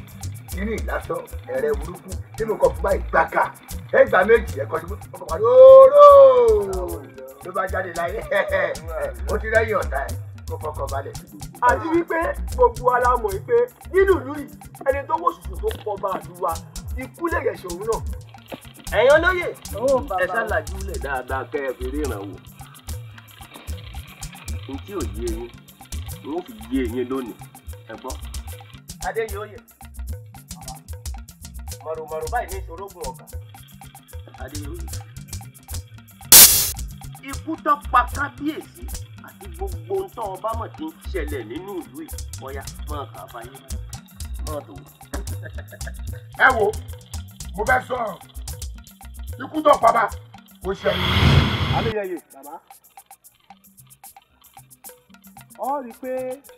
S1: kínní lásán ẹ̀rẹ̀ burúkú nínú kan fún báyìí gbàgà ẹgbàá méjì ẹ̀kọ́ ni ọkọ̀ pàdé oóró ló bá jáde láyé ó ti rẹ́yìn ọ̀tá ẹ̀ kó fọkàn balẹ̀. àti wípé gbogbo ara mọ̀ wípé nínú ìlú yìí ẹni tó wọ̀ ṣùṣù tó kọba àdúrà ikú lè yẹ̀ṣẹ̀ òun náà ẹ̀yin olóyè ẹ ṣàlàjú lẹ̀ dáadáa kẹ́ ẹ fi ríran wò n tí ò yé yín n ó fi yé yín lónìí ẹ gbọ́. adéyòòyè mọ̀rùmọ̀rù báyìí ní ìṣòro gun ọ̀gá. adéyòòyè ikú tó pa kábíyèsí àti gbogbo ohun tó ọba mọ̀ ti ń ṣẹlẹ̀ nínú ìlú yìí bóyá máa kà á báyé máa tó. ẹ wo mo fẹ́ sọ̀rọ̀ ikú tó pa bá kò ṣẹlẹ̀. aléyẹyẹ bàbá ọ rí i pé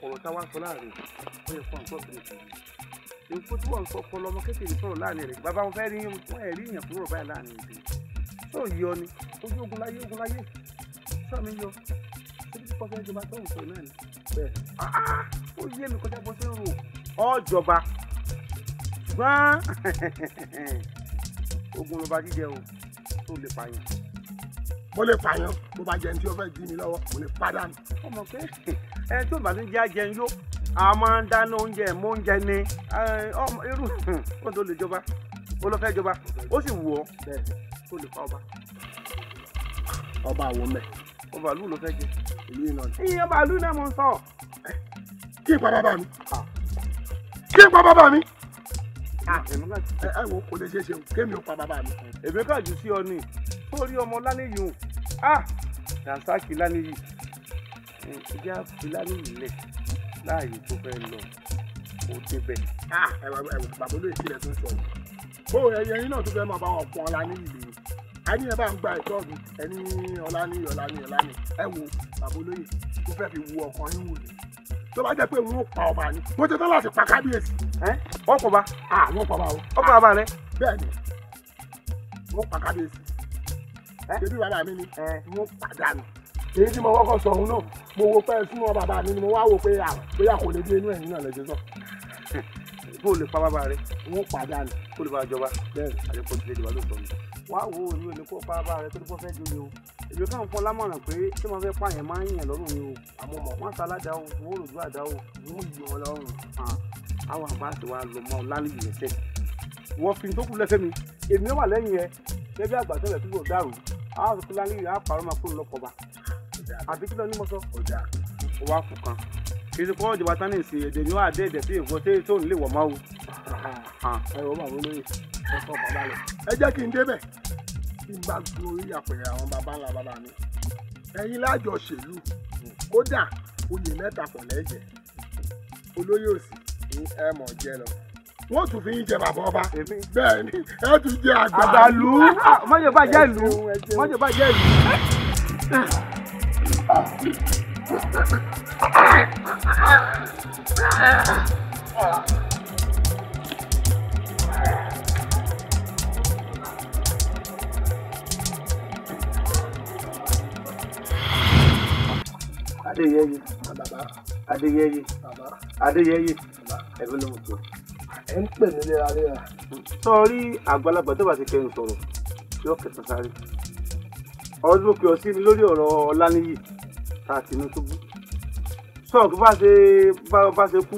S1: ọ̀rọ̀ táwa sọ láàrin ó yẹ fún àǹtọ́ bìrì kan ikú tí wọ́n sọ ọpọlọ ọmọ kékeré sọ̀rọ̀ láàrin rẹ̀ bàbá wọn fẹ́ rí wọn ẹ̀rí èèyàn fún ọ̀rọ̀ báyìí láàrin rẹ̀ tó yí ọ ni ojú ogun láyé ogun láyé sọmi yọ ebi tí pọfẹ́ ìjọba tó ń sọ náà ni bẹ́ẹ̀ ó yé mi kọjá bọ́ sí rò ọ̀jọba ṣùgbọ́n. ogun ló bá jíjẹ o tó lè pààyàn. mo lè pààyàn bó bá jẹun tí ó fẹ́ dí mi lọ́wọ́ mo lè pàdánù. ọmọ pé ẹ tó bá tún jẹ́ ajẹun yó a máa ń dáná oúnjẹ mọ oúnjẹ ni irú kó tó lè jọba ó lọ fẹ́ jọba ó sì wù ọ́ bẹ́ẹ̀ tó lè pa ọba. ọba àwọn mẹ. ọba àlù ló fẹ́ jẹ. ìlú iná ni. iye ọba àlù náà mo ń sọ. kí n pa bàbá mi. kí n pa bàbá mi. Ah, ẹ wo kò lè ṣe ṣe kémi ò pa bàbá mi. èmi kàn jù sí ọ ni sórí ọmọ lánìyí o dànsáàkì lánìyí ìjà lánìyí lẹ láàyè tó fẹ́ lọ ó débẹ̀. Ah, bàbá olóyè tilẹ̀ tó sọ bó ẹyin náà tó fẹ́ máa bá wọn pọn lánìyí lè ẹni ẹ bá ń gba ìtọ́jú ẹni ọ̀lànìyí ọ̀lànìyí ọ̀lànìyí ẹ wo bàbá olóyè tó fẹ́ fi wu ọkàn yín wò ni tó bá jẹ́ pé wọn pa ọba ni mo ṣe tán
S4: láti pa kábíyèsí.
S1: wọ́n kò bá. àwọn kò bá o. ó kò bá rẹ. bẹ́ẹ̀ ni wọ́n pa kábíyèsí. ṣèbí bàbá mi ni wọ́n padà nù. èyí tí mo kọ́kọ́ sọ òun náà mo wo pé súnmọ́ bàbá mi ni mo wá wò pé bóyá kò lè dé inú ẹ̀yìn náà lè ṣe sọ kó o lè fa bàbá rẹ. wọn padà nù. kó o lè bá a jọba. bẹ́ẹ̀ àdékò ti mi. wá wo èmi ò kó o rẹ tó ní kó fẹ́ joyè o. èmi kàn fún lámọ̀ràn pé tí wọ́n fẹ́ pààyàn máa ń yàn lọ́rùn mi o. àmọ́ mọ̀ wọ́n sáládà o wọ́n olùdó àdá o wọ́n yọ ọ lọ́rùn. àwọn àbá ti wá lọ mọ́ lálẹ́ ìrẹsẹ̀. wọ́n fi tó kù lẹ́sẹ̀ mi èmi wà lẹ́yìn ẹ lẹ́bí ìdí kọ́ ọ̀dì wàtá ní ìsìn èdè ni wọ́n á dé èdè sí ìfọ́ sí tó ń lè wọ̀ máa wò. ẹ wọ́n bàbá olóyè ẹ sọ bàbá rẹ̀ ẹ jẹ́ kí n débẹ̀ kí n bá gorí àpẹẹrẹ àwọn bàbá ńlá bàbá mi ẹ̀yin lájọ ṣèlú kódà oyè mẹ́ta pẹ̀lẹ́ jẹ olóyè òsì ní ẹ mọ̀ jẹ lọ wọ́n tún fi ń jẹ bàbá ọba bẹ́ẹ̀ ẹ tún jẹ àgbà. àgbàlú ah, mọ́jọba jẹ́ ìlú mọ́jọba jẹ́ ìlú. Ah. Adéyẹyè bàbá Adéyẹyè bàbá Adéyẹyè bàbá ẹ̀mí ló ń sọ. ẹ ń pè mí léraléra. sọrí àgbàlagbà tó bá ti kẹrin sọ̀rọ̀ yóò kẹsàn sáré ọdún kí ọ sí lórí ọ̀rọ̀ Ọláníyì tá a tinú ṣubú sọ́ọ̀kì bá ṣe bá ṣe kú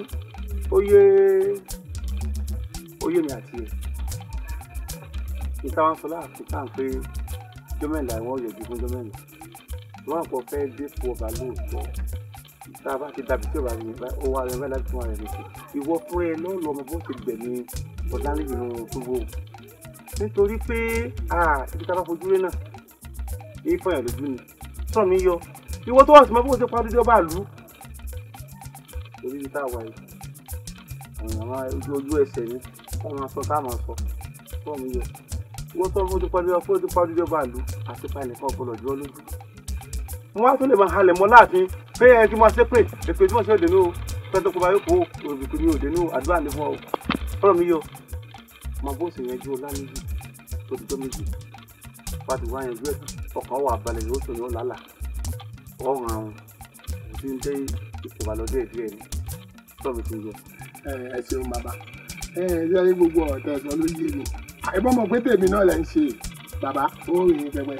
S1: ó yé mi àti ẹ̀ níta wọn sọ láàfin tá à ń pé jọ́mẹ́lá ìwọ́n yọ̀jú fún jọ́mẹ́lá wọn kò fẹ́ dépò ọba lóòótọ́ tá a bá ti dàbí tí ọba mi ó wà rẹ mẹ́lá tí wọ́n rẹ̀ lókè ìwọ fún ẹ lọ́ọ̀lù ọmọ bó ti gbẹ̀mí ọ̀dánlẹ́yìn nínú túbú nítorí pé a bá fojú rí náà ìfọyàn lójú ni tọ́ yọ ìwọ tó wà sí ma bó ṣe pa dídé ọba àlú. torí ibi tá a wà yìí àwọn ojú ojú ẹsẹ̀ ni wọ́n máa sọ táwọn sọ fún mi yọ ìwọ tó wọ́n ti pa dídé ọba tó pa dídé ọba àlú àti pa ẹnìkan ọpọlọ jọ lójú. mo wá tó lè máa halẹ̀ mọ́ láàfin pé ẹ kí n máa ṣe pé èpè tí wọ́n ṣe òdenu o pẹ́ẹ́tọ́ kó bá yóò kó òbíkú ní òdenu àdúrà ní fún ọ fọ́nà mi yọ máa bó ṣe yẹn ju ọlá méjì tó ti jọ méjì pàtó wá yẹn ju ẹ̀ ọkàn wà balẹ̀ yóò sọ ní ọ̀làlà ọrùn àrùn tí ń dé ìfòmàlọ́dọ̀ díẹ̀ ni tọ́bi ti yẹ. ẹ ṣeun bàbá ẹ ẹ ṣe ayé gbogbo ọ̀tẹ̀ ẹ̀sán ló yé mi àìbọ́n mọ̀ pé tèmi náà lẹ́ ń ṣe bàbá ó rìn pẹpẹ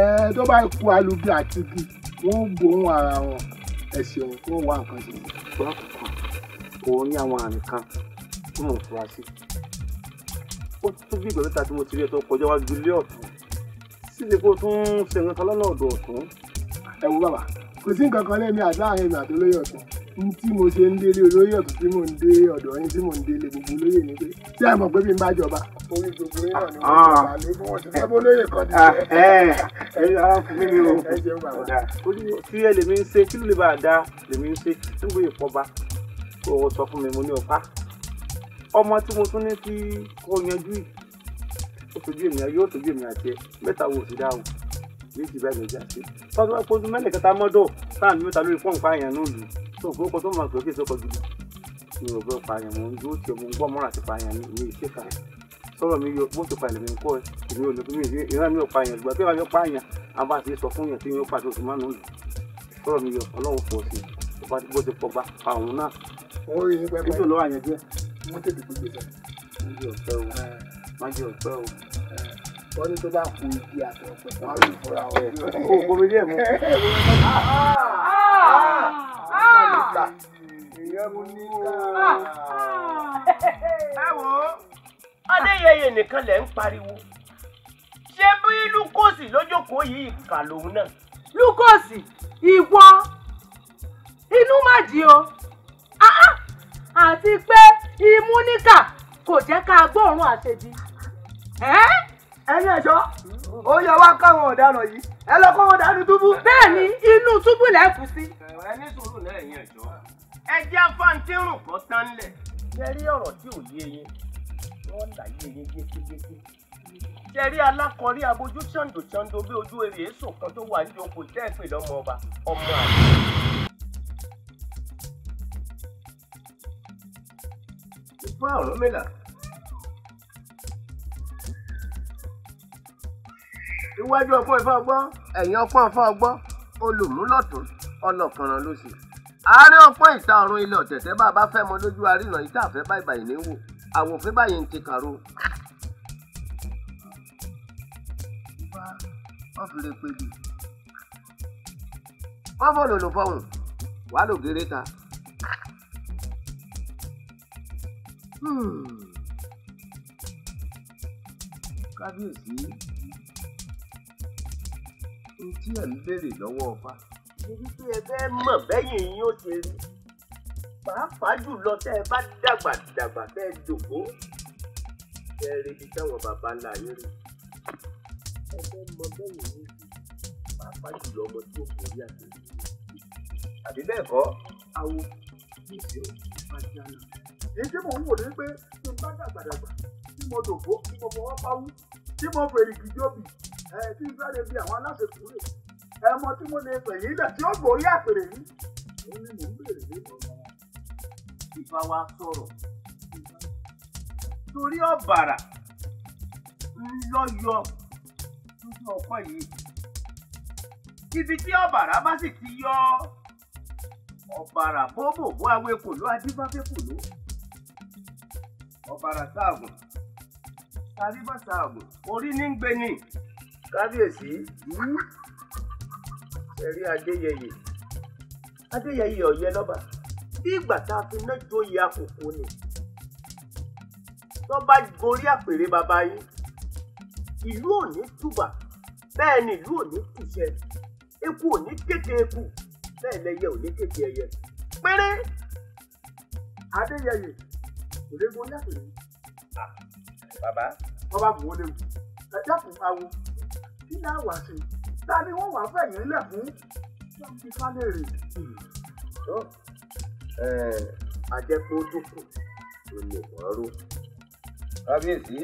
S1: ẹ tó bá ku alubi àti bi wọn gbóhùn ara wọn ẹ ṣeun wọn wá nǹkan ṣe. ṣùgbọ́n kò ní àwọn àmì kan tí mò ń fura sí ó tún bí ìgbà mẹ́ta tí mo ti rí ẹ tó kọjá wájú ilé ọ̀tún sílẹ̀ kó tún ṣe nǹkan lọ́nà ọ̀dọ̀ ọ̀tún ẹ wo bàbá kò sí nǹkan kan lẹ́mí àdá àárín ìgbà tó lóye ọ̀tún ní tí mo ṣe ń délé olóyè ọ̀tún tí mò ń dé ọ̀dọ̀ yín tí mò ń délé gbogbo olóyè ni pé tí a mọ̀ pé bí n bá jọba orí gbogbo yín náà ni wọ́n jọba ah. lé bí wọ́n ti fẹ́ bólóyè kan ní ṣe. ẹ ah, eh, ẹ ara fún mi ni o ẹ jẹun bàbá tí ẹ lèmi ń ṣe kí ló lè bá a dá lèmi ń ṣe nígbà ìfọba kò sọ fún mi mo ní ọ̀pá ọmọ tí mo tún ní kí kò yanjú yìí ó tójú èmi yóò tójú èmi àti ẹ mẹ́ta wo ò sí dáhùn méjì bẹ́ẹ̀ ló jẹ́ sí tọ́jú wọn kójú mẹ́lẹ̀ kẹta mọ́dọ̀ sáà ní mẹ́ta lórí pọ́ǹpá yẹn nílùú tó gbókò tó mọ̀ pé kí èso kọjú mi ò gbọ́ pààyàn mò ń dúró tí mo ń gbọ́ mọ́ra ti pààyàn ní ilé iṣẹ́ kan sọ̀rọ̀ mi yọ bó ti pààyàn mi kọ́ ẹ èmi ò lè fún mi ìran mi ò pààyàn ìgbà tí wọ́n yọ pààyàn àwọn bá ti sọ fún yàn tí yóò pàṣẹ oṣù márùn-ún lù sọ̀rọ̀ mi yọ ọlọ́run fọ̀ sí i bó ti pọ̀ bá àwọn náà. owó lọ́wọ́ àyànjẹ́ mo tètè gbé má wọ́n ní tó bá kun igi àti ọ̀pẹ̀ wọn á rí ìfura wọn. o kò mi díẹ̀ mú. èèyàn mo ní ká. ẹ wo adéyẹyẹ nìkan lẹ̀ ń pariwo ṣé bí lúkọ́sì lójókòó yìí kà lòun náà. lúkọ́sì ìwọ
S5: inú má jí o àti pé imú níkà kò jẹ́ ká gbóòórùn àṣejì. ẹ́ ẹ̀yin ẹ̀jọ́
S3: ó yẹ wá káwọn ọ̀daràn yìí ẹ lọ kó wọn dànù túbú. bẹ́ẹ̀ni inú túbú lẹ kù sí.
S1: ẹ ní sùúrù lẹ́yìn ẹ̀jọ́ ẹ jẹ́ afáǹtírùn kọ́ tán lẹ̀. ṣe rí ọ̀rọ̀ tí ò yé yín wọ́n là yé yín yékéyéké. ṣe rí alákọ̀ọ́rí abojú ṣàǹdòṣàǹdò bí ojú eré èso kan tó wà ní oko ìtẹ́ẹ̀pẹ̀ lọ́mọ ọba ọmọ àgbẹ̀. ìfọ̀ àrùn mélòó iwájú ọpọ́n ìfọ́ ọgbọ́n ẹ̀yìn ọpọ́n ìfọ́ ọgbọ́n olùmúlọ̀tún ọlọ́kànràn ló sì. àárín ọpọ́n ìta ọ̀run ilẹ̀ ọ̀tẹ̀tẹ̀ bàbá fẹ́ mọ lójú àríyàn ìta àfẹ́ báyìí báyìí ní wò àwòfẹ́ báyìí ń ti kàró. wọ́n fi lè pè jù wọ́n fọ̀ lòlò fọ̀hùn wàá lò géré ta. Hmm. kábíyèsí. Hmm n tí ẹ̀ ń béèrè lọ́wọ́ ọba ni wípé ẹ fẹ́ mọ̀ bẹ́yìn yín ó ṣe rí pàápàá jùlọ tẹ́ ẹ bá dàgbà dàgbà tẹ́ ẹ jókòó tẹ́ ẹ rebi táwọn baba ńlá yín rí
S2: ẹ fẹ́ mọ̀ bẹ́yìn yín ṣe
S1: pàápàá jùlọ ọmọ tí ó kò rí àti rí àbí bẹ́ẹ̀ kọ́ awo ìṣe ìfàjà náà èyí tí mò ń wò ni pé tí n bá dàgbà dàgbà tí mo dògbò tí mo fọwọ́ pawú tí mo fèrè kìjọ́bì ẹ tí n sáré bí àwọn aláṣẹ kúrò ẹ mọ tí mo lè pè yín lẹ tí ó gbòórí àpèrè yín ó ní mò ń bèrè lẹ́nu ọ̀rọ̀ wa ìbá wa sọ̀rọ̀ torí ọ̀bàrà ńlọ́yọ̀ lójú ọkọ̀ yìí ibi tí ọ̀bàrà bá sì ti yọ ọ̀bàrà bóbòbó awé kòló adífáfé kòló ọ̀bàrà sáàgùn àríbàtà ààbò orí ní gbé ní kábíyèsí ẹ̀rí adéyẹyẹ adéyẹyẹ ọ̀yẹ́ lọ́ba bí ìgbà tá a fi náà joyè àkókò ni lọ́ba gorí àpèrè bàbá yín ìlú òní túbà bẹ́ẹ̀ ni ìlú òní túṣẹ eku òní kéde eku bẹ́ẹ̀ lẹyẹ òní kéde ẹyẹ péré adéyẹyẹ òrégún lápèrè bàbá. wọ́n bá fún wọn léwu ẹ dẹ́kun awo kí ni àwa ṣe ta ni wọ́n wàá fẹ̀yìn lẹ̀ fún láti ká lè rè. àjẹpọ̀ tó kù ló lè wọ́n ró kábíyèsí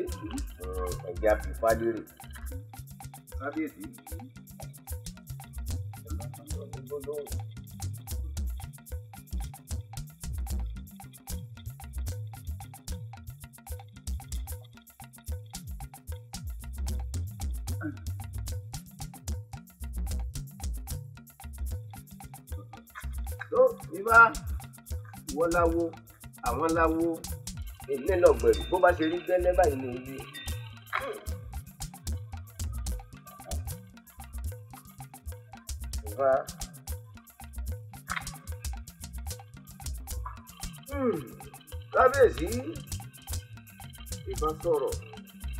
S1: ẹ̀jẹ̀ àpèfádérè kábíyèsí. Thank rárá ìwọ láwo àwọn láwo èmi náà gbẹ̀rù bó bá ṣe rí gẹ́lẹ́ báyìí ni èyí. ìfà. Hmm, kábíyèsí ìbá sọ̀rọ̀.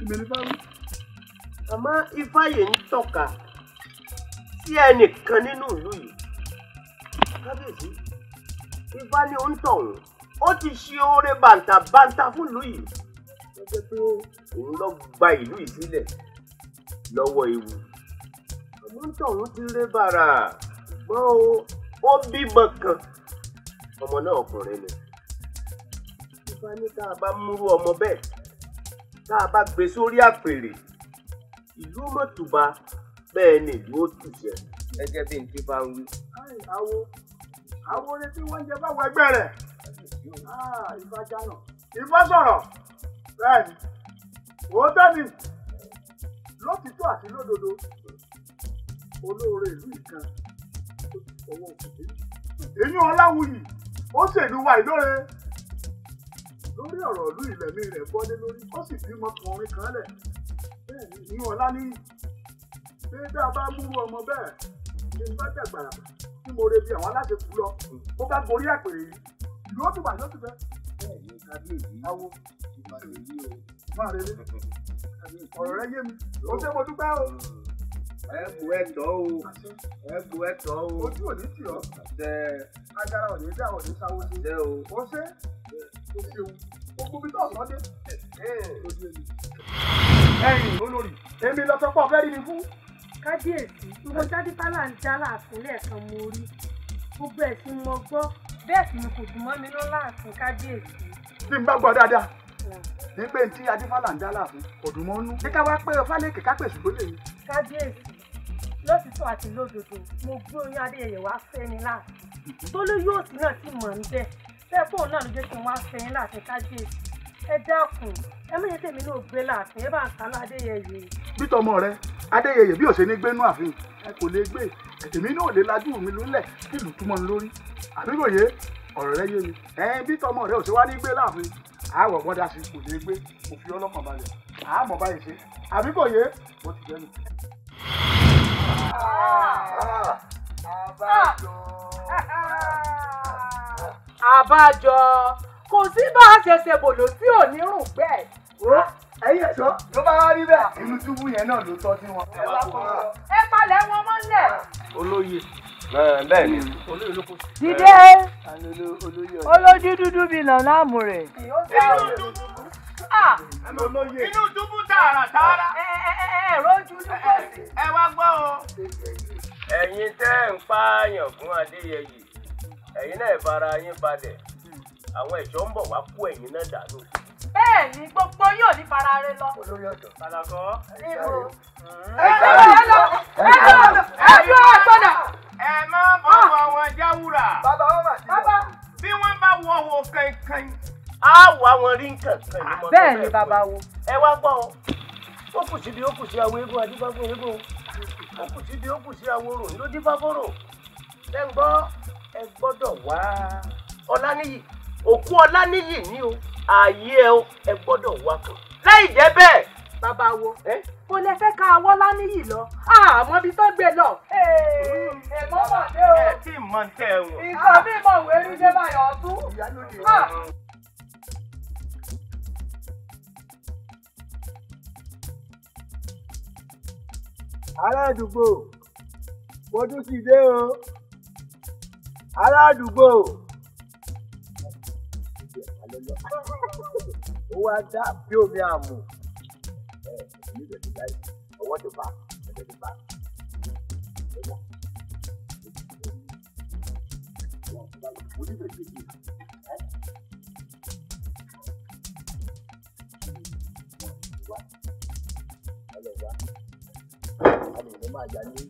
S1: ìbẹ̀rẹ̀ bá rú. àmọ́ ifáyè ń tọ́ka sí ẹnìkan nínú ìlú yìí kábíyèsí ifá ní òǹtọ̀hún ó ti ṣe oore bàǹtàbàǹtà fún ìlú yìí ó jẹ́ pé òun lọ gba ìlú yìí sílẹ̀ lọ́wọ́ ewu ọmọ òǹtọ̀hún ti ré bàrà ṣùgbọ́n ó bímọ kan ọmọ náà ọkùnrin ni
S5: ifá tá a
S1: bá múrú ọmọ bẹ́ẹ̀ tá a bá gbé sórí àpèrè ìlú mọ̀tùbà bẹ́ẹ̀ ni ìlú ó tù jẹ gẹ́gẹ́ bí n ti bá ń wí àwọn orin tí wọ́n ń jẹ báwọn ẹgbẹ́ rẹ̀ ah, ìfà jánà ìfà sọ̀rọ̀ bẹ́ẹ̀ni òótọ́ ni lótìtọ́ àti lódodo olóore ìlú ìkan owó òkùnkùn èyí ọláwùyí ó ṣèlú wa ìlóore lórí ọ̀rọ̀ ìlú ìlẹ̀mí rẹ̀ bọ́lé lórí ó sì bímọ ọkùnrin kan lẹ̀ bẹ́ẹ̀ ni ìyún ọlá níyì pé dáa bá múrú ọmọ bẹ́ẹ̀ ní bá dàgbà tí hmm. mo retí àwọn aláṣẹ kù lọ kó bá gorí àpèrè yìí ìlú ó tùbà yóò tùbẹ. bẹ́ẹ̀ni kábíyèsí awo máa rẹ lé ọ̀rọ̀ rẹ yé mi ó ṣe mo dúpẹ́ o. ẹ kú ẹ tọ́ o ẹ kú ẹ tọ́ o. ojú ò ní tì ọ́ agara ò ní dá ò ní sáwó sí o ṣe o ṣeun gbogbo bí náà sọ́dé. ẹ̀yin olórí èmi lọ sọ pé ọ̀fẹ́ rí mi fún
S3: kábíyèsí mo jáde tálà ń dá láàfin lẹ́ẹ̀kan mo rí gbogbo ẹ̀ tí mo gbọ́ bẹ́ẹ̀ sì ni kò dùn mọ́ mi lọ láàfin kábíyèsí.
S1: bí n bá gbọ́ dáadáa ní pé tí adífálà ń dá láàfin kò dùn mọ́ nú. ní ká wá pé fálẹ́kì kápẹ̀sì ló lè ní.
S5: kábíyèsí lọ́sítọ́ àti lódodo mo gbé oyún adéyẹyẹ wá fẹ́ ni láàfin tó ló yóò sí náà sì mọ̀ níbẹ̀ bẹ́ẹ̀ fóun náà ló jẹ́ kí n wá fẹ́ yín láàfin kábíyèsí ẹ dákun ẹ méjèèjì mi náà gbé láàfin ẹ bá ń sá ládéyẹyẹ.
S1: bí tọmọ rẹ adéyẹyẹ bí òṣèlú gbénú àfihàn ẹ kò lè gbé ètèmí náà lè lajú mi lólẹ̀ kí ìlú túmọ̀ ní lórí àbíkòye ọ̀rọ̀ rẹ yé mi ẹ bí tọmọ rẹ òṣèwá ní gbé láàfin àwọ̀ bọ́dà sí kò lè gbé òfin ọlọ́kàn balẹ̀ àmọ̀ báyìí ṣe àbíkòye ó ti jẹ́ nù.
S2: àbájọ kò sí bá a ṣẹ̀ṣẹ̀ bòlò
S1: tí ò ní rùn bẹ́ẹ̀ ẹ̀yìn ẹ̀ṣọ́ ló bá wá rí bẹ́ẹ̀ inú túbú yẹn náà ló tọ́ sí wọn.
S2: ẹ palẹ̀ wọn mọ́lẹ̀.
S1: olóye bẹ́ẹ̀ ni olóye ló kó. dìde
S3: olójú dúdú bíi lọ́láàmù rẹ̀. inú
S1: dúdú inú dúdú tààràtààrà. ẹ ẹ ẹ rojú dúdú. ẹ wá gbọ́ o. ẹ̀yin tẹ́ ń pààyàn fún adéyẹyè ẹ̀yin náà fara yín balẹ̀ àwọn ẹ̀ṣọ́ ń bọ̀ wá kó ẹ̀yin náà dànù
S2: bẹ́ẹ̀ ni gbogbo yóò ní farare lọ. olórí ọ̀dọ́. kàlàkọ́. ibo ẹ sọ̀rọ̀
S5: ẹ lọ
S1: ẹ sọ̀rọ̀ ẹ yọ ẹ gbọ́dọ̀. ẹ má bọ́wọ́ ah. wọn jáwúrà. bàbá wọn mà ti lọ. bí wọ́n bá wọ wo kankan. á wà wọn rí nǹkan kan. Ah, bẹ́ẹ̀ ni bàbá wo. ẹ wá gbọ́ ó kù síbi ó kù sí àwọn eégún adífáfún eégún ó kù síbi ó kù sí àwọn orò ló dífáfóró ẹ gbọ́ ẹ gbọ́dọ̀ wá ọlá níyì òkú ọlá níyì ni o ààyè ẹ
S5: o ẹ gbọ́dọ̀ wá kan láì jẹ́ bẹ́ẹ̀. bàbá wo kò lè fẹ́ ka awọ́ láníyì lọ àmọ́ ibi tó gbé lọ. ẹ mọ́ pàdé o ẹ tí mọ tẹ o. nǹkan bí mo wé rí dé báyọ̀
S3: ọdún.
S1: ará àdúgbò mo tún ti dé o ará àdúgbò ó wá dá bí omi àmù ẹ ní ìdọ̀tí láì ọwọ́ ti bá ẹ̀jẹ̀ ti bá onídọ̀tí yìí. máa yà ní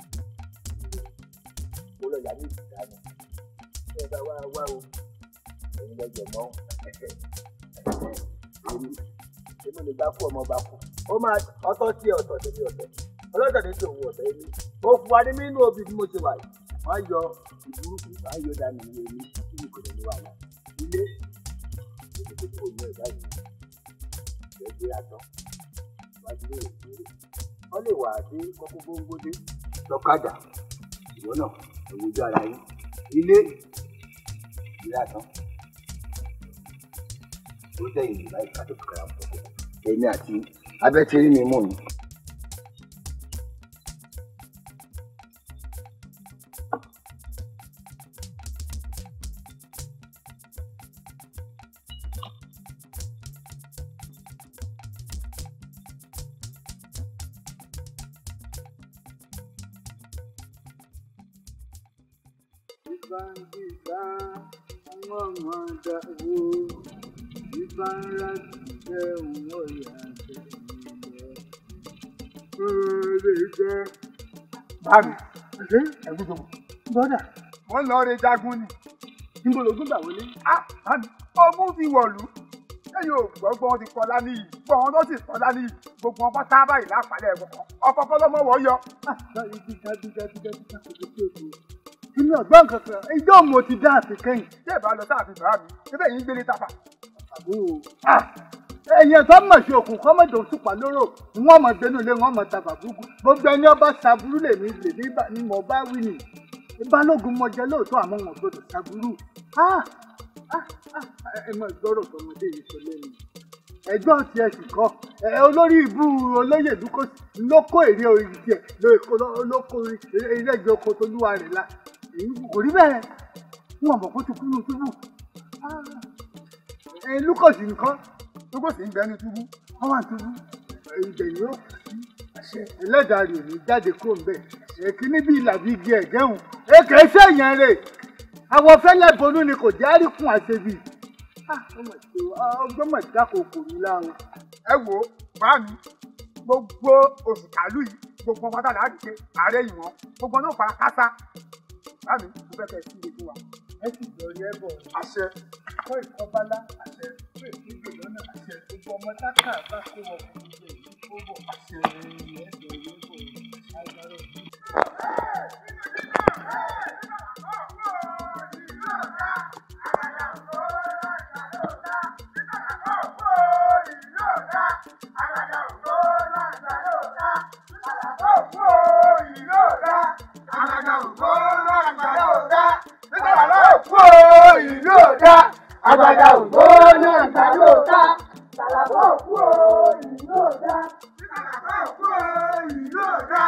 S1: mo lọ yà ní ìyẹ̀jẹ̀ mọ́ ẹ̀fẹ̀ èmi èmi lè gbá kú ọmọ bá kú ó máa ọ̀tọ̀ sí ọ̀tọ̀ tèmi ọ̀tọ̀ ọlọ́tọ̀ ní tòun ọ̀tọ̀ èmi ó fún wa ní nínú obì bí mo ti wà yìí wọ́n yọ ìdúrúkú wọ́n yọ dànù ní èmi kí ni kò lè wà lá ilé èmi tó kò yọ ìgbà yìí ìgbà ìgbé atọ́ wájú lè kéré wọ́n lè wà dé kọ́kọ́ gbóngbódé lọ́kadà ìwọ náà òwúdó ara yín ilé ìgbé atọ́ tó jẹ́ ìrìnlá ìgbà tó fi kàrà pọ̀ èmi àti abẹ́tẹ́rí mi mú ni. ẹ̀gúsọ̀ bò. bọ́dà. wọ́n lọ re jagun ni. níbo lògùn gbà wọlé. ọmú ti wọ̀lú lẹ́yìn ògbọ́gbọ́n wọn ti kọlá ní yìí gbọ́n wọn tó sì kọlá ní yìí gbogbo wọn pátá báyìí lápàdé ẹ̀kọ́ ọkọ̀ kọ́lọ́mọ wọ̀ yọ. inú ọgbọ́n kankan ìjọ mo ti dá àfikẹ́yìn. bí ẹ bá mi ṣé bẹ́ẹ̀ yín gbélé tàpá. àbúrò ẹ̀yin tó mọ̀ sí òkun kọ́ mọ̀ dòun sùpà lóró wọ́n mọ̀ dénú ilé wọ́n mọ̀ tàbà burúkú gbogbo ẹni ọba ṣàbúrú lèmi lèmi ni mo bá wí nì balógun mọ jẹ lóòótọ́ àmọ́ wọn gbọdọ̀ ṣàbúrú ẹ mọ ìgbọ́rọ̀ tọmọdé yìí sọ lẹ́nu ẹgbẹ́ ọ̀tí ẹ̀ sì kọ́ olórí ìbú olóyè dúkọ́ ló kó èrè orí tiẹ̀ ló kó eré ẹgbẹ́ oko tolúwa rẹ̀ la èyí kò rí bẹ́ẹ̀ wọn mọ̀ kó ti kú ní túbú lúkọ̀sì nǹkan túbọ̀ sì ń bẹnu túbú wọ́n wà túbú ìgbẹ̀yìn yóò àṣẹ ẹlẹ́dàá rẹ̀ ní jáde kó ń bẹ̀ àṣẹ kíní bíi làbí igi ẹ̀gẹ́hùn èkè iṣẹ́ yẹn rè àwọn fẹ́lẹ́ bonú ni kò jẹ́ àríkùn àṣebì ah, ọgbọ́n mọ̀tíkà kò kò ní lára. ẹ wo bá mi gbogbo oṣù kàlù yìí gbogbo pátá làá dìde àárẹ̀ ìwọ̀n gbogbo náà fara kásá bá mi mo fẹ́ kẹ́ ẹ sí ilé fún wa ẹ sì lórí ẹ bọ̀ àṣẹ kọ́ ìkọ́bálá àṣẹ fún ìpínlẹ̀ lọ́nà àṣẹ gbogbo ọmọ táká bá kó wọn fún gbogbo ìlú tó bọ̀ àṣẹ ẹ lórí ẹ bọ̀ agbára òbí. Alaga
S4: ògbó lọ́la gbàdá ọ̀gá àgbàlá
S1: òkú ìlú òdá àgbàdà ògbó náà gbàdú òdá àgbàlá òkú ìlú òdá àgbàlá òkú ìlú òdá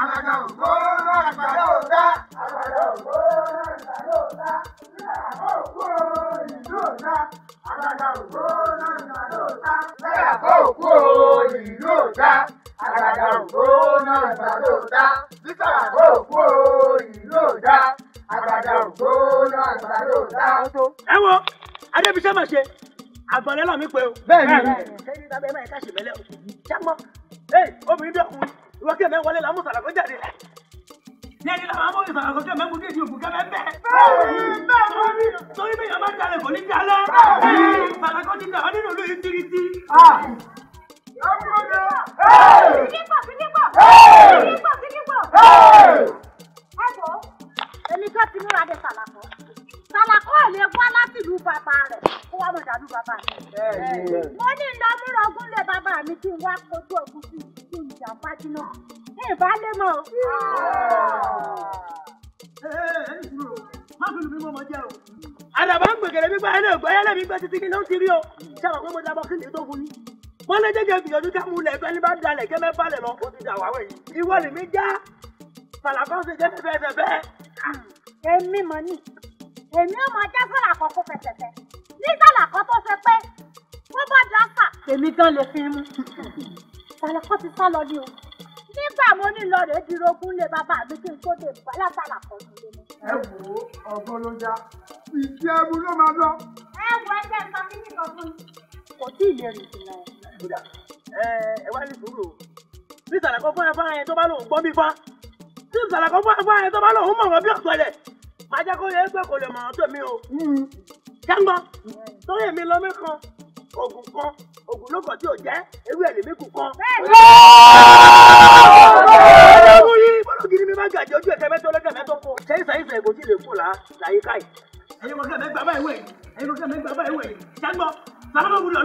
S1: àgbàdà ògbó náà gbàdú òdá
S4: àgbàdà ògbó náà gbàdú òdá àgbàlá òkú ìlú òdá àgbàdà ògbó náà gbàdú òdá àgbàlá òkú ìlú òdá àgbàdo ògbóná ìgbàdo dá títà àgbà òkú ìlú dá àgbàdo ògbóná
S1: ìgbàdo dá. ẹ wo adébísẹ́ mà ṣe àgbọ̀nrẹ́ lọ́mí pé o. bẹ́ẹ̀ni sẹ́yìn tábẹ́ ẹ̀ máa ká ṣe mẹ́lẹ́ o jámọ́ obìnrin bí ọkùnrin ìwọ kí ẹ̀ mẹ́ wọlé làmú sàràkọ́ jáde rẹ̀ ní ẹni làwọn amóhùn ìsàkóso tí ọmọ ẹgbẹ́ ìdìbò kẹfẹ bẹ. torí bí ìyàwó máa ń jalè kò ní jalè. ìsàkóso ti jà ọ́ nínú ìlú yìí tiriti. Ah èmi tó
S2: má fi lùmí mọ́
S1: mọ́ jẹ́ o. àdàbà ń gbègèrè gbígbà ẹlẹ́gbẹ́ ẹlẹ́mí gbẹ́ títí kí ló ń ti rí o. sábà pé mo dábọ̀ tó fún yín wọ́n lé gbìyànjú ká mú lẹ̀ fẹ́ni bá dalẹ̀ kẹ́mẹ́ balẹ̀ lọ ó ti dà wá wẹ̀yìn ìwọ lè
S2: mí já fàlàkọ́sì jẹ́ fẹ́fẹ́fẹ́. èmi mọ̀ ni èmi ò mọ jẹ́ sàlàkọ́ kó fẹsẹ̀fẹ́ ní sàlàkọ́ tó ṣe pé wọ́n bá dá sà. èmi gan lè fi mú sàlàkọ́ ti sá lọ ní o nígbà mo ní lọ rèé di rogún lé bàbá mi kí n tó dé bàlá sàlàkọ́ ẹ wò ó ọgbọ́n ló já ìkí ẹrú ló máa lọ. ẹ wọ ẹgbẹ́ sọ fún mi fún mi kò tí ì yẹ ẹ wá ní sùúrù ní sàlàkọ fún afárá yẹn tó bá lòun
S1: gbọ́ mi fá ní sàlàkọ fún afárá yẹn tó bá lòun mọ̀ wọ́n bí ọ̀sọ̀lẹ̀ máa jẹ́ kó yẹ pé kò lè mọ̀ ọ́ tèmi o. jágbọ́ hmm. tó yẹ mi lọ́mí kan oògùn kan oògùn ló kàn tí ò jẹ́ ewé ẹ̀ lèmi kù kan. ọlọ́run yìí kẹ́ mẹ́gbàá báyìí wẹ̀ ẹ̀yin kò kẹ́ mẹ́gbàá báyìí wẹ̀ jágbọ́ bàbá mi lọ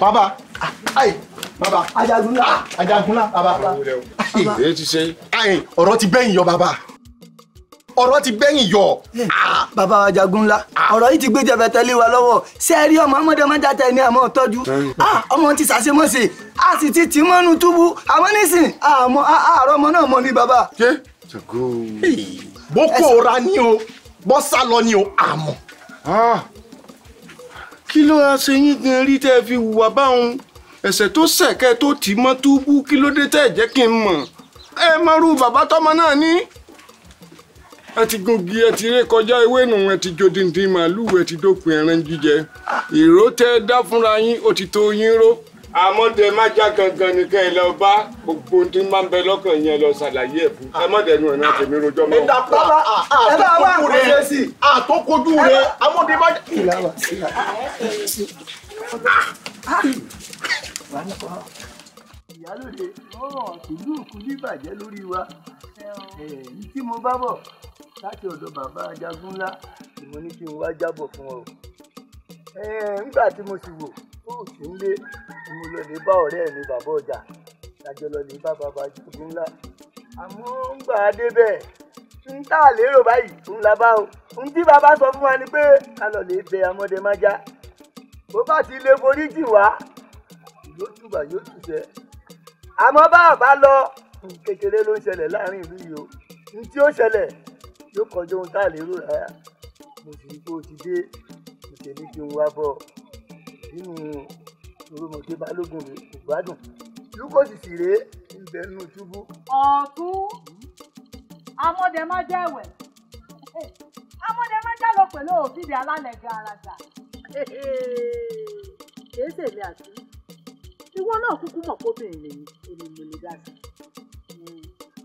S1: ah, lọ ayi bàbá ajagunla ajagunla bàbá. èyí ti ṣe. ayi ọ̀rọ̀ ti bẹ́yìn yọ bàbá ọ̀rọ̀ ti gbẹ́yìn yọ. Ah, bàbá wa jagun ńlá ọ̀rọ̀ yìí ti gbé jẹ̀bẹ̀ tẹ́lẹ̀ wa lọ́wọ́ ṣé ẹ rí ọmọ ọmọdé máa ń jata ẹni àmọ́ tọ́jú ah, ọmọ ti ṣàṣemọ́ṣe a sì ti tì mọ́nu túbú àmọ́ nísìn àmọ́ àárọ̀ ọmọ náà mọ ní bàbá. boko ra ni o bọ́ sá lọ ni o àmọ́. Ah, kí ló ra ṣe yín gan rí tẹ́ ẹ fi hùwà báwọn ẹ̀sẹ̀ tó ṣẹ̀kẹ́ tó tì mọ́ túbú kí ló dé tẹ́ ẹ jẹ́ kí n mọ̀ ẹ mọ́rú bàbá tọ́mọ náà ní ẹ ti gogi ẹ ti ré kọjá ewé nù ẹ ti jo dindin màálù ẹ ti dópin ẹran jíjẹ ìró tẹ dá fúnra yín ó ti tó yín ró àmọ́ dẹ má já gangan nìkan ẹ lọ bá gbogbo ohun tí máa ń bẹ lọ́kàn yẹn lọ ṣàlàyé ẹ̀ fún ẹ má dẹnu ẹ̀ náà tèmi rojọ́ mọ́. ẹ̀dá pápá àtọ́kojú rẹ ah, àtọ́kojú rẹ amóde má. ìyálòde ó ràn ìlú òkú bíbàjẹ́ lórí wa ẹ̀ẹ́n tí mo bá bọ̀ láti ọ̀dọ̀ bàbá ajagun ńlá ni mo ní kí n wá jábọ̀ fún ọ. nígbà tí mo sì wò tó ò ń lé ni mo lọ lè bá ọ̀rẹ́ mi bàbá ọjà lájọ lọ lè bá bàbá ajagun ńlá. àmọ́ ń gbà á débẹ̀ ń tà lérò báyìí ń la bá o ń tí bàbá sọ fún wa ni pé ká lọ lè bẹ amọ́dé májá bó bá ti lè forí jì wá yóò túbà yóò túṣẹ́ àmọ́ bá a bá lọ kékeré ló ń ṣẹlẹ̀ láàrin ìlú yìí o ní tí ó ṣẹlẹ̀ yóò kọjá ohun tá a lérò rárá mo sì rí o ti dé mo sì ní kí n wá bọ̀ nínú oromọdé balógun rè kò gbádùn lúkọ́sì sì rèé ibẹ̀ nù túbú.
S2: ọ̀tún amọ̀dé má jẹ́ ẹ̀wẹ̀ amọ̀dé má jẹ́ lọ pẹ̀lú òfìdí alálẹ̀
S3: garaga. kìí ṣèmi àti
S5: ìwọ náà kúkú mọ̀ kóbìnrin lèmi èmi mo lè dá sí.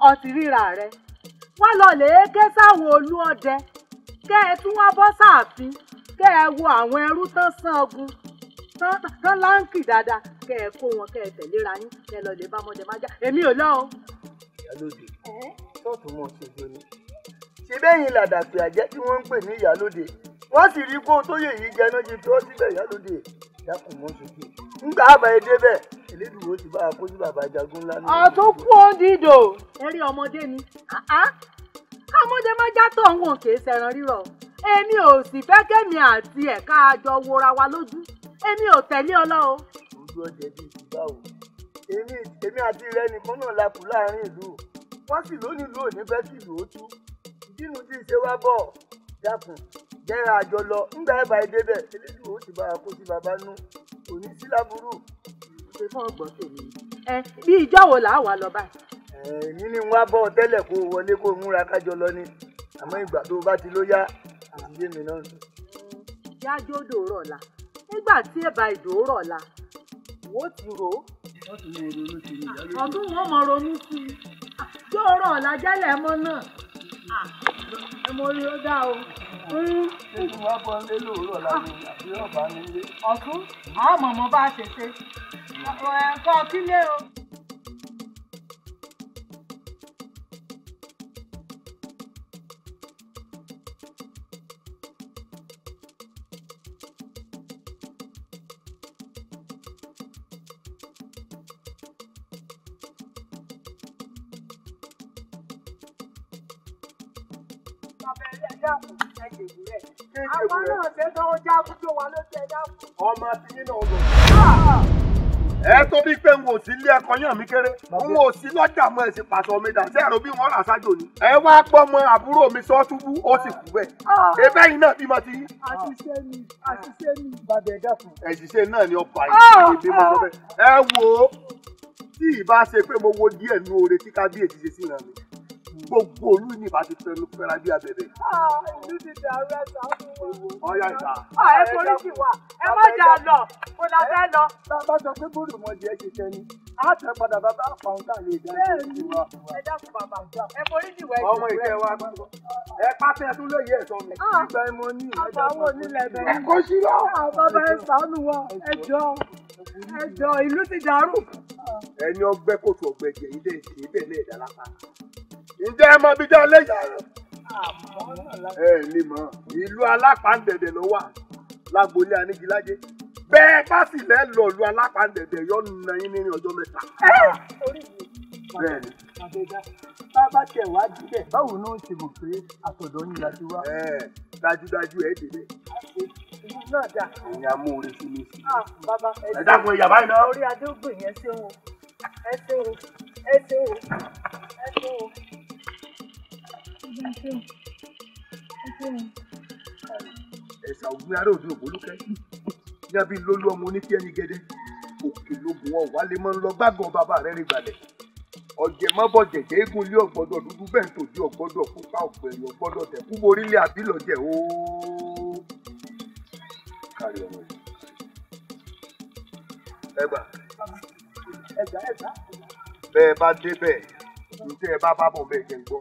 S5: ọtí ríra rẹ
S2: wọ́n lọ lèé ké sáwọn olú ọdẹ kẹ́ ẹ tún wá bọ́ sáàfin kẹ́ ẹ wo àwọn ẹrú tán sangun tán láǹkì dáadáa kẹ́ ẹ kó wọn kẹ́
S3: ẹ tẹ̀léra yín kẹ́ ẹ lọ lè bá ọmọdé má já èmi ò
S1: lọ o. ìyálòdì ṣọ́ọ̀tù mọ̀ ṣojo ni ṣe bẹ́yìn làdàpẹ̀ àjẹ́ tí wọ́n ń pè ní ìyálòdì wọ́n sì rí kó tóyè yìí jẹ náà ju tó síbẹ̀ ìyálòdì dákun mọ́ sókè nígbà àbá ẹ ti bá a bàbá jagun ńlá náà. ọ̀tún kú òǹdìdò ẹ̀rí ọmọdé ni
S5: kámọ́dé má já tó òun òkè sẹ̀ràn rírọ̀ èmi ò sì fẹ́ kẹ́mi àti ẹ̀ka àjọ wora wa lójú èmi ò tẹ̀lé ọlọ́run.
S1: ojú ọjẹ bíi ti báwo èmi àti rẹ nìkan náà la kù láàrin ìlú wọn sì lónìí ìlú òní fẹ́ sí ìlú ó tú ìdí inú tí ṣe wá bọ̀. dákun jẹ́ra àjọ lọ ńgbà ẹ̀ bá débẹ̀ ó ti bá kó sí bàbá nú òní sí ṣe fún tèmi.
S5: ẹ bí ìjọ wo là á wà lọ báyìí.
S1: èmi ni wọn bọ tẹ́lẹ̀ kó wọlé kó múra kájọ lọ ni bá ti ló yá àbí èmi náà
S5: ìyá jódò nígbà tí ẹ̀bà ìdò ti rò ó. ọdún wọn mọ ronú sí i yóò ah, ṣé
S1: àmọ̀mọ́ bá ṣe ṣe
S3: ẹ̀kọ́
S2: kílé o.
S1: já fújó wa ló jẹ ẹja fún. ọmọ àti nínú ọgbọ. ẹ tó bí pé n ò sí ilé ẹ̀kọ́ yàn mí kéré n ò sí lọ́jà mọ́ ẹ sì pàṣọ mi dà sí ẹ̀rọ bí wọ́n rà sájò ni. Ah. ẹ wá pọ́ mọ àbúrò mi sọ túbú ó sì kú bẹ́ẹ̀. Ah. ebẹ́ yìí náà bímọ ti. Ah. àṣìṣe ni
S4: àṣìṣe ni ìbàdàn ẹ̀dá fún.
S1: ẹ̀ṣìṣe náà ni ọkọ̀ àyè ìbímọ sọ bẹ́ẹ̀. ẹ wo tí ì bá ṣe pé mo wo díẹ̀ nu oore tí kábíyèsí ṣe sí ìran gbogbo olú ní ìbá ti fẹnu fẹ́ra bí abẹ́bẹ́. Ah, ìlú ti dàrú ẹ̀sà ọ̀yà ìta. Ah, ẹ forí sí wa
S2: ẹ má jà lọ kó la fẹ́ lọ. tá
S1: a bá sọ pé bóòlù mọ jẹ ṣe sẹni a tẹ padà bàbá àpàwọn tá a lè dá ẹ sí wa.
S2: ẹ dákun bàbá ẹ forí sí wẹ́ẹ̀.
S1: ọmọ ìkẹ́ wa ẹ pàṣẹ tó lóye ẹ̀sọ́ mi. Ah, ìgbà ẹ mọ ní ìgbà àwọn onílẹ̀ bẹ̀rẹ̀. ẹ kò sí lọ. àwọn bàbá ẹ ṣàánú wa ẹ jọ ẹ jọ ìlú ti dàrú. ẹni ọgbẹ́ kòtò ọgbẹ́ jẹ̀yìn dẹ̀ ṣe é bẹ̀ lẹ́ẹ̀dá lápá ǹjẹ́ ẹ mọ ibi jẹ́ ẹlẹ́yà ẹ lè mọ ìlú alápàǹdẹ̀dẹ̀ ló wà lágboolé anígilájé bẹ́ẹ̀ bá sì lẹ́ lọ ìlú alápàǹdẹ̀dẹ̀ yọ nà yín ní ọjọ́ mẹ́ta. bẹ́ẹ̀ni. bàbá tẹ̀ wá díẹ̀ báwo ló ń ṣe mọ̀ pé àtọ̀dọ̀ ń yájú wá. dájúdájú ẹ̀ dé bẹ́ẹ̀ náà dà. sí mi.
S2: bàbá ẹ dákun ẹ̀yà báyìí orí adé ó gbè yẹn sí òun ẹ ṣeun ẹ ṣeun ẹ ṣeun. ẹ ṣeun ẹ ṣeun. ẹ̀sà ògùn
S1: ará òde ògbólúkẹ́ yábí lólú ọmọ oníkí ẹni gẹ́dẹ́ òkè lóògùn wọn wà lè máa ń lọ gbàgàn bàbá rẹ̀ rìn gbalẹ̀ ọ̀jẹ̀mọ́bọ̀ jẹ̀jẹ̀ eégún ilé ọ̀gbọ́dọ̀ dúdú bẹ́ẹ̀ tòjú ọ̀gbọ́dọ̀ pupa ọ̀pẹ̀ ẹ̀yọ̀ ọ̀gbọ́dọ̀ tẹ̀kú borílẹ̀ àbílọ̀jẹ̀ ooo. kárí ọmọ yìí ẹgbàá bẹ́ẹ̀ bá débẹ̀ ǹjẹ́ ẹ bá bá bọ̀ bẹ́ẹ̀ jẹ́ ń gbọ́.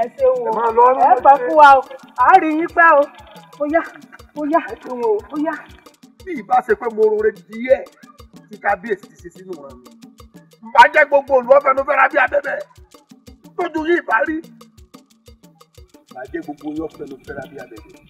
S2: ẹ ṣeun o ẹ bá fún wa o
S1: a rí yín pẹ́ o ó yá ó yá ó yá. bí ìbá ṣe pé mo rore díẹ̀ tí kábíyèsí ti ṣe sínú rẹ̀ mi màá jẹ́ gbogbo olùwọ́fẹ́nufẹ́ra bí abẹ́bẹ́ tójú yìí bá rí màá jẹ́ gbogbo olùwọ́fẹ́nufẹ́ra bí abẹ́bẹ́.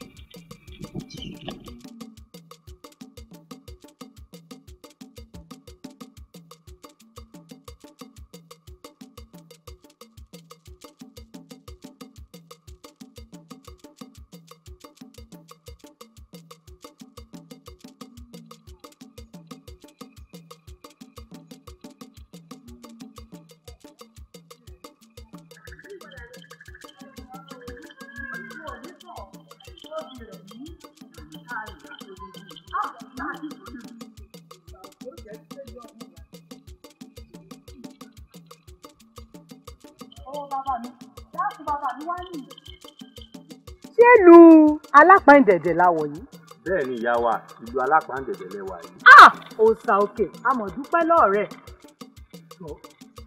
S3: alápàǹdẹ̀dẹ̀ la wọ̀ yìí.
S1: bẹ́ẹ̀ ni ìyá wa ìlú alápàǹdẹ̀dẹ̀ lẹ́wà yìí. a
S3: ah! òòsà òkè amọ̀dúpẹ́
S1: lọ́ọ̀rẹ́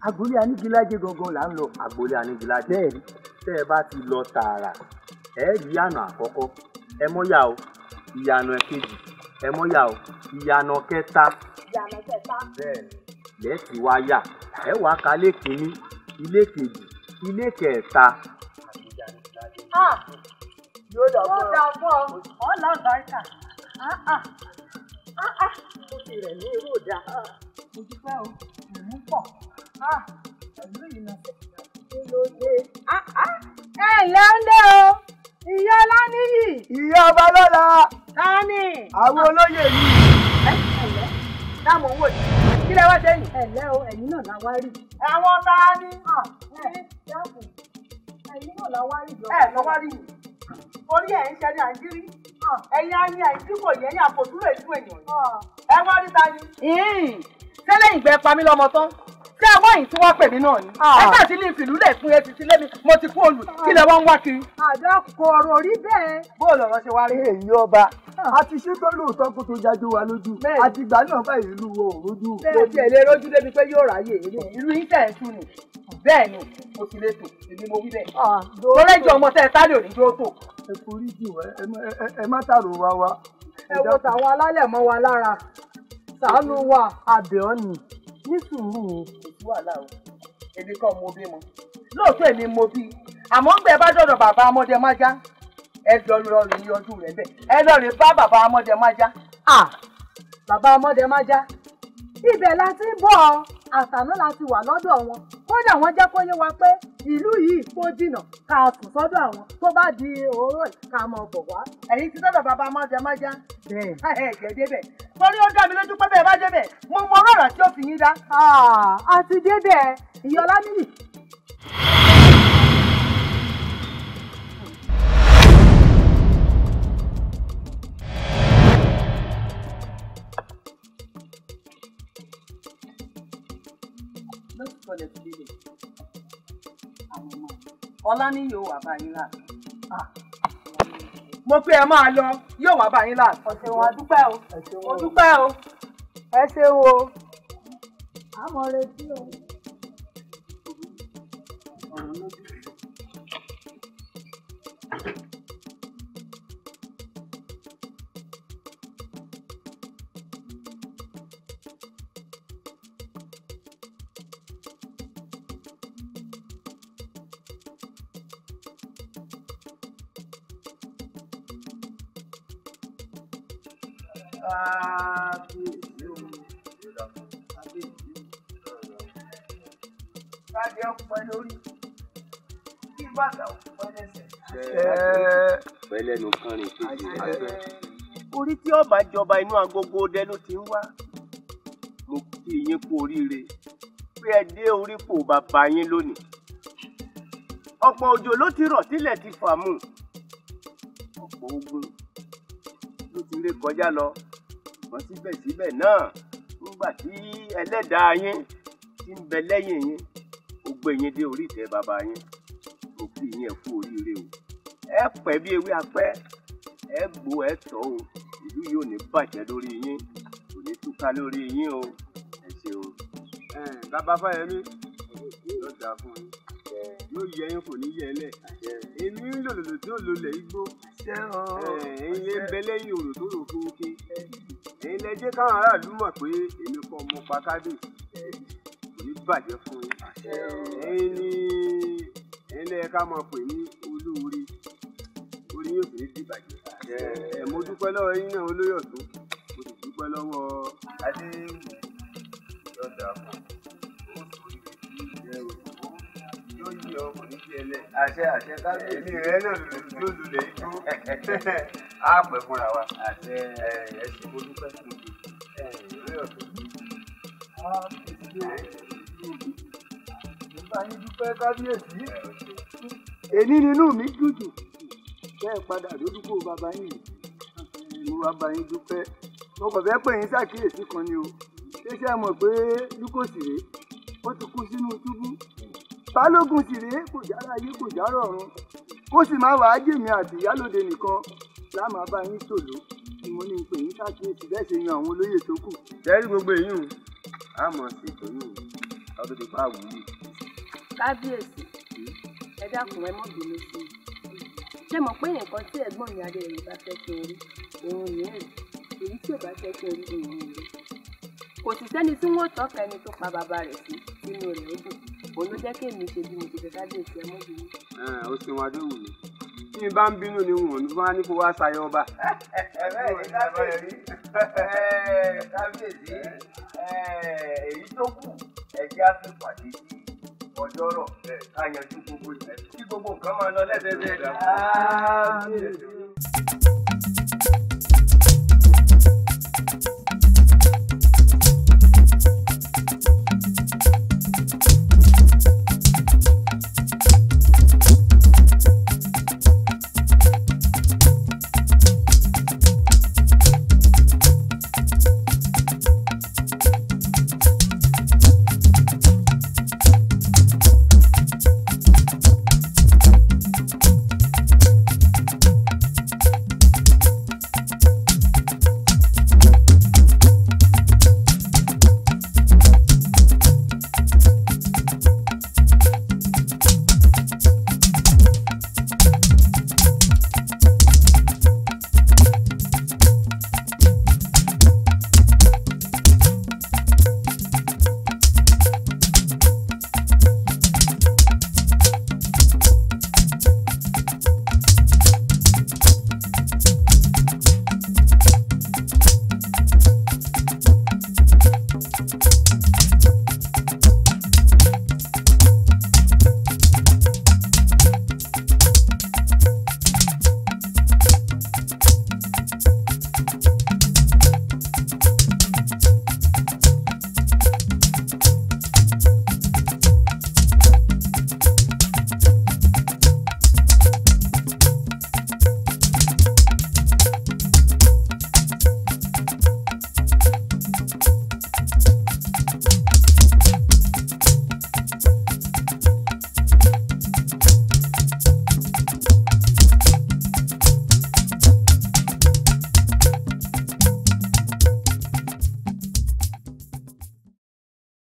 S1: agboolé anigilaje gangan là ń lọ. agboolé anigilaje bẹ́ẹ̀ ni tẹ́ ẹ bá ti lọ tààrà ẹ rí ìyànà àkọ́kọ́ ẹ mọ́yà o ìyànà kejì ẹ mọ́yà o ìyànà kẹta
S5: ìyànà kẹta bẹ́ẹ̀
S1: lẹ́ẹ̀tì wá yà ẹ wà á kalẹ̀ kínní ilé kejì ilé kẹta.
S2: Ah! yóò dà fún ọ. ọ là ń bàríkà ó ah, ah, ah, ti rẹ̀ ní irú òdà. mo ti pẹ́ o ìmú pọ̀ ẹ̀lú ìlànà kí ló dé. ẹ ǹlẹ́ ń dé o ìyá ọlánìyí. ìyá ọba lọ́la. tani. àwọn olóyè mi. ẹ ǹlẹ́ dáàmú owó yìí kí lẹ wá sẹ́yìn. ẹ̀lẹ́ o ẹ̀yin náà la wá rí. àwọn ta ni. ẹ̀yin náà la wá rí. ẹ lọ rí mi torí ẹ̀ ń ṣẹ́ni àjírí ẹ̀yin
S3: á ní ẹ̀yìn tí kò yẹ ní àfòtúrò ètò èèyàn
S2: ẹ wá rí tani. tẹ́lẹ̀ ìgbẹ́ pa mí lọ́mọ tán ṣé ẹ̀wọ́ yìí tí wọ́n pè mí náà ni ah. ẹgbẹ́ àti ní ìfìlú lè fún etí sílé mi mo
S1: ti kú ah. kí lẹ wọ́n ń wá kiri. àdá kò ọ̀rọ̀ rí bẹ́ẹ̀. bó o lọ̀rọ̀ ṣe wá rí. èyí ọba ah. a ti ṣe tó lóòótọ́ kó tó jájú wa lójú àtìgbà náà báyìí lu òòrùn bẹ́ẹ̀ ni ẹ̀ lè rójú débi pé yóò ráyè ìlú bẹ́ẹ̀ ni mo sì lè tò èmi mo wí bẹ́ẹ̀. lọ́rẹ́ ah, jẹ́ ọmọ tẹ́ ẹ sáré òní tó tò. ẹ forí jì wá ẹ má tàrò wa
S3: wa. ẹ wo tàwọn alálẹ̀ mọ́ wa lára ṣàánú wa àbẹ̀ọ́nì ní sùúrù o.
S1: ètò wàhálà o èmi kọ́ mo bímọ
S3: lóòótọ́ èmi mo bí àmọ́ ń gbẹ bá dọ̀dọ̀ bàbá ọmọdé má já ẹ lọ lọ rè yọjú rẹ bẹ ẹ lọ rè
S2: bá bàbá ọmọdé má já. Ah, bàbá ọmọdé má já ibẹ̀ la ti ń bọ̀ ọ́ àtàná la ti wà lọ́dọ̀ wọn kódà wọ́n jẹ́ kó yé wa pé ìlú yìí kó jìnà ká sùn sọ́dọ̀ àwọn tó bá di òórọ̀ ká mọ bọ̀ wá. ẹ̀yin ti sọ́dọ̀ bàbá
S3: májámájá bẹ́ẹ̀ ẹ̀ débẹ̀ torí ó dá lójú pé bẹ́ẹ̀ bá débẹ̀ mo mọ ọ̀rọ̀ tí ó fi yín
S2: dá. a ti débẹ̀ ìyọlá nìyí.
S3: gbọ́dọ̀ tó délé àwọn ọmọ ọlá ní yóò wà báyìí rà ah.
S2: mo pé ẹ máa lọ yóò wá bá yín láàbù. ọ̀sẹ̀ wa dúpẹ́ o mo dúpẹ́ o ẹ ṣeun o. àmọ́ retí o.
S1: lẹ́nu kan rìn kejì àfẹ́. orí tí ọba jọba inú agogo ọdẹ ló ti ń wá mo kí yín kú oríire pé ẹ dé orípò bàbá yín lónìí ọ̀pọ̀ òjò ló ti rọ̀ sílẹ̀ ti fà mù ọ̀pọ̀ ogun ló ti lé kọjá lọ wọ́n síbẹ̀síbẹ̀ náà nígbà tí ẹlẹ́dàá yín ti ń bẹ lẹ́yìn yín ó gbé yín dé orí ìtẹ́ bàbá yín mo kí yín kú oríire o ẹ pẹ́ bí ewé apẹ́ ẹ gbó ẹ tọ́ o ìlú yìí ò ní bàjẹ́ lórí yín kò ní túká lórí yín o ẹ ṣeun. bàbá fáyemí yóò dà fún yín yóò yẹ yín kò ní yẹ lẹ èmi ń lòlòlò tí ó lolẹ̀ igbó ẹ̀yin lè ń bẹ lẹ́yìn òrò tó rò kínkín ẹ̀yin lè jẹ́ káwọn aráàlú mọ̀ pé èmi kọ́ mo pa kò ní bàjẹ́ fún yín ẹ̀yin ni ẹ̀yin lè ká mọ̀ pé ní yín yóò fi di ìbàjẹ́. ẹ mo dúpẹ́ lọ́wọ́ yín náà olóyè ọ̀tún mo sì dúpẹ́ lọ́wọ́ adé yọ̀dà fún yóò yí ọmọ ní tiẹ̀lẹ̀. àṣẹ àṣẹ kábíyèsí. èmi rẹ náà ló lulẹ̀ igbó. á pẹ̀ fúnra wa. àṣẹ ẹ ẹ ṣe mo dúpẹ́ fún mi. olóyè ọ̀tún. a ti ṣe ìgbà yín dúpẹ́ kábíyèsí. èní nínú mi dùn kẹ́ ẹ̀ padà lódúgbò bàbá yìí mo wá bá yín dúpẹ́ mo kàn fẹ́ pè yín ṣàkíyèsí kan ni o ṣé ṣe mọ̀ pé lúkòsì rèé ó ti kú sínú túbú balógun sì rèé kò jára ayé kò jára ọ̀run kó sì má wàá jèmi àti ìyálòde nìkan láàmú abá yín tòló ni mo ní pè yín ṣàkíyèsí bẹ́ẹ̀ ṣe yan àwọn olóyè tó kù. sẹ́rí gbogbo èyí o a mọ̀ ṣètò yìí o tó ti pa àwùjọ.
S5: kábíyèsí ẹ dákun ẹ mọ̀ bínú sí i ṣé mọ̀ pé nǹkan tí ẹ̀gbọ́n mi adé rẹ̀ bá fẹ́ kí n rí òun yìí rẹ̀ èyí tí ò bá fẹ́ kí n rí òun rẹ̀ kò sì sẹ́ni tí wọ́n tọ́ka ẹni tó pa bàbá rẹ̀ sí nínú rẹ̀ ó dùn òun ló jẹ́ kí èmi ṣe bí mo ti fẹ́ kábíyèsí ẹ mọ́bìnrin.
S1: ẹ o ṣeun adéwù mi bí mi bá ń bínú ni wọn ní bá ní kó wá sayọ ọba. ẹ bẹ́ẹ̀ ni kábíyèsí kábíyèsí èyí tó kù ẹ̀jẹ̀ á fi pàdé sí ọjọ́ rọ̀ ẹ̀ ká yanjú gbogbo ìgbà kí gbogbo nǹkan máa lọ lẹ́sẹẹsẹ.